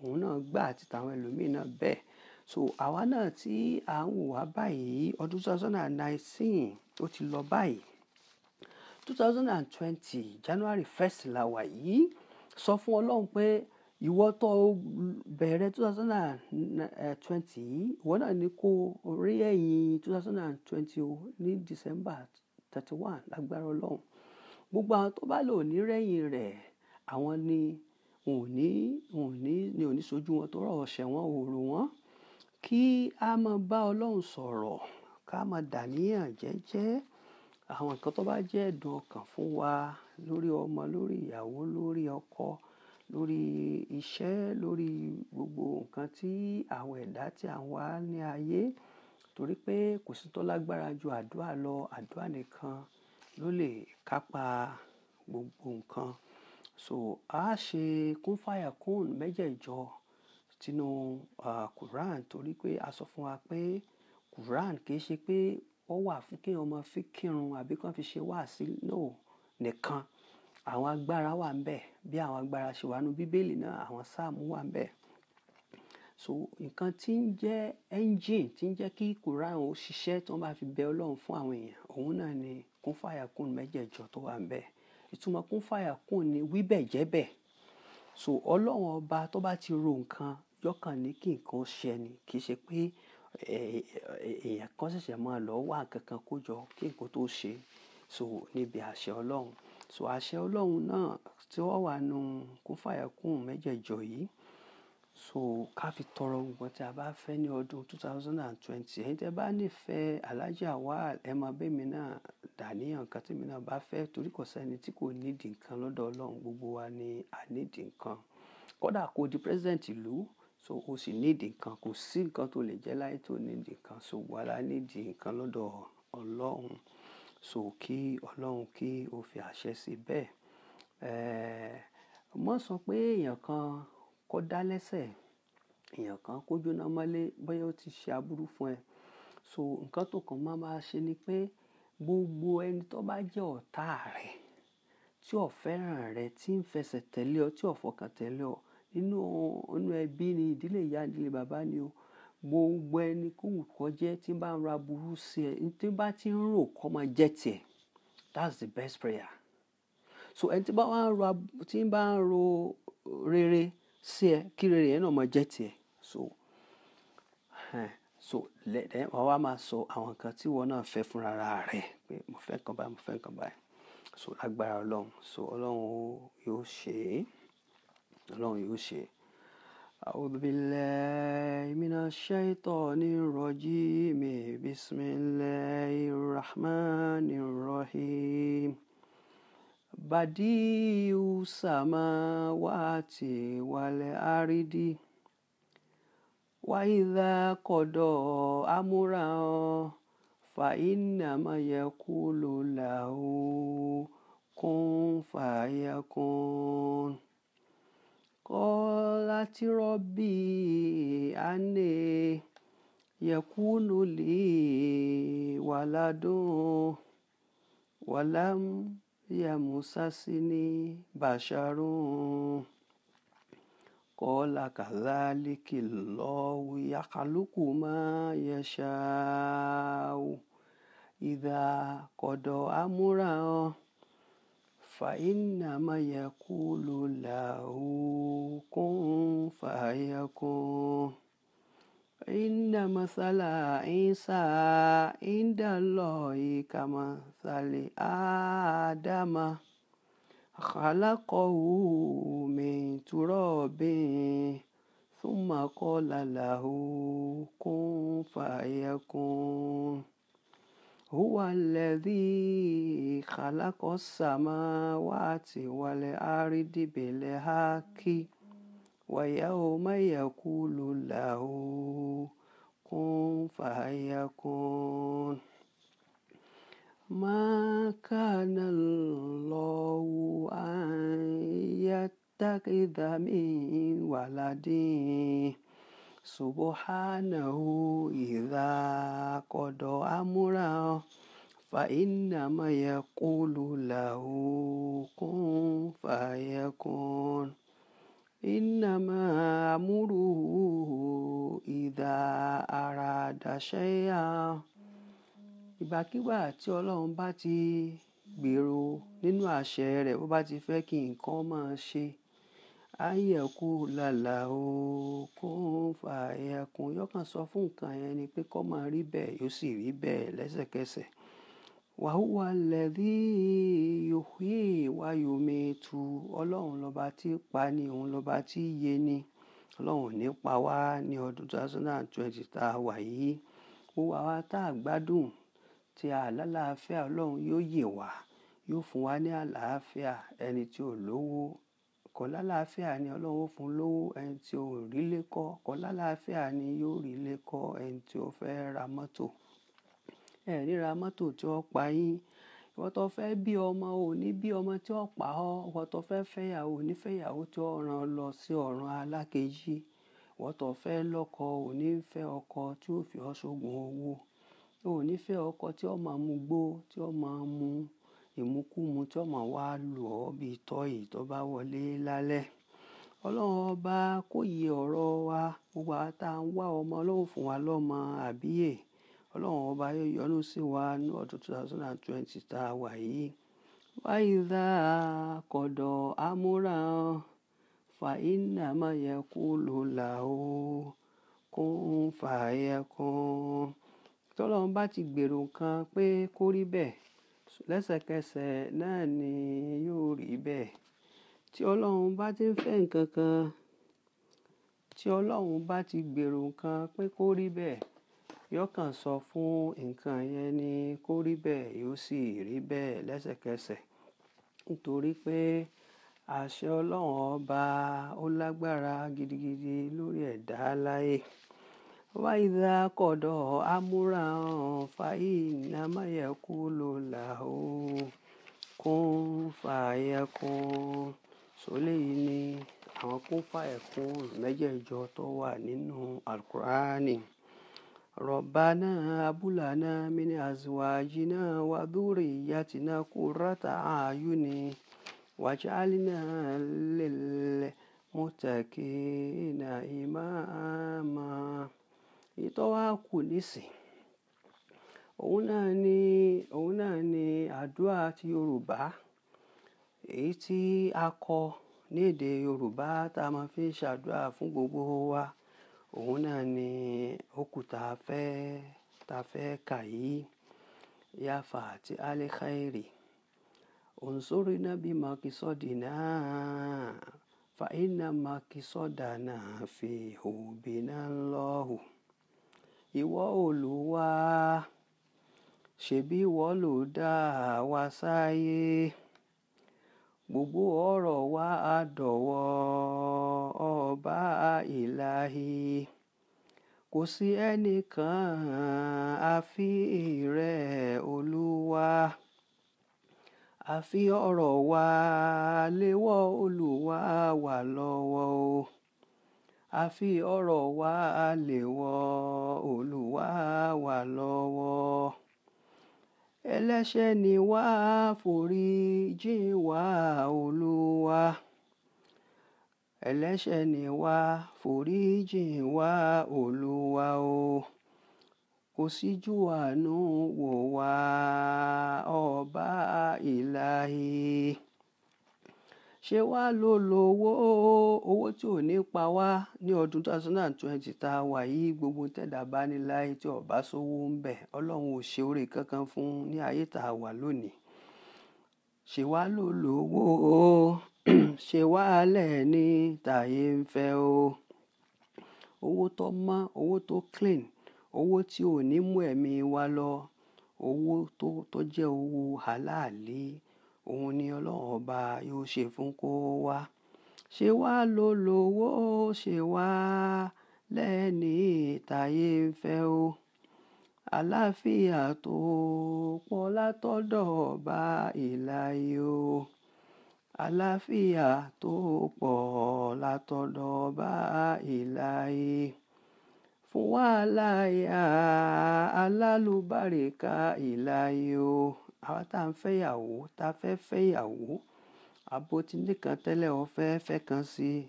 òun náà gbà àti tàwọn ẹlòmíì náà bẹ́ẹ̀ so àwa náà tí à ń wò wá báyìí ọdún two thousand and nineteen ó ti lọ báyìí two thousand and twenty January first la wà yìí sọ fún ọlọ́run pé ìwọ tó bẹ̀rẹ̀ two thousand and twenty yìí ìwọ náà ni kó rí ẹ̀yìn two ní December thirty lágbára ọlọ́run gbogbo àwọn tó bá lò ní rẹ́yìn rẹ̀ àwọn ni òun ní òun ní ni òun ní sojú wọn tó rọ̀ ọ̀sẹ̀ wọn òòrùn wọn kí a máa bá ọlọ́run sọ̀rọ̀ ká máa dàníyàn jẹ́jẹ́ àwọn nǹkan tó bá jẹ́ ẹ̀dùn ọkàn fún wa lórí ọmọ, lórí ìyàwó, lórí ọkọ, lórí iṣẹ́, lórí gbogbo nǹkan tí àwọn ẹ̀dá tí à ń wá ní ayé. Torí pé kò sí tó lágbára ju àdúrà lọ. Àdúrà nìkan ló lè kápa gbogbo nǹkan. So a ṣe kún fàyà kún mẹ́jẹ̀ẹ̀jọ sínú, Quran torí pé a sọ fún wa pé Quran kì í ṣe pé ó wà fún kí èèyàn máa fi kírun àbí kí fi ṣe wàásí. No nìkan àwọn agbára wà ń bẹ bí àwọn agbára ṣe wà nínú bíbélì náà àwọn sáàmù wà ń so nǹkan tí ń jẹ́ engine tí ń jẹ́ kí Quran ó ṣiṣẹ́ tí wọ́n bá fi bẹ Ọlọ́run fún àwọn èèyàn òun náà ni kún fàyà kún mẹ́jẹ̀ẹ̀jọ tó wà ń bẹ ìtumọ̀ kún fàyà kún ni wíbẹ̀ jẹ́bẹ̀ so Ọlọ́run ọba tó bá ti ro nǹkan yọkàn ní kí nǹkan ṣẹ ni kì í ṣe pé èèyàn kan ṣẹ̀ṣẹ̀ máa lọ wá nǹkan kó jọ kí nǹkan tó ṣe so níbi àṣẹ ọlọ́run so àṣẹ ọlọ́run náà tí wọ́n wà nù kún fàyàkùn mẹ́jẹ̀jọ yìí so ká fi tọrọ nǹkan tí a bá fẹ́ ní ọdún two thousand and twenty ẹ̀yin tẹ́ bá nífẹ̀ẹ́ Alhaji Awal ẹ máa bẹ́mi náà dàníyàn nǹkan tèmi náà bá fẹ́ torí kò sẹ́ni tí kò nídìí nǹkan lọ́dọ̀ ọlọ́run gbogbo wa ni a nídìí nǹkan kódà kò di president ìlú so o sì nídìí nǹkan kò sí nǹkan tó lè jẹ́ láyé tó nídìí nǹkan so wàhálà nídìí nǹkan lọ́dọ̀ ọlọ́run So kí Ọlọ́run kí ó fi àṣẹ sí bẹ́ẹ̀. Mọ́ sọ pé èèyàn kan kó dá lẹ́sẹ̀, èèyàn kan kó jóná mọ́lé bóyá ó ti ṣe aburú fún ẹ. So nǹkan tó kàn máa máa ṣe ni pé gbogbo ẹni tó bá jẹ́ ọ̀tá rẹ, tí ó fẹ́ràn rẹ, tí ń fẹsẹ̀ tẹ̀lé ọ, tí ó fọkàn tẹ̀lé ọ nínú ẹbí ni, ìdílé ìyá, ìdílé bàbá ni o, gbogbo ẹnikóhun kó jẹ́ tí bá ń ra burú sí ẹ tí bá ti ń rò kó máa jẹ́ tiẹ̀ that's the best prayer so ẹni tí bá wà ń ra tí bá ń ro rere sí ẹ kí rere yẹn náà máa jẹ́ tiẹ̀ so so lẹ́dẹ̀ẹ́ wàá wá máa sọ àwọn nǹkan tí wọn náà fẹ́ fúnra rẹ̀ pé mo fẹ́ nǹkan báyìí mo fẹ́ nǹkan báyìí so lágbára ọlọ́run so ọlọ́run yóò ṣe é ọlọ́run yóò ṣe é. أعوذ بالله من الشيطان الرجيم بسم الله الرحمن الرحيم بديع السماوات والأرض وإذا قضى أمرا فإنما يقول له كن فيكون قالت ربي أني يكون لي ولد ولم يمسسني بشر قال كذلك الله يخلق ما يشاء إذا قضى أمرا فإنما يقول له كن فيكون إن مثل عيسى عند الله كمثل آدم خلقه من تراب ثم قال له كن فيكون هو الذي خلق السماوات والأرض بالحق ويوم يقول له كن فيكون ما كان الله أن يتخذ من ولدين سبحانه إذا قضى أمرا فإنما fa له كن فيكون إنما أمره إذا أراد شيئا ìgbàkigbà tí ọlọ́run bá ti gbèrò nínú àṣẹ rẹ̀ bó bá ti fẹ́ kí nǹkan máa ṣe Áyẹ̀kú làlà ó kún fàyẹ̀kún. Yóò kàn sọ fún nǹkan yẹn ni pé kó máa rí bẹ́ẹ̀, yóò sì rí bẹ́ẹ̀ lẹ́sẹ̀kẹsẹ̀. Wàhúwa lẹ́dí yuhyi wa yumitu. Ọlọ́run lọba tí ń pa ni, òun lọba tí ń ye ni. Ọlọ́run ò ní pa wá ní ọdún 2020 ta wà yìí. Gbogbo àwa tá gbádùn tí a lálàáfíà, Ọlọ́run yóò yè wá, yóò fún wa ní àlàáfíà. Ẹni tí ò lówó. Ọkọ lálàáfíà ni Ọlọ́run ó fún lówó, ẹni tí ò rí lé kọ́. Ọkọ lálàáfíà ni yóò rí lé kọ́ ẹni tí ó fẹ́ ra mọ́tò. Ẹ ríra mọ́tò tí ó pa yín. Ìwọ tó fẹ́ bí ọmọ ò ní bí ọmọ tí ó pa ọ́. Ìwọ tó fẹ́ fẹ́ ní fẹ́ tí ó rán lọ sí ọ̀run alákejì. Ìwọ tó fẹ́ lọ́kọ ò ní fẹ́ ọkọ tí ó fi ọ ṣògùn owó. ò ní fẹ́ ọkọ tí ó máa ń mugbó, tí ó máa ń ìmukúmu tí ọmọ wa lù ọ́ bíi tọ́yì tó bá wọlé lálẹ́. Ọlọ́run ọba kó yé ọ̀rọ̀ wa, gbogbo àwa tá ń wá ọmọ Ọlọ́run fún wa lọ́mọ àbíyè. Ọlọ́run ọba yóò yọ́nú sí wa ní ọdún 2020 tá a wà yìí. Wáyídà kọ̀dọ̀ amúra fa iná máa yẹ kó lò là ó kó ń fà yẹ kan. bá ti gbèrò nǹkan pé kó bẹ́ẹ̀, lẹ́sẹ̀kẹsẹ̀ náà ni yóò rí bẹ́ẹ̀. Tí Ọlọ́run bá ti ń fẹ́ nǹkan kan, tí Ọlọ́run bá ti gbèrò nǹkan pé kó rí bẹ́ẹ̀, yóò sọ fún nǹkan yẹn ni kó rí bẹ́ẹ̀, yóò sì rí bẹ́ẹ̀ lẹ́sẹ̀kẹsẹ̀. Nítorí pé àṣẹ Ọlọ́run ọba ó lágbára gidigidi lórí ẹ̀dá alààyè. وإذا قضى أمرا فإنما يقول له كن فيكون sọlẹ́yìn ni àwọn kún fàyẹ̀kún mẹ́jẹ̀ẹ̀jọ tó wà nínú alukurani rọ̀bánà abúlànà mini azuwájínà wàdúrì yàtínà kúrọ́tà àyùní wàjálínà lẹ́lẹ́ mọ́tàkì nà ìmáàmá. Èyí tó wá kù nísìnyí, òun náà ni, òun náà ni àdúrà ti Yorùbá. Èyí tí a kọ ní èdè Yorùbá ta máa ń fi ṣàdúrà fún gbogbo wa. Òun náà ni òkú fẹ́, ta fẹ́ kà yìí. Ya fa'ati ali khairi. Unsurina bi maqsodina. Fa inna maqsodana fi hubina Allahu. Ìwọ Olúwa, ṣèbí ìwọ ló dá wa sáyé. Gbogbo ọ̀rọ̀ wa á dọ̀wọ́ ọba ìlàhí. Kò sí ẹnìkan àfi ìrẹ Olúwa. Àfi ọ̀rọ̀ wa léwọ́ Olúwa wà lọ́wọ́ o a fi ọ̀rọ̀ wa lè wọ Olúwa wa lọ́wọ́. Ẹlẹ́ṣẹ̀ ni wá forí jìn wá Olúwa. Ẹlẹ́ṣẹ̀ ni wá forí jìn wá Olúwa o. Kò síjú àánú wò wá ọba ìlàhí ṣé wàá lò lo owó owó tí ò ní pa wá ní ọdún 2020 tá a wà yìí gbogbo tẹ̀dá bá ní láyé tí ọ̀bá sówó ń bẹ̀ ọlọ́run ò ṣe oore kankan fún ní ayé tá a wà lónìí ṣé wàá lò lo owó ṣé wàá lẹ̀ ní tàyé ń fẹ́ o owó tó mọ́ owó tó clean owó tí ò ní mú ẹ̀mí wa lọ owó tó tó jẹ́ owó àlàálí òun ni Ọlọ́run ọba yóò ṣe fún kó wá. Ṣé wá ló lówó ṣe wá lẹ́ni ìtàyé ń fẹ́ o. Àláfíà tó pọ̀ látọ̀dọ̀ ọba ìlàyé o. Àláfíà tó pọ̀ látọ̀dọ̀ ọba ìlàyé. Fún wa láyà alálùbáríkà ìlàyé o àwa tá à ń fẹ́yàwó tá a fẹ́ fẹ́yàwó abo ti nìkan tẹ́lẹ̀ ọ fẹ́ fẹ́ kan sí i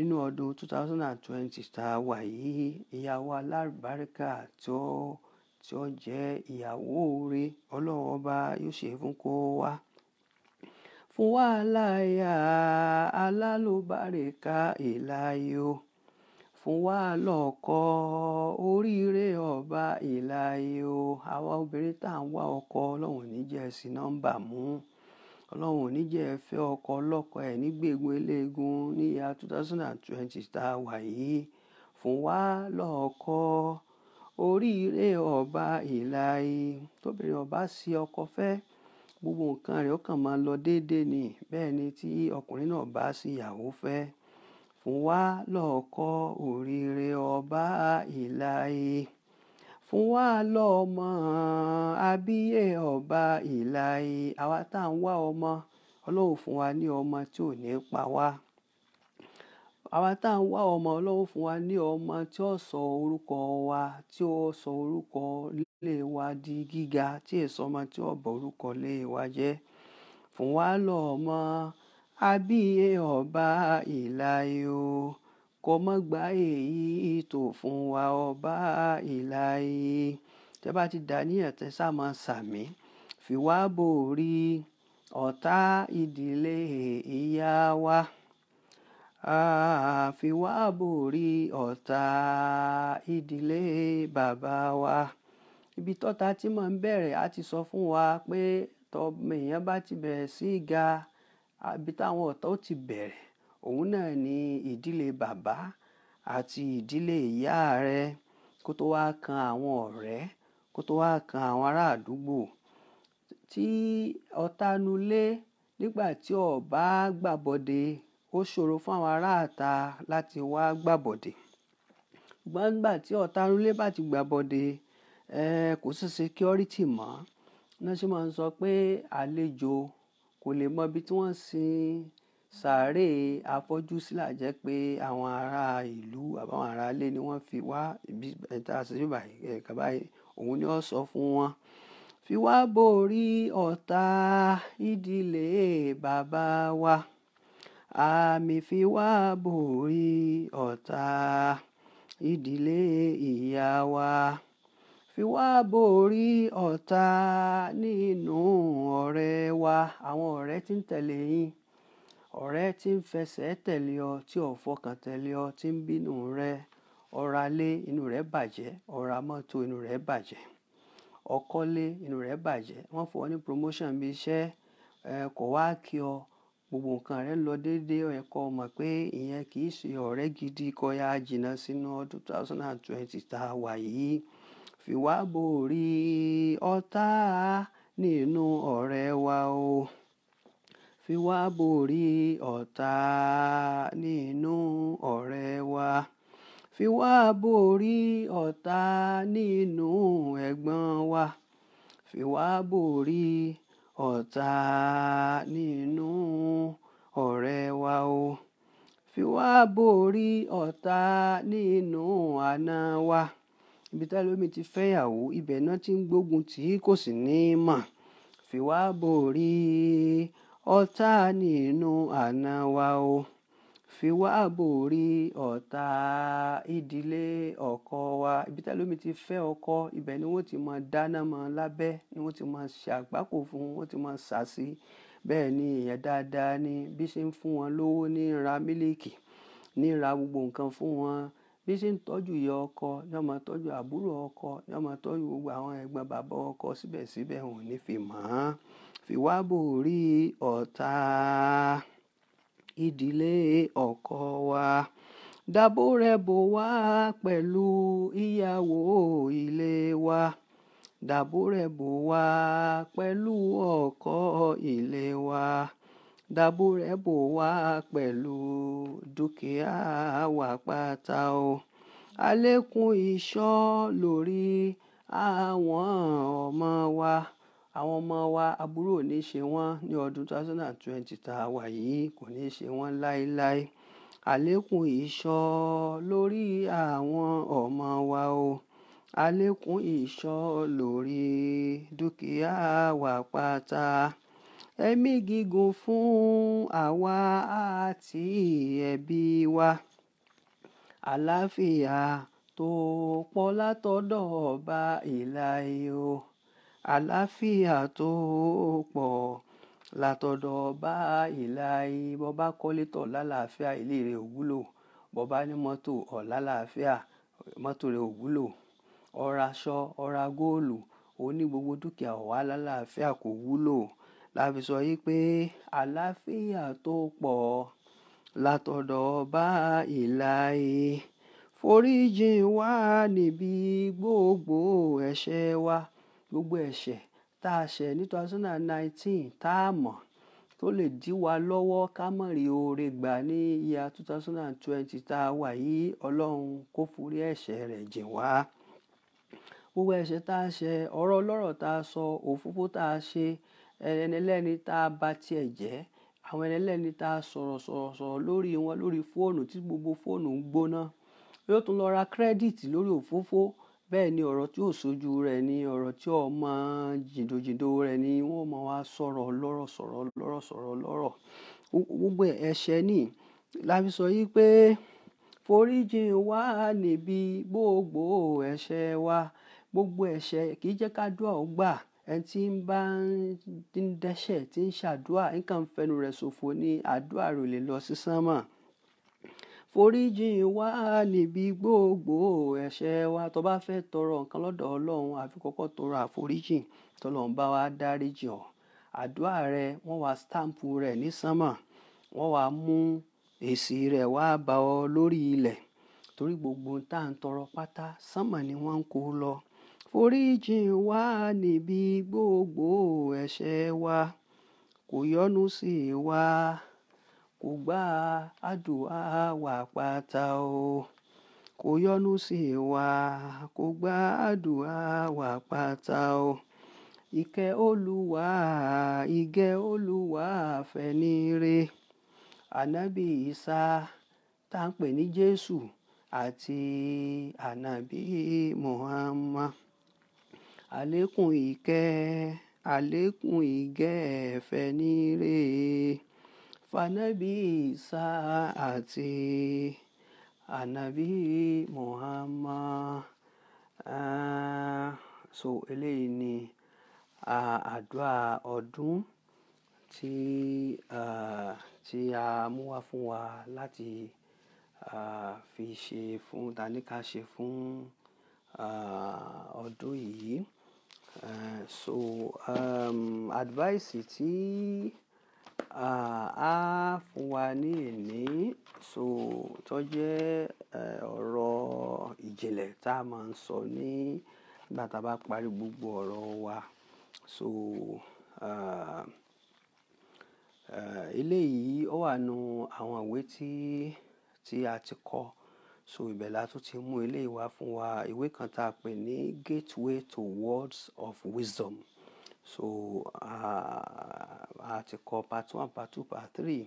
nínú ọdún 2020 tá a wà yìí ìyàwó alárùbáríkà tí ó tí ó jẹ́ ìyàwó oore ọlọ́run ọba yóò ṣe fún kó wá fún wàhálà ẹ̀yà alálùbáríkà ìlàyò fún wa lọ́kọ oríire ọba ìlàyé o àwa obìnrin tá à ń wá ọkọ ọlọ́run ò ní jẹ́ ẹ̀sìn nọ́mbà mú ọlọ́run ò ní ọkọ ọlọ́kọ ẹ̀ nígbègùn eléegun níyà two thousand and twenty tá a wà yìí fún wa lọ́kọ oríire ọba ìlàyé tóbìnrin ọba sí ọkọ fẹ́ gbogbo nǹkan rẹ̀ ó kàn máa lọ déédéé ni bẹ́ẹ̀ ni tí ọkùnrin náà bá sí ìyàwó fẹ́ fún wa lọ́kọ òrìrè ọba ìlàyé fún wa lọ́mọ abíyè ọba ìlàyé àwa tá à ń wá ọmọ ọlọ́run fún wa ní ọmọ tí ò ní pa wá àwa tá à ń wá ọmọ ọlọ́run fún wa ní ọmọ tí ó sọ orúkọ wa tí ó sọ orúkọ lé wa di gíga tí èso ọmọ tí ó bọ orúkọ lé wa jẹ́ fún wa lọ́mọ abíyẹ ọba ìlàyé o kọ mọ́ gba èyí tó fún wa ọba ìlàyé tẹ́ bá ti dà níyàn tẹ́ sá máa sàmí fi wá borí ọ̀tá ìdílé ìyá wa fi wá borí ọ̀tá ìdílé bàbá wa ibi tọ́ta tí mò ń bẹ̀rẹ̀ á ti sọ fún wa pé tọ́mọ èèyàn bá ti bẹ̀rẹ̀ sí ga àbí táwọn ọ̀tá ó ti bẹ̀rẹ̀ òun náà ni ìdílé bàbá àti ìdílé ìyá rẹ kó tó wá kan àwọn ọ̀rẹ́ kó tó wá kan àwọn ará àdúgbò tí ọ̀tánulé nígbà tí ó bá gbàbọ̀dé ó ṣòro fún àwọn aráàta láti wá gbàbọ̀dé ṣùgbọ́n nígbà tí ọ̀tánulé bá ti gbàbọ̀dé eh, kò sí security mọ́ náà ṣe sọ pé àlejò kò lè mọ ibi tí wọ́n sin sàárè afọ́jú sí làjẹ́ pé àwọn ará ìlú àbáwọn ará ilé ni wọ́n fi wá ibi ẹ̀ta àṣírí ẹ̀ka báyìí òun ni ó sọ fún wọn. fi wá borí ọ̀tá ìdílé bàbá wa àmì fi wá borí ọ̀tá ìdílé ìyá wa fi wá borí ọ̀tá nínú ọ̀rẹ́ wa àwọn ọ̀rẹ́ tí ń tẹ̀lé yín ọ̀rẹ́ tí ń fẹsẹ̀ tẹ̀lé ọ tí ò fọkàn tẹ̀lé ọ tí ń bínú rẹ ọ̀ra lé inú rẹ̀ bàjẹ́ ọ̀ra mọ́tò inú rẹ̀ bàjẹ́ ọkọ lé inú rẹ̀ bàjẹ́ wọ́n fọ ní promotion bí iṣẹ́ kò wá kí ọ gbogbo nǹkan rẹ lọ déédéé ó yẹ kó mọ̀ pé ìyẹn kì í ṣe ọ̀rẹ́ gidi kó yá jìnnà sínú ọdún 2020 tá a wà yìí fi wá borí ọ̀tá nínú ọ̀rẹ́ wa o fi wá borí ọ̀tá nínú ọ̀rẹ́ wa fi wá borí ọ̀tá nínú ẹ̀gbọ́n wa fi wá borí ọ̀tá nínú ọ̀rẹ́ wa o fi wá borí ọ̀tá nínú àna wa ibi tá lómi ti fẹ́yàwó ibẹ̀ náà ti ń gbógun tí kò sì ní mọ̀ fi wá borí ọ̀tá nínú àná wa o fi wá borí ọ̀tá ìdílé ọkọ wa ibi tá lómi ti fẹ́ ọkọ ibẹ̀ ni wọ́n ti máa dáná mọ́ lábẹ́ ni wọ́n ti máa ṣe àgbákò fún wọ́n ti máa ṣàṣì bẹ́ẹ̀ ni èèyàn dáadáa ni bí ṣe ń fún wọn lówó ní ra mílíìkì ní ra gbogbo nǹkan fún wọn bí ṣe ń tọ́jú ìyá ọkọ yóò máa tọ́jú àbúrò ọkọ yóò máa tọ́jú gbogbo àwọn ẹ̀gbọ́n bàbá ọkọ síbẹ̀síbẹ̀ wọn ò ní fi mọ̀ án fi wá borí ọ̀tá ìdílé ọkọ wa dábò rẹ̀ bò wá pẹ̀lú ìyàwó ilé wa dábò rẹ̀ bò wá pẹ̀lú ọkọ ilé wa. Dàbò rẹ̀ bò wá pẹ̀lú dúkìá wa pátá o. Alékún ìṣọ́ lórí àwọn ọmọ wa. Àwọn ọmọ wa aburú ò ní ṣe wọ́n ní ọdún 2020 tá a wà yìí kò ní ṣe wọ́n láíláí. Alékún ìṣọ́ lórí àwọn ọmọ wa o. Alékún ìṣọ́ lórí dúkìá wa pátá ẹ̀mí gígùn fún àwa àti ẹbí wa àlàáfíà tó pọ̀ látọ̀dọ̀ ọba ìlàyé o àlàáfíà tó pọ̀ látọ̀dọ̀ ọba ìlàyé bọba kọ́lé tó lálàáfíà ilé rẹ̀ òwúlò bọba ní mọ́tò ọ̀làlàáfíà mọ́tò rẹ̀ òwúlò ọ̀rọ̀ aṣọ ọ̀rọ̀ góòlù òní gbogbo dúkìá ọ̀wá lálàáfíà kò wúlò la fi sọ yí pé àlàáfíà tó pọ̀ látọ̀dọ̀ ọba ìlàyé foríjìn wá níbi gbogbo ẹ̀ṣẹ̀ wa gbogbo ẹ̀ṣẹ̀ tá a ṣẹ̀ ní two thousand and nineteen tá a mọ̀ tó lè dí wa lọ́wọ́ ká mọ̀ rí oore gbà ní ìyá two thousand and twenty tá a wà yìí ọlọ́run kó forí ẹ̀ṣẹ̀ rẹ̀ jìn wá gbogbo ẹ̀ṣẹ̀ tá a ṣẹ̀ ọ̀rọ̀ ọlọ́rọ̀ tá a sọ òfófó tá a ṣe ẹni ẹlẹ́ni tá a ba tiẹ̀ jẹ́ àwọn ẹni ẹlẹ́ni tá a sọ̀rọ̀ sọ̀rọ̀ sọ̀rọ̀ lórí wọn lórí fóònù tí gbogbo fóònù ń gbóná yóò tún lọ ra kírẹ́dìtì lórí òfófó bẹ́ẹ̀ ni ọ̀rọ̀ tí ò sójú rẹ̀ ni ọ̀rọ̀ tí ọmọ jìndòjìndò rẹ̀ ni wọ́n mọ̀ wá sọ̀rọ̀ lọ́rọ̀ sọ̀rọ̀ lọ́rọ̀ sọ̀rọ̀ lọ́rọ̀ gbogbo ẹ̀ṣẹ̀ ni láfi sọ yìí pé foríjìn wá níbi gbogbo ẹ̀ṣẹ̀ wa gbogbo ẹ̀ṣẹ̀ kì í jẹ́ ká dúà ó gbà ẹni tí ń bá ń dẹ́ṣẹ̀ tí ń ṣàdúà nǹkan fẹnu rẹ̀ ṣòfò ni àdúà rò lè lọ sí sánmọ̀ foríjì wá níbi gbogbo ẹ̀ṣẹ̀ wa tó bá fẹ́ tọrọ nǹkan lọ́dọ̀ ọlọ́run àfi kọ́kọ́ tọrọ àforíjì tọlọ́run bá wa dáríjì ọ́ àdúà rẹ wọ́n wá stampu rẹ̀ ní sánmọ̀ wọ́n wá mú èsì rẹ̀ wá bá ọ lórí ilẹ̀ torí gbogbo tá à ń tọrọ pátá sánmọ̀ ni wọ́n ń kó lọ foríjìn wá níbi gbogbo ẹ̀ṣẹ̀ wa kò yọ́nú sí wa kò gbà àdúrà wa pátá o kò yọ́nú sí wa kò gbà àdúrà wa pátá o ìkẹ́ olúwa ìgẹ́ olúwa fẹ́nire ànábì isa tá à ń pè ní jésù àti ànábì muhammad àlékún ìkẹ́ àlékún ìgẹ́ ẹ̀fẹ́ níre fanabi isa àti anabi muhammad uh, so eléyìí ni ah, àdúrà ọdún tí ah, tí a mú wá fún wa láti ah, fi ṣe fún ta ní ká ṣe fún ọdún yìí. Eh, so um, advice tí eh, a fún wa ní èní so tó jẹ́ eh, ọ̀rọ̀ ìjìnlẹ̀ tá a máa ń sọ ní nígbà tá a bá parí gbogbo ọ̀rọ̀ wa so uh, uh, eléyìí ó wà nù àwọn ìwé tí a ti kọ So ibẹ̀ la tún ti mú eléyìí wá fún wa ìwé kan tá a pè ní Gateway to Words of Wisdom. So a ti kọ part one, part two, part three.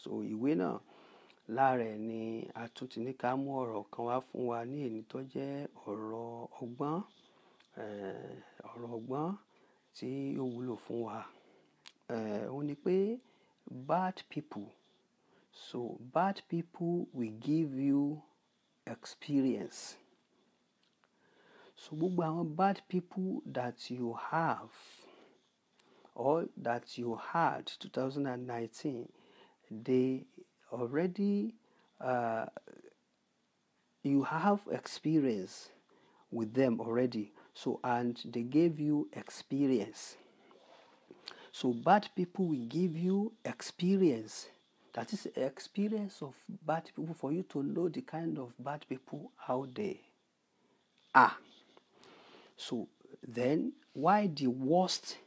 So ìwé náà lára ẹ̀ ni a tún ti ní ká mú ọ̀rọ̀ kan wá fún wa ní èyí tó jẹ́ ọ̀rọ̀ ọgbọ́n ọ̀rọ̀ ọgbọ́n tí ó wúlò fún wa. Ó ní pé bad people so bad people will give you. experience. So gbogbo bad people that you have or that you had 2019 they already uh, you have experience with them already so and they gave you experience so bad people will give you experience That is experience of bad people for you to know the kind of bad people out there are. So then why the worst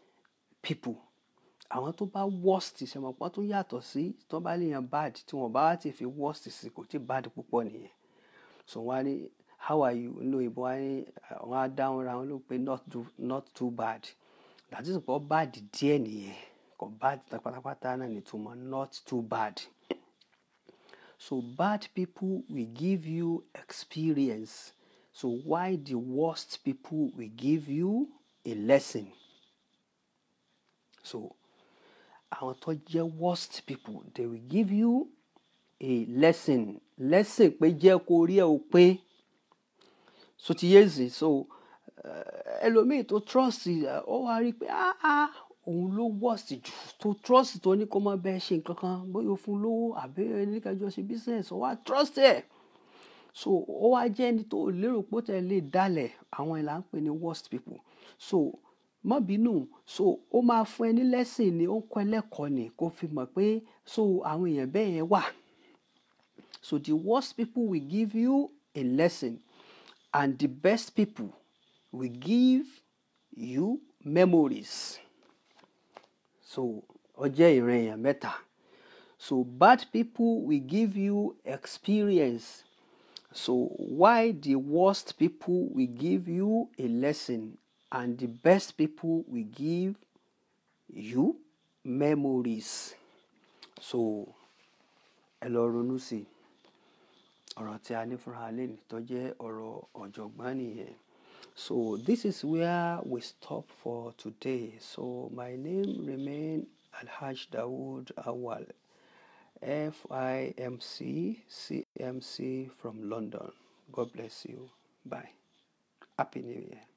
people? àwọn tó bá worst ṣẹmọpọn tó yàtọ̀ sí tó bá léèyàn bad tí wọ́n bá ti fi worst sí kò tí bad púpọ̀ nìyẹn so wọ́n á ní how are you ló ìbò wọ́n á ní wọ́n á dáhùn ra wọn ló pé not too bad that is pọ̀ bad díẹ̀ nìyẹn kò bad pátápátá náà ni not too bad. So bad people will give you experience. So why the worst people will give you a lesson? So àwọn tó jẹ́ worst people they will give you a lesson lesson pé jẹ́ kó rí ẹ o pé so ti yé zi so eh, ẹlòmíì tó trust ọ wá rí pé ah ah òun ló wọ̀sì jù tó trust tó ní kó má bẹ́ẹ̀ ṣe nǹkan kan bóyá o fún lówó àbí ẹnìkanjọ ṣe business ó wá trust ẹ̀ so ó wá jẹ́ ẹni tó lérò pé ó tẹ̀ lè dalẹ̀ àwọn ẹ̀ ń pè ní worst people so má bínú so ó máa fún ẹ ní lesson ni ó ń kọ́ ẹlẹ́kọ̀ọ́ ni kó fi mọ̀ pé so àwọn èèyàn bẹ́ẹ̀ yẹn wà so the worst people will give you a lesson and the best people will give you memories so ó jẹ́ ìran èèyàn mẹ́ta so bad people will give you experience so why the worst people will give you a lesson and the best people will give you memories so ẹ lọ ronú sí i ọ̀rọ̀ tí a ní fúnra lẹ́nu tó jẹ́ ọ̀rọ̀ ọ̀jọ̀gbọ́n nìyẹn. So this is where we stop for today. So my name remain Alhaj Dawood Awal, FIMC CMC from London. God bless you. Bye. Happy New Year.